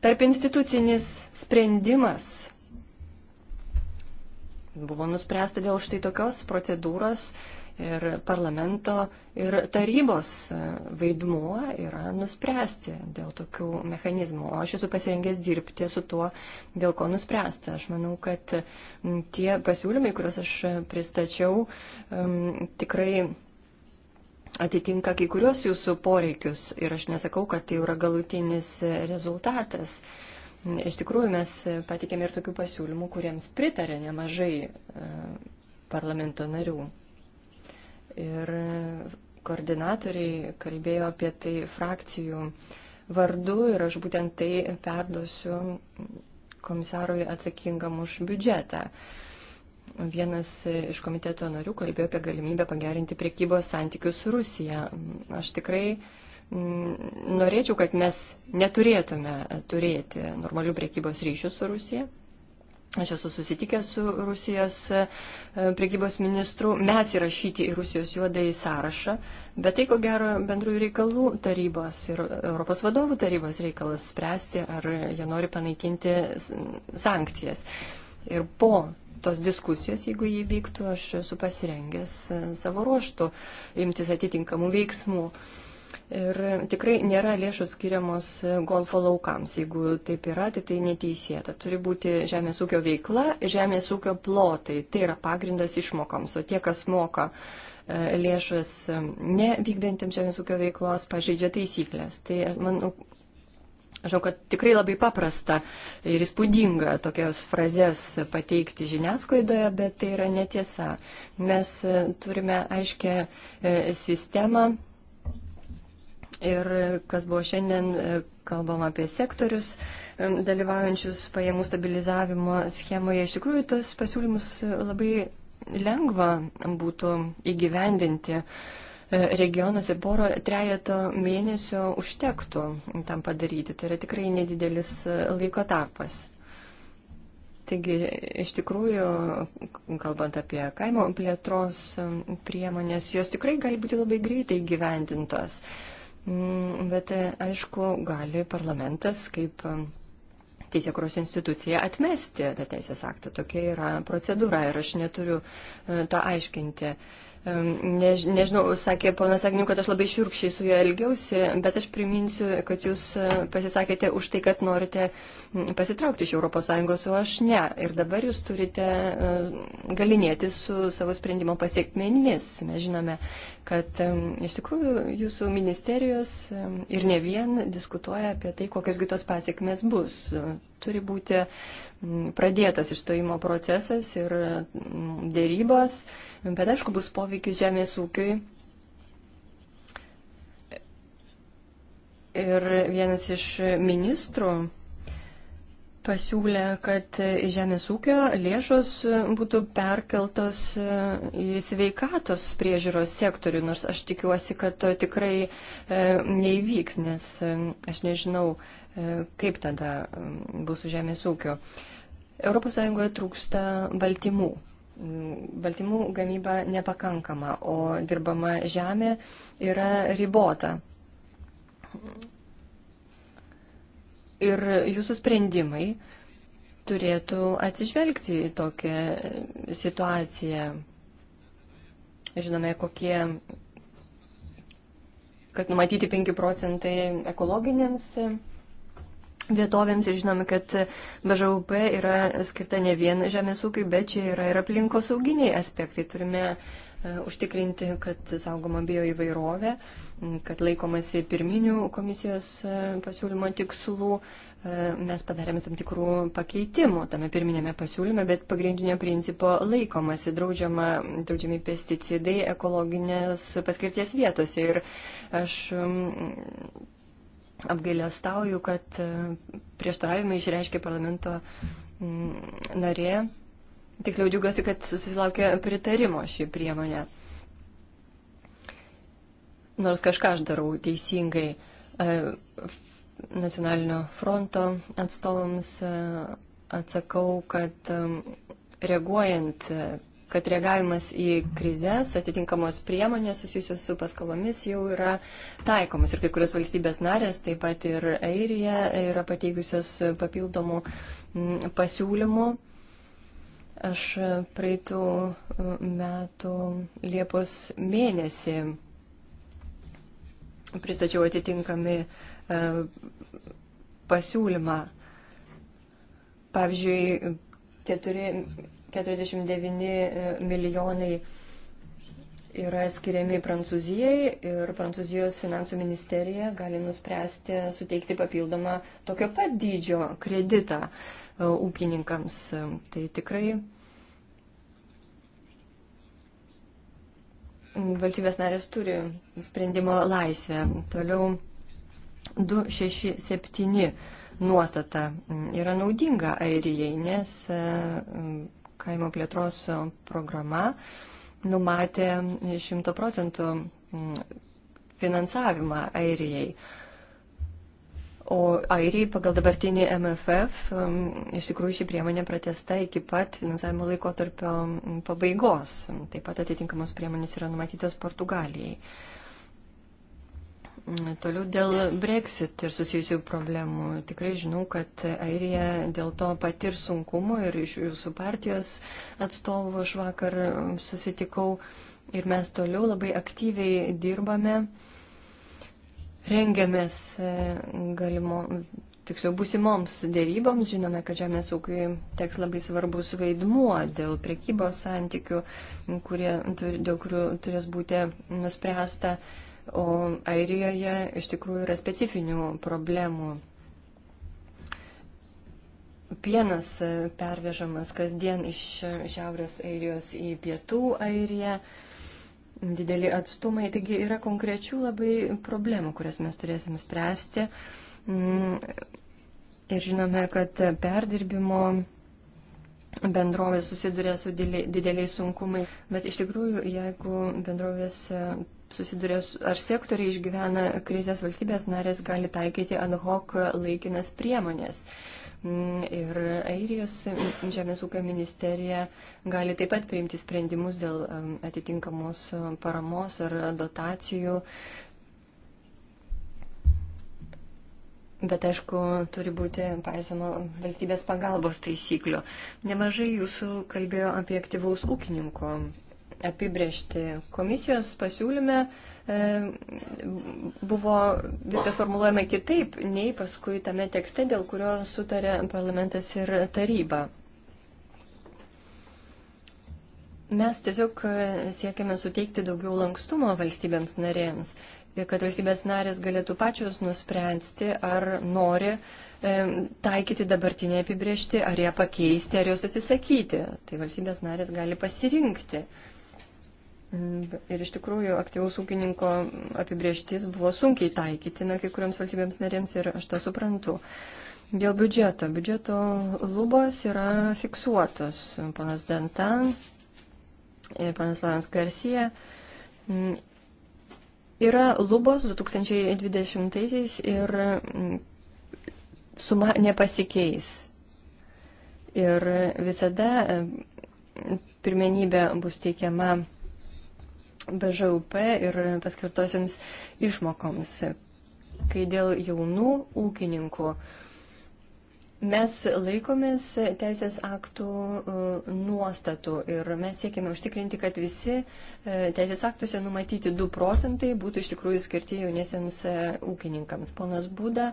tarp institucinis sprendimas. Buvo nuspręsta dėl štai tokios procedūros ir parlamento ir tarybos vaidmuo yra nuspręsti dėl tokių mechanizmų. O aš esu pasirengęs dirbti su tuo, dėl ko nuspręsta. Aš manau, kad tie pasiūlymai, kuriuos aš pristačiau, um, tikrai atitinka kai kurios jūsų poreikius ir aš nesakau, kad tai yra galutinis rezultatas. Iš tikrųjų, mes patikėme ir tokių pasiūlymų, kuriems pritarė nemažai e, parlamento narių. Ir koordinatoriai kalbėjo apie tai frakcijų vardu ir aš būtent tai perduosiu komisarui atsakingam už biudžetą. Uh, Vienas iš komiteto narių kalbėjo apie galimybę pagerinti priekybos santykius su Rusija. Aš tikrai mm, norėčiau, kad mes neturėtume turėti normalių priekybos ryšių su Rusija. Aš esu susitikęs su Rusijos e, priekybos ministru. Mes įrašyti į Rusijos juodąjį sąrašą, bet tai, ko gero, bendrųjų reikalų tarybos ir Europos vadovų tarybos reikalas spręsti, ar jie nori panaikinti sankcijas. Uh, ir po tos diskusijos, jeigu jį vyktų, aš esu pasirengęs e, savo ruoštų imtis atitinkamų veiksmų. Ir tikrai nėra lėšų skiriamos e, golfo laukams. Jeigu taip yra, tai tai neteisėta. Turi būti žemės ūkio veikla, žemės ūkio plotai. Tai yra pagrindas išmokoms. O tie, kas moka e, lėšas nevykdantiems žemės ūkio veiklos, pažeidžia taisyklės. Tai man Žinau, kad tikrai labai paprasta ir įspūdinga tokias frazes pateikti žiniasklaidoje, bet tai yra netiesa. Mes turime aiškę e, sistemą ir kas buvo šiandien e, kalbama apie sektorius e, dalyvaujančius pajamų stabilizavimo schemoje. Iš tikrųjų, tas pasiūlymus labai lengva būtų įgyvendinti. Uh, regionuose poro trejato mėnesio užtektų tam padaryti. Tai yra tikrai nedidelis e, laiko tarpas. Taigi, iš tikrųjų, kalbant apie kaimo plėtros e, priemonės, jos tikrai gali būti labai greitai gyvendintos. Mm, bet, e, aišku, gali parlamentas kaip teisėkros institucija atmesti tą teisės aktą. Tokia yra procedūra ir aš neturiu to aiškinti. Uh, Než, nežinau, sakė ponas Agniu, kad aš labai šiurkščiai su juo elgiausi, bet aš priminsiu, kad jūs e, pasisakėte už tai, kad norite pasitraukti iš ES, o aš ne. Ir dabar jūs turite e, galinėti su savo sprendimo pasiekmenimis. Mes žinome, kad iš tikrųjų jūsų ministerijos ir ne vien diskutuoja apie tai, kokios kitos pasiekmes bus. Turi būti pradėtas išstojimo procesas ir mm, dėrybos, bet aišku bus poveikis žemės ūkiui. Ir vienas iš ministrų pasiūlė, kad žemės ūkio lėšos būtų perkeltos e, į sveikatos priežiūros sektorių, nors aš tikiuosi, kad to tikrai e, neįvyks, nes e, aš nežinau, kaip tada bus su žemės ūkio ES trūksta baltymų. Baltymų gamyba nepakankama, o dirbama žemė yra ribota. Ir jūsų sprendimai turėtų atsižvelgti į tokią situaciją. Žinome, kokie, kad numatyti 5 procentai ekologiniams vietovėms ir žinome, kad BŽUP yra skirta ne vien žemės ūkiai, bet čia yra ir aplinkos sauginiai aspektai. Turime e, užtikrinti, kad saugoma bio įvairovė, kad laikomasi pirminių komisijos e, pasiūlymo tikslų. E, mes padarėme tam tikrų pakeitimų tame pirminėme pasiūlyme, bet pagrindinio principo laikomasi draudžiama, draudžiami pesticidai ekologinės paskirties vietose. Ir aš apgailestauju, kad e, prieštaravimą išreiškė parlamento mm, narė. Tiksliau džiugiuosi, kad susilaukė pritarimo šį priemonę. Nors kažką aš darau teisingai. E, nacionalinio fronto atstovams e, atsakau, kad reaguojant kad reagavimas į krizės, atitinkamos priemonės susijusios su paskalomis jau yra taikomos. Ir kai kurios valstybės narės, taip pat ir Airija, yra pateikusios papildomų mm, pasiūlymų. Aš praeitų mm, metų Liepos mėnesį pristačiau atitinkami e, pasiūlymą. Pavyzdžiui, 4 49 e, milijonai yra skiriami Prancūzijai ir Prancūzijos finansų ministerija gali nuspręsti suteikti papildomą tokio pat dydžio kreditą e, ūkininkams. Tai tikrai valstybės narės turi sprendimo laisvę. Toliau 267 nuostata yra naudinga Airijai, nes e, kaimo plėtros e, programa numatė 100 procentų finansavimą Airijai. O Airijai pagal dabartinį MFF iš tikrųjų ši priemonė pratesta iki pat finansavimo laikotarpio pabaigos. Taip pat atitinkamos priemonės yra numatytos Portugalijai. Toliau dėl Brexit ir susijusių problemų. Tikrai žinau, kad Airija dėl to patir sunkumų ir iš jūsų partijos atstovų aš vakar susitikau ir mes toliau labai aktyviai dirbame, rengiamės e, galimo, tiksliau būsimoms dėryboms. Žinome, kad žemės ūkiui teks labai svarbus vaidmuo dėl prekybos santykių, kurie, dėl kurių turės būti nuspręsta O Airijoje iš tikrųjų yra specifinių problemų. Pienas pervežamas kasdien iš Šiaurės Airijos į Pietų Airiją. Dideli atstumai, taigi yra konkrečių labai problemų, kurias mes turėsim spręsti. Mm. Ir žinome, kad perdirbimo bendrovės susiduria su dideliais sunkumai, bet iš tikrųjų, jeigu bendrovės susiduria ar sektoriai išgyvena krizės valstybės narės gali taikyti ad hoc laikinas priemonės. Mm, ir Airijos žemės ūkio ministerija gali taip pat priimti sprendimus dėl atitinkamos paramos ar dotacijų. Bet aišku, turi būti paisoma valstybės pagalbos taisyklių. Nemažai jūsų kalbėjo apie aktyvaus ūkininko apibriežti. Komisijos pasiūlyme e, buvo viskas formuluojama kitaip, nei paskui tame tekste, dėl kurio sutarė parlamentas ir taryba. Mes tiesiog e, siekiame suteikti daugiau lankstumo valstybėms narėms, kad valstybės narės galėtų pačios nuspręsti, ar nori e, taikyti dabartinę apibriežtį, ar ją pakeisti, ar jos atsisakyti. Tai valstybės narės gali pasirinkti. Uh, Mm, ir iš tikrųjų aktyvaus ūkininko apibrieštis buvo sunkiai taikytina kai kuriams valstybėms narėms ir aš tą suprantu. Dėl biudžeto. Biudžeto lubos yra fiksuotos. Panas Dantan ir panas Laurens Garcia. Mm, yra lubos 2020 ir mm, suma nepasikeis. Ir visada pirmenybė bus teikiama BŽUP ir paskirtosioms išmokoms. Kai dėl jaunų ūkininkų Mes laikomės teisės aktų e, nuostatų ir mes siekime užtikrinti, kad visi e, teisės aktuose numatyti 2 procentai būtų iš tikrųjų skirti jauniesiams e, ūkininkams. Ponas Būda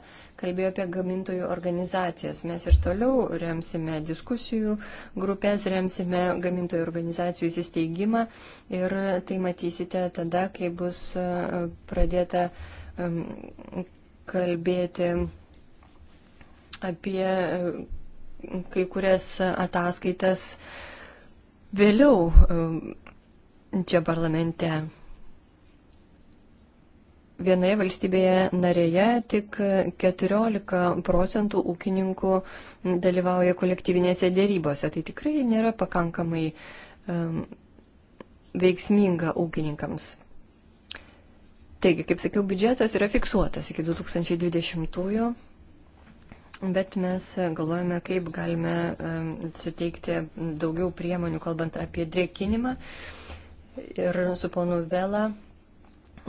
kalbėjo apie gamintojų organizacijas. Mes ir toliau remsime diskusijų grupės, remsime gamintojų organizacijų įsisteigimą ir tai matysite tada, kai bus pradėta kalbėti apie e, kai kurias ataskaitas vėliau e, čia parlamente. Vienoje valstybėje narėje tik 14 procentų ūkininkų dalyvauja kolektyvinėse dėrybose. Tai tikrai nėra pakankamai um, veiksminga ūkininkams. Taigi, kaip sakiau, biudžetas yra fiksuotas iki 2020. -ųjų. Bet mes galvojame, kaip galime suteikti daugiau priemonių, kalbant apie drėkinimą. Ir su ponu Vela,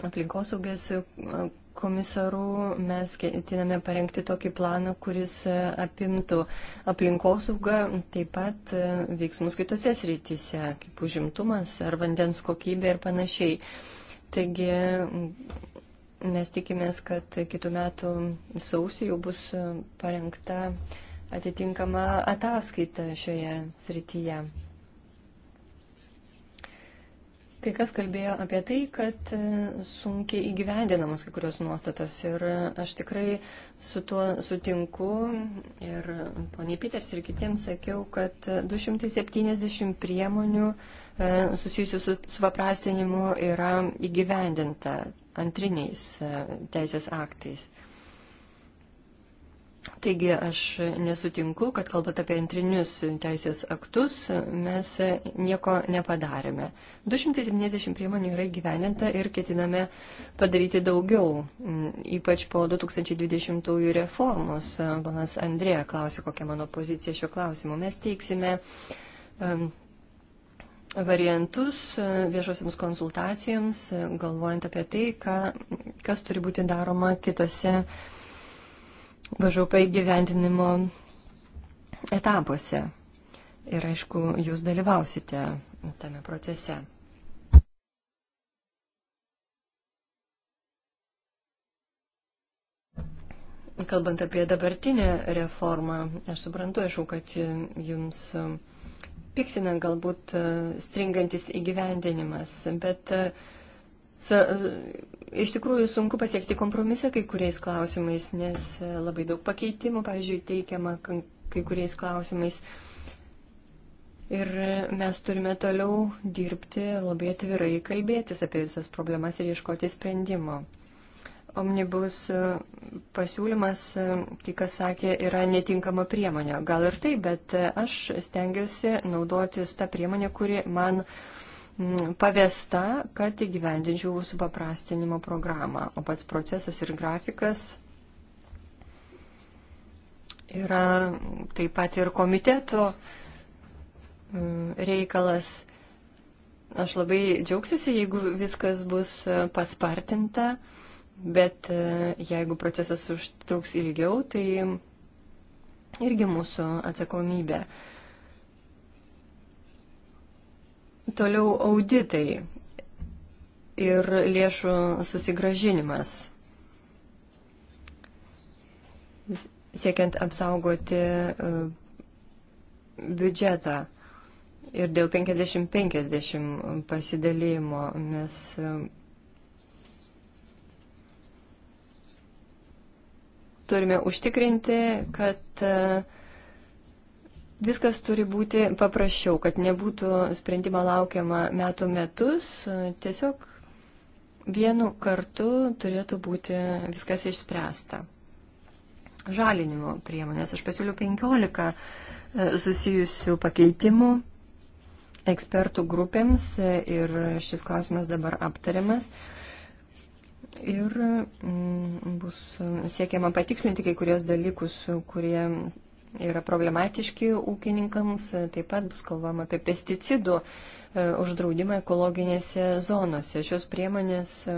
aplinkosaugės komisaru, mes ketiname parengti tokį planą, kuris e, apimtų aplinkosaugą, taip pat e, veiksmus kitose srityse, kaip užimtumas ar vandens kokybė ir panašiai. Taigi Mes tikimės, kad kitų metų sausį jau bus parengta atitinkama ataskaita šioje srityje. Kai kas kalbėjo apie tai, kad e, sunkiai įgyvendinamos kai kurios nuostatos ir aš tikrai su tuo sutinku ir poniai Peters ir kitiems sakiau, kad 270 priemonių e, susijusių su supaprastinimu yra įgyvendinta antriniais e, teisės aktais. Taigi aš nesutinku, kad kalbant apie antrinius teisės aktus, mes nieko nepadarėme. 270 priemonių yra įgyveninta ir ketiname padaryti daugiau, ypač po 2020 reformos. Ponas Andrėja klausė, kokia mano pozicija šiuo klausimu. Mes teiksime variantus e, viešosiams konsultacijoms, e, galvojant apie tai, ką, kas turi būti daroma kitose bažaupai gyvendinimo etapuose. Ir aišku, jūs dalyvausite tame procese. Kalbant apie dabartinę reformą, aš suprantu, aišku, kad jums. Uh, piktina galbūt e, stringantis įgyvendinimas, bet e, sa, e, iš tikrųjų sunku pasiekti kompromisą kai kuriais klausimais, nes labai daug pakeitimų, pavyzdžiui, teikiama kai kuriais klausimais. Ir mes turime toliau dirbti, labai atvirai kalbėtis apie visas problemas ir ieškoti sprendimo omnibus pasiūlymas, e, kai kas sakė, yra netinkama priemonė. Gal ir tai, bet e, aš stengiuosi naudotis tą priemonę, kuri man pavesta, kad įgyvendinčiau supaprastinimo programą. O pats procesas ir grafikas yra taip pat ir komiteto reikalas. Aš labai džiaugsiuosi, jeigu viskas bus e, paspartinta. Uh, Bet e, jeigu procesas užtruks ilgiau, tai irgi mūsų atsakomybė. Toliau auditai ir lėšų susigražinimas. Siekiant apsaugoti e, biudžetą. Ir dėl 50-50 pasidalėjimo mes e, turime užtikrinti, kad e, viskas turi būti paprasčiau, kad nebūtų sprendimo laukiama metų metus, e, tiesiog vienu kartu turėtų būti viskas išspręsta. Žalinimo priemonės. Aš pasiūliu 15 e, susijusių pakeitimų ekspertų grupėms ir šis klausimas dabar aptariamas. Ir mm, bus siekiama patikslinti kai kurios dalykus, kurie yra problematiški ūkininkams. Taip pat bus kalbama apie pesticidų e, uždraudimą ekologinėse zonose. Šios priemonės, e,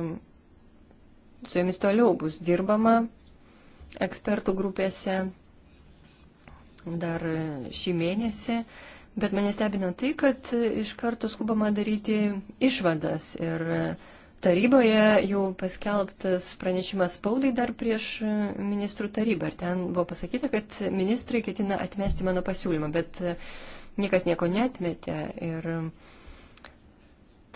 su jomis toliau bus dirbama ekspertų grupėse dar šį mėnesį. Bet mane stebina tai, kad iš karto skubama daryti išvadas ir taryboje jau paskelbtas pranešimas spaudai dar prieš ministrų tarybą ir ten buvo pasakyta, kad ministrai ketina atmesti mano pasiūlymą, bet niekas nieko netmetė ir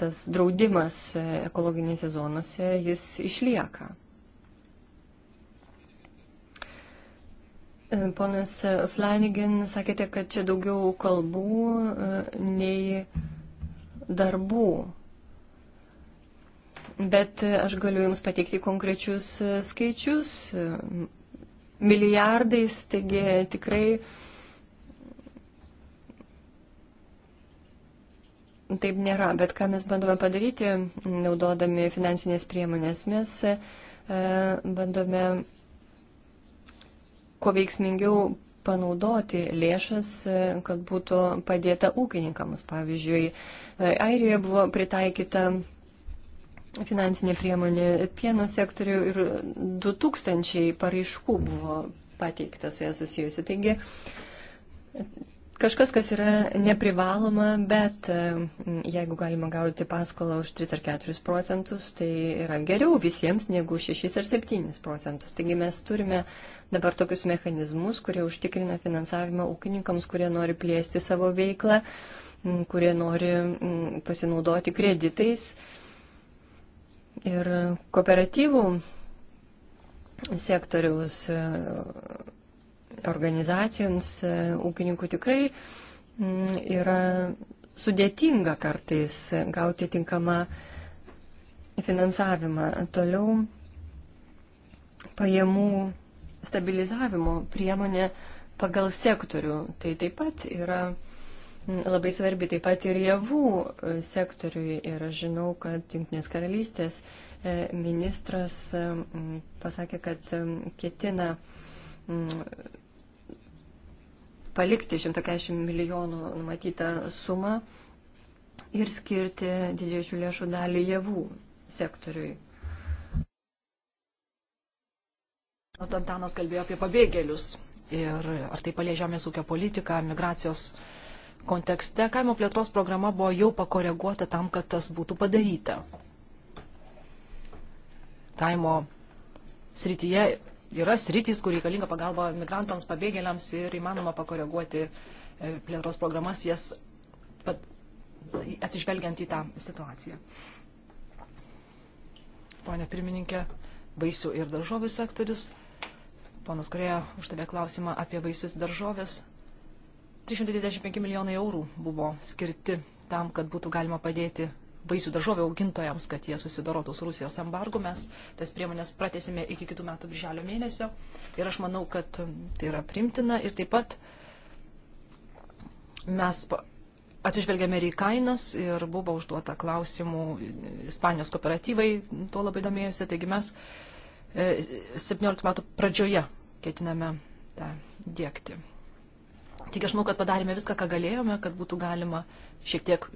tas draudimas ekologinėse zonose, jis išlieka. Ponas Flanagan, sakėte, kad čia daugiau kalbų e, nei darbų bet aš galiu Jums pateikti konkrečius e, skaičius e, milijardais, taigi tikrai taip nėra. Bet ką mes bandome padaryti, naudodami finansinės priemonės, mes e, bandome kuo veiksmingiau panaudoti lėšas, kad būtų padėta ūkininkams. Pavyzdžiui, Airijoje buvo pritaikyta finansinė priemonė pieno sektoriu ir 2000 paraiškų buvo pateikta su ją susijusi. Taigi kažkas, kas yra neprivaloma, bet mm, jeigu galima gauti paskolą už 3 ar 4 procentus, tai yra geriau visiems negu 6 ar 7 procentus. Taigi mes turime dabar tokius mechanizmus, kurie užtikrina finansavimą ūkininkams, kurie nori plėsti savo veiklą mm, kurie nori mm, pasinaudoti kreditais ir kooperatyvų sektoriaus e, organizacijoms e, ūkininkų tikrai mm, yra sudėtinga kartais gauti tinkamą finansavimą. Toliau pajamų stabilizavimo priemonė pagal sektorių. Tai taip pat yra labai svarbi taip pat ir javų e, sektoriui. Ir aš žinau, kad Junktinės karalystės e, ministras e, pasakė, kad ketina palikti 140 milijonų numatytą sumą ir skirti didžiai šių lėšų dalį javų sektoriui. Dantanas kalbėjo apie pabėgėlius ir ar tai paliežėmės ūkio politiką, migracijos politiką kontekste kaimo plėtros programa buvo jau pakoreguota tam, kad tas būtų padaryta. Kaimo srityje yra sritys, kur reikalinga pagalba migrantams, pabėgėliams ir įmanoma pakoreguoti e, plėtros programas, jas pat, atsižvelgiant į tą situaciją. Pone pirmininkė, vaisių ir daržovių sektorius. Ponas Korėja užtavė klausimą apie vaisius daržovės. 325 milijonai eurų buvo skirti tam, kad būtų galima padėti vaisių daržovių augintojams, kad jie susidorotų su Rusijos embargu. Mes tas priemonės pratesime iki kitų metų birželio mėnesio ir aš manau, kad tai yra primtina ir taip pat mes atsižvelgėme ir į kainas ir buvo užduota klausimų Ispanijos kooperatyvai, tuo labai domėjusi, taigi mes 17 e, metų pradžioje ketiname tą dėkti. Taigi aš manau, kad padarėme viską, ką galėjome, kad būtų galima šiek tiek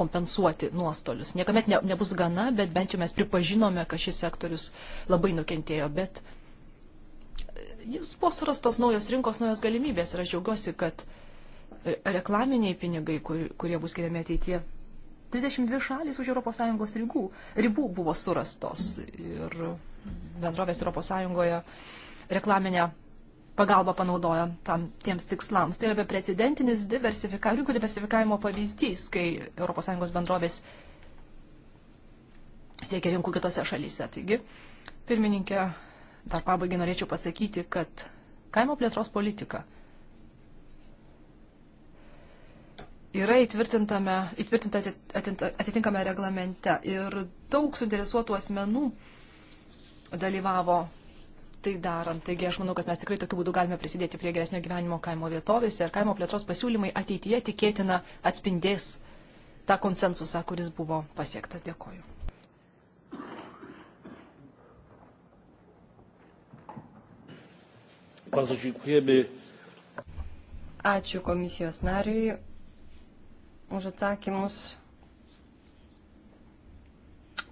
kompensuoti nuostolius. Niekuomet ne, nebus gana, bet bent jau mes pripažinome, kad šis sektorius labai nukentėjo, bet e, jis buvo surastos naujos rinkos, naujos galimybės ir aš džiaugiuosi, kad e, reklaminiai pinigai, kur, kurie bus skiriami ateitie, 32 šalis už ES ribų, ribų buvo surastos ir bendrovės ES reklaminę pagalbą panaudojo tam, tiems tikslams. Tai yra beprecedentinis diversifika, rinkų diversifikavimo pavyzdys, kai ES bendrovės siekia rinkų kitose šalyse. Taigi, pirmininkė, dar pabaigai norėčiau pasakyti, kad kaimo plėtros politika yra įtvirtinta atitinkame reglamente ir daug suinteresuotų asmenų dalyvavo tai darant. Taigi aš manau, kad mes tikrai tokiu būdu galime prisidėti prie geresnio gyvenimo kaimo vietovėse ir kaimo plėtros pasiūlymai ateityje tikėtina atspindės tą konsensusą, kuris buvo pasiektas. Dėkoju. Ačiū komisijos nariui už atsakymus.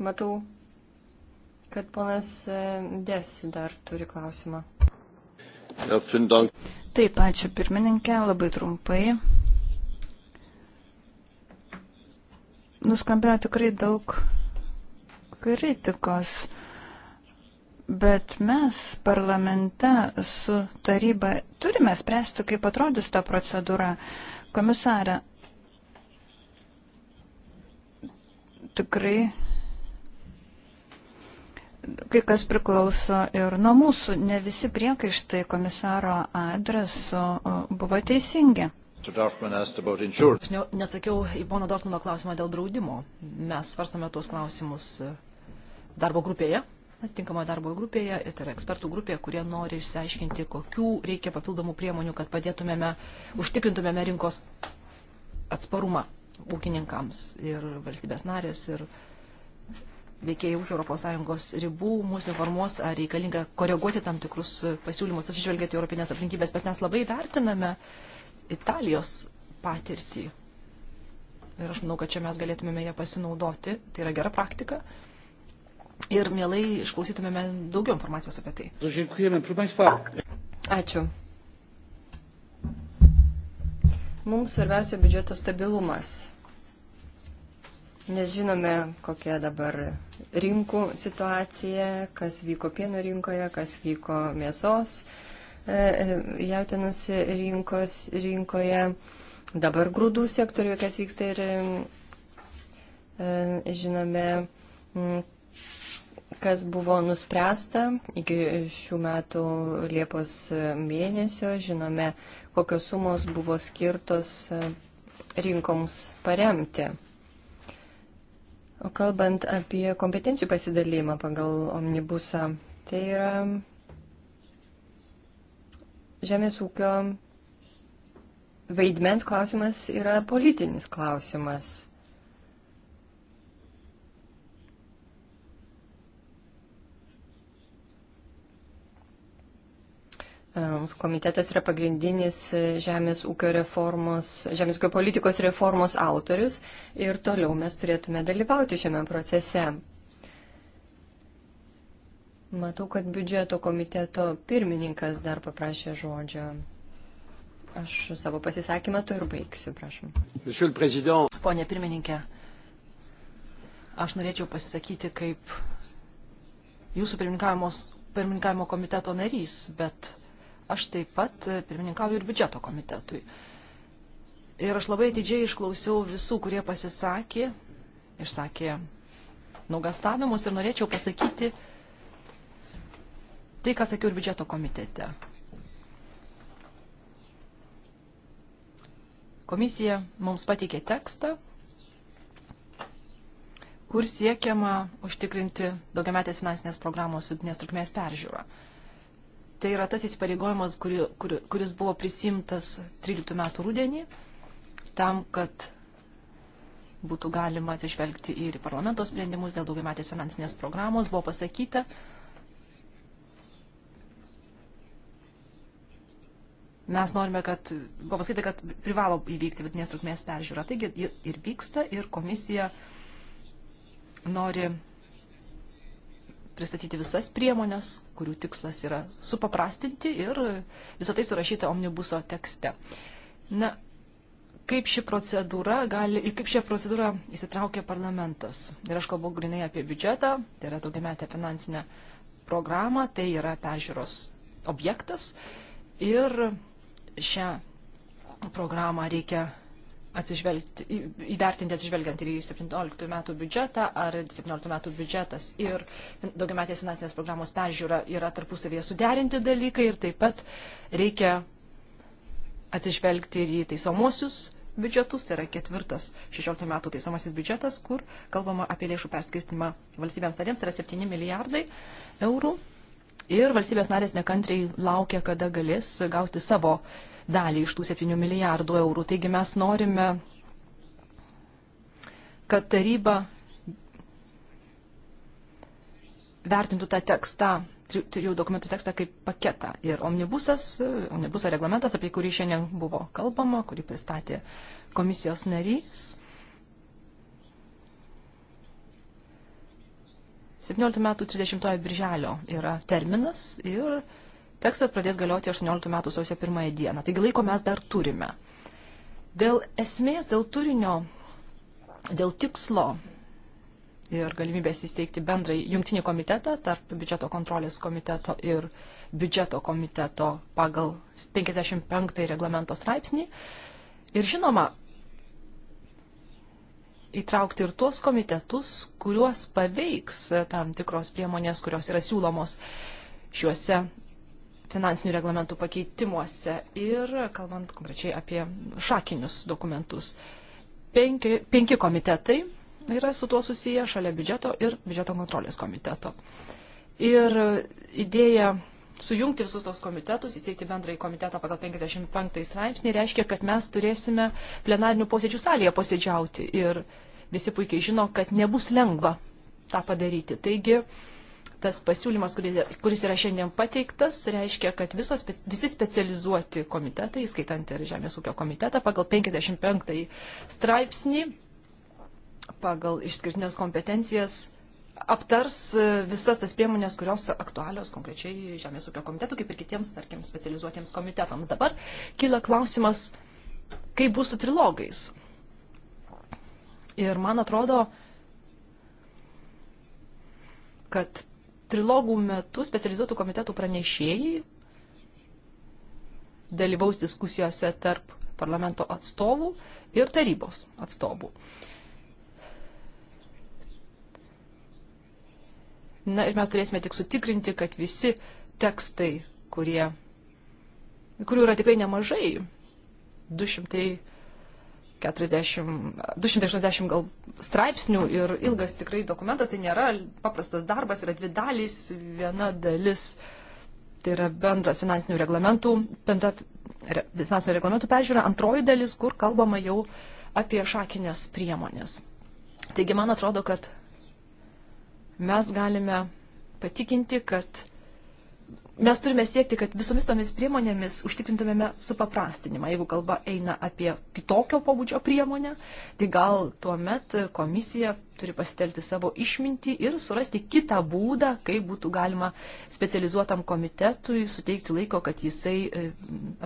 Matau, kad ponas e, Desi dar turi klausimą. Taip, ačiū pirmininkė, labai trumpai. Nuskambėjo tikrai daug kritikos, bet mes parlamente su taryba turime spręsti, kaip atrodys ta procedūra. Komisarė, tikrai kai kas priklauso ir nuo mūsų. Ne visi priekaištai komisaro adresu buvo teisingi. Aš neatsakiau į pono Dortmundo klausimą dėl draudimo. Mes svarstame tuos klausimus e, darbo grupėje, atitinkamoje darbo grupėje, tai yra ekspertų grupė, kurie nori išsiaiškinti, kokių reikia papildomų priemonių, kad padėtumėme, užtikrintumėme rinkos atsparumą ūkininkams ir valstybės narės ir valstybės veikėjai už ES ribų mūsų informuos, ar reikalinga koreguoti tam tikrus pasiūlymus, atsižvelgiant į europinės aplinkybės, bet mes labai vertiname Italijos patirtį. Ir aš manau, kad čia mes galėtumėme ją pasinaudoti, tai yra gera praktika. Ir mielai išklausytumėme daugiau informacijos apie tai. Ačiū. Mums svarbiausia biudžeto stabilumas Mes žinome, kokia dabar rinkų situacija, kas vyko pieno rinkoje, kas vyko mėsos e, e, jautinos rinkos, rinkoje, dabar grūdų sektoriuje, kas vyksta ir e, žinome, kas buvo nuspręsta iki šių metų Liepos mėnesio, žinome, kokios sumos buvo skirtos rinkoms paremti. O kalbant apie kompetencijų pasidalymą pagal omnibusą, tai yra žemės ūkio vaidmens klausimas yra politinis klausimas. E, mūsų komitetas yra pagrindinis žemės ūkio reformos, žemės ūkio politikos reformos autorius ir toliau mes turėtume dalyvauti šiame procese. Matau, kad biudžeto komiteto pirmininkas dar paprašė žodžio. Aš savo pasisakymą to ir baigsiu, prašom. Pone pirmininkė, aš norėčiau pasisakyti kaip jūsų pirmininkavimo komiteto narys, bet Aš taip pat e, pirmininkauju ir biudžeto komitetui. Ir aš labai atidžiai išklausiau visų, kurie pasisakė, išsakė nugastavimus ir norėčiau pasakyti tai, ką sakiau ir biudžeto komitete. Komisija mums pateikė tekstą, kur siekiama užtikrinti daugiametės finansinės programos vidinės trukmės peržiūrą. Tai yra tas įsipareigojimas, kuri, kuri, kuris buvo prisimtas 13 metų rudenį, tam, kad būtų galima atsižvelgti ir parlamento sprendimus dėl daugiametės finansinės programos, buvo pasakyta, mes norime, kad, buvo pasakyta, kad privalo įvykti vidinės trukmės peržiūra. Taigi ir vyksta, ir komisija nori pristatyti visas priemonės, kurių tikslas yra supaprastinti ir visą tai surašyta omnibuso tekste. Na, kaip ši procedūra gali, kaip šią procedūrą įsitraukia parlamentas. Ir aš kalbu grinai apie biudžetą, tai yra daugiametę finansinę programą, tai yra peržiūros objektas. Ir šią programą reikia įvertinti atsižvelgiant ir į 17 metų biudžetą, ar 17 metų biudžetas ir daugiametės finansinės programos peržiūra yra tarpusavėje suderinti dalykai ir taip pat reikia atsižvelgti ir į taisomuosius biudžetus, tai yra ketvirtas 16 metų taisomasis biudžetas, kur kalbama apie lėšų perskirstimą valstybėms narėms, tai yra 7 milijardai eurų. Ir valstybės narės nekantriai laukia, kada galės gauti savo dalį iš tų 7 milijardų eurų. Taigi mes norime, kad taryba vertintų tą tekstą, trijų dokumentų tekstą kaip paketą. Ir omnibusas, omnibuso reglamentas, apie kurį šiandien buvo kalbama, kurį pristatė komisijos narys. 17 metų 30 birželio yra terminas ir Tekstas pradės galioti 18 metų sausio 1 dieną. Taigi laiko mes dar turime. Dėl esmės, dėl turinio, dėl tikslo ir galimybės įsteigti bendrai jungtinį komitetą tarp biudžeto kontrolės komiteto ir biudžeto komiteto pagal 55 reglamento straipsnį. Ir žinoma, įtraukti ir tuos komitetus, kuriuos paveiks tam tikros priemonės, kurios yra siūlomos šiuose finansinių reglamentų pakeitimuose ir kalbant konkrečiai apie šakinius dokumentus. Penki, penki komitetai yra su tuo susiję šalia biudžeto ir biudžeto kontrolės komiteto. Ir idėja sujungti visus tos komitetus, įsteigti bendrąjį komitetą pagal 55 straipsnį reiškia, kad mes turėsime plenarinių posėdžių salėje posėdžiauti ir visi puikiai žino, kad nebus lengva tą padaryti. Taigi, uh, tas pasiūlymas, kuris yra šiandien pateiktas, reiškia, kad visos, visi specializuoti komitetai, skaitant ir Žemės ūkio komitetą, pagal 55 straipsnį, pagal išskirtinės kompetencijas aptars e, visas tas priemonės, kurios aktualios konkrečiai Žemės ūkio komitetų, kaip ir kitiems, tarkim, specializuotiems komitetams. Dabar kyla klausimas, kaip bus su trilogais. Ir man atrodo, kad trilogų metu specializuotų komitetų pranešėjai dalyvaus diskusijose tarp parlamento atstovų ir tarybos atstovų. Na ir mes turėsime tik sutikrinti, kad visi tekstai, kurie, kurių yra tikrai nemažai, 200 40, 280 gal straipsnių ir ilgas tikrai dokumentas, tai nėra paprastas darbas, yra dvi dalys, viena dalis, tai yra bendras finansinių reglamentų, bendra re, finansinių reglamentų peržiūra, antroji dalis, kur kalbama jau apie šakinės priemonės. Taigi man atrodo, kad mes galime patikinti, kad mes turime siekti, kad visomis tomis priemonėmis užtikrintumėme supaprastinimą. Jeigu kalba eina apie kitokio pobūdžio priemonę, tai gal tuo met komisija turi pasitelti savo išmintį ir surasti kitą būdą, kaip būtų galima specializuotam komitetui suteikti laiko, kad jisai e,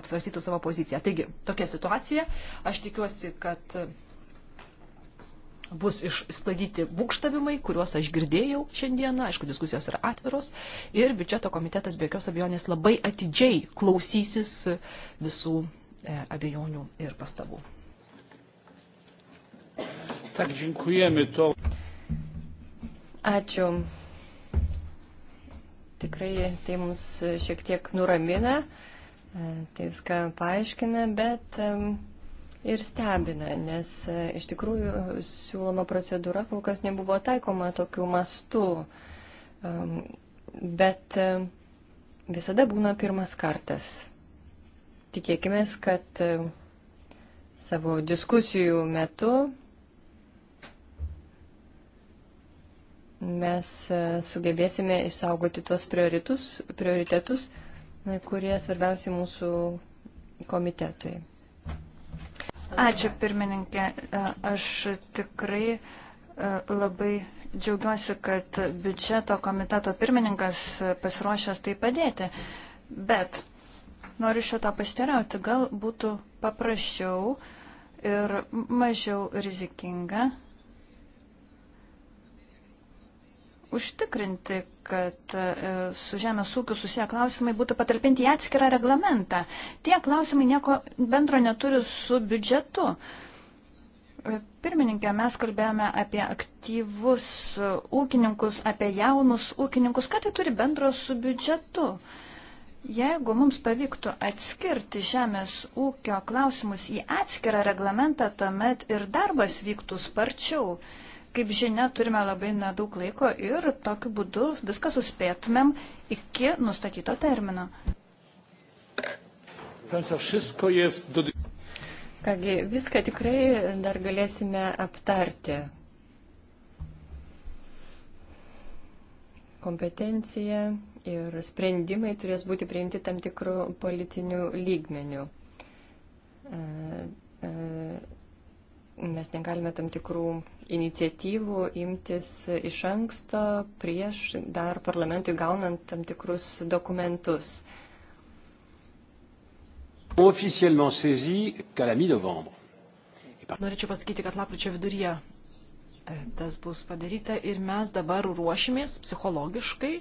apsvarstytų savo poziciją. Taigi, tokia situacija. Aš tikiuosi, kad bus išsklaidyti būkštavimai, kuriuos aš girdėjau šiandieną, aišku, diskusijos yra atviros, ir biudžeto komitetas be jokios abejonės labai atidžiai klausysis visų e, abejonių ir pastabų. Tak, dziękujemy to. Ačiū. Tikrai tai mus šiek tiek nuramina, e, tai viską paaiškina, bet um, ir stebina, nes e, iš tikrųjų siūloma procedūra kol kas nebuvo taikoma tokių mastų. Bet e, visada būna pirmas kartas. Tikėkime, kad e, savo diskusijų metu mes sugebėsime išsaugoti tuos prioritetus, kurie svarbiausi mūsų komitetui. Ačiū pirmininkė. E, aš tikrai e, labai džiaugiuosi, kad biudžeto komiteto pirmininkas pasiruošęs tai padėti. Bet noriu šitą pasitėriauti, gal būtų paprasčiau ir mažiau rizikinga užtikrinti, kad e, su žemės ūkiu susiję klausimai būtų patalpinti į atskirą reglamentą. Tie klausimai nieko bendro neturi su biudžetu. E, pirmininkė, mes kalbėjome apie aktyvus ūkininkus, apie jaunus ūkininkus. Ką tai turi bendro su biudžetu? Jeigu mums pavyktų atskirti žemės ūkio klausimus į atskirą reglamentą, tuomet ir darbas vyktų sparčiau. Kaip žinia, turime labai nedaug laiko ir tokiu būdu viską suspėtumėm iki nustatyto termino. Kągi, viską tikrai dar galėsime aptarti. Kompetencija ir sprendimai turės būti priimti tam tikrų politinių lygmenių. E, e, mes negalime tam tikrų iniciatyvų imtis iš anksto prieš dar parlamentui gaunant tam tikrus dokumentus. Norėčiau pasakyti, kad lapkričio viduryje e, tas bus padaryta ir mes dabar ruošimės psichologiškai,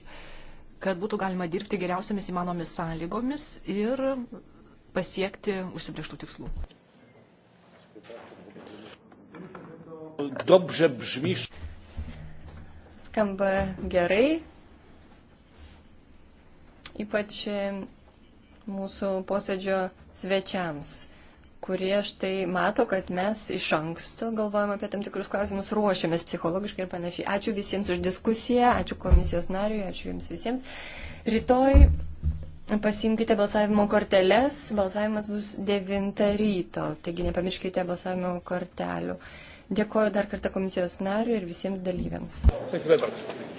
kad būtų galima dirbti geriausiamis įmanomis sąlygomis ir pasiekti užsibrieštų tikslų. Dobrze brzmi. Skamba gerai. Ypač mūsų posėdžio svečiams, kurie štai mato, kad mes iš anksto galvojame apie tam tikrus klausimus, ruošiamės psichologiškai ir panašiai. Ačiū visiems už diskusiją, ačiū komisijos nariui, ačiū jums visiems. Rytoj pasimkite balsavimo korteles, balsavimas bus 9 ryto, taigi nepamirškite balsavimo kortelių. Dėkoju dar kartą komisijos nariui ir visiems dalyviams. Sveiki,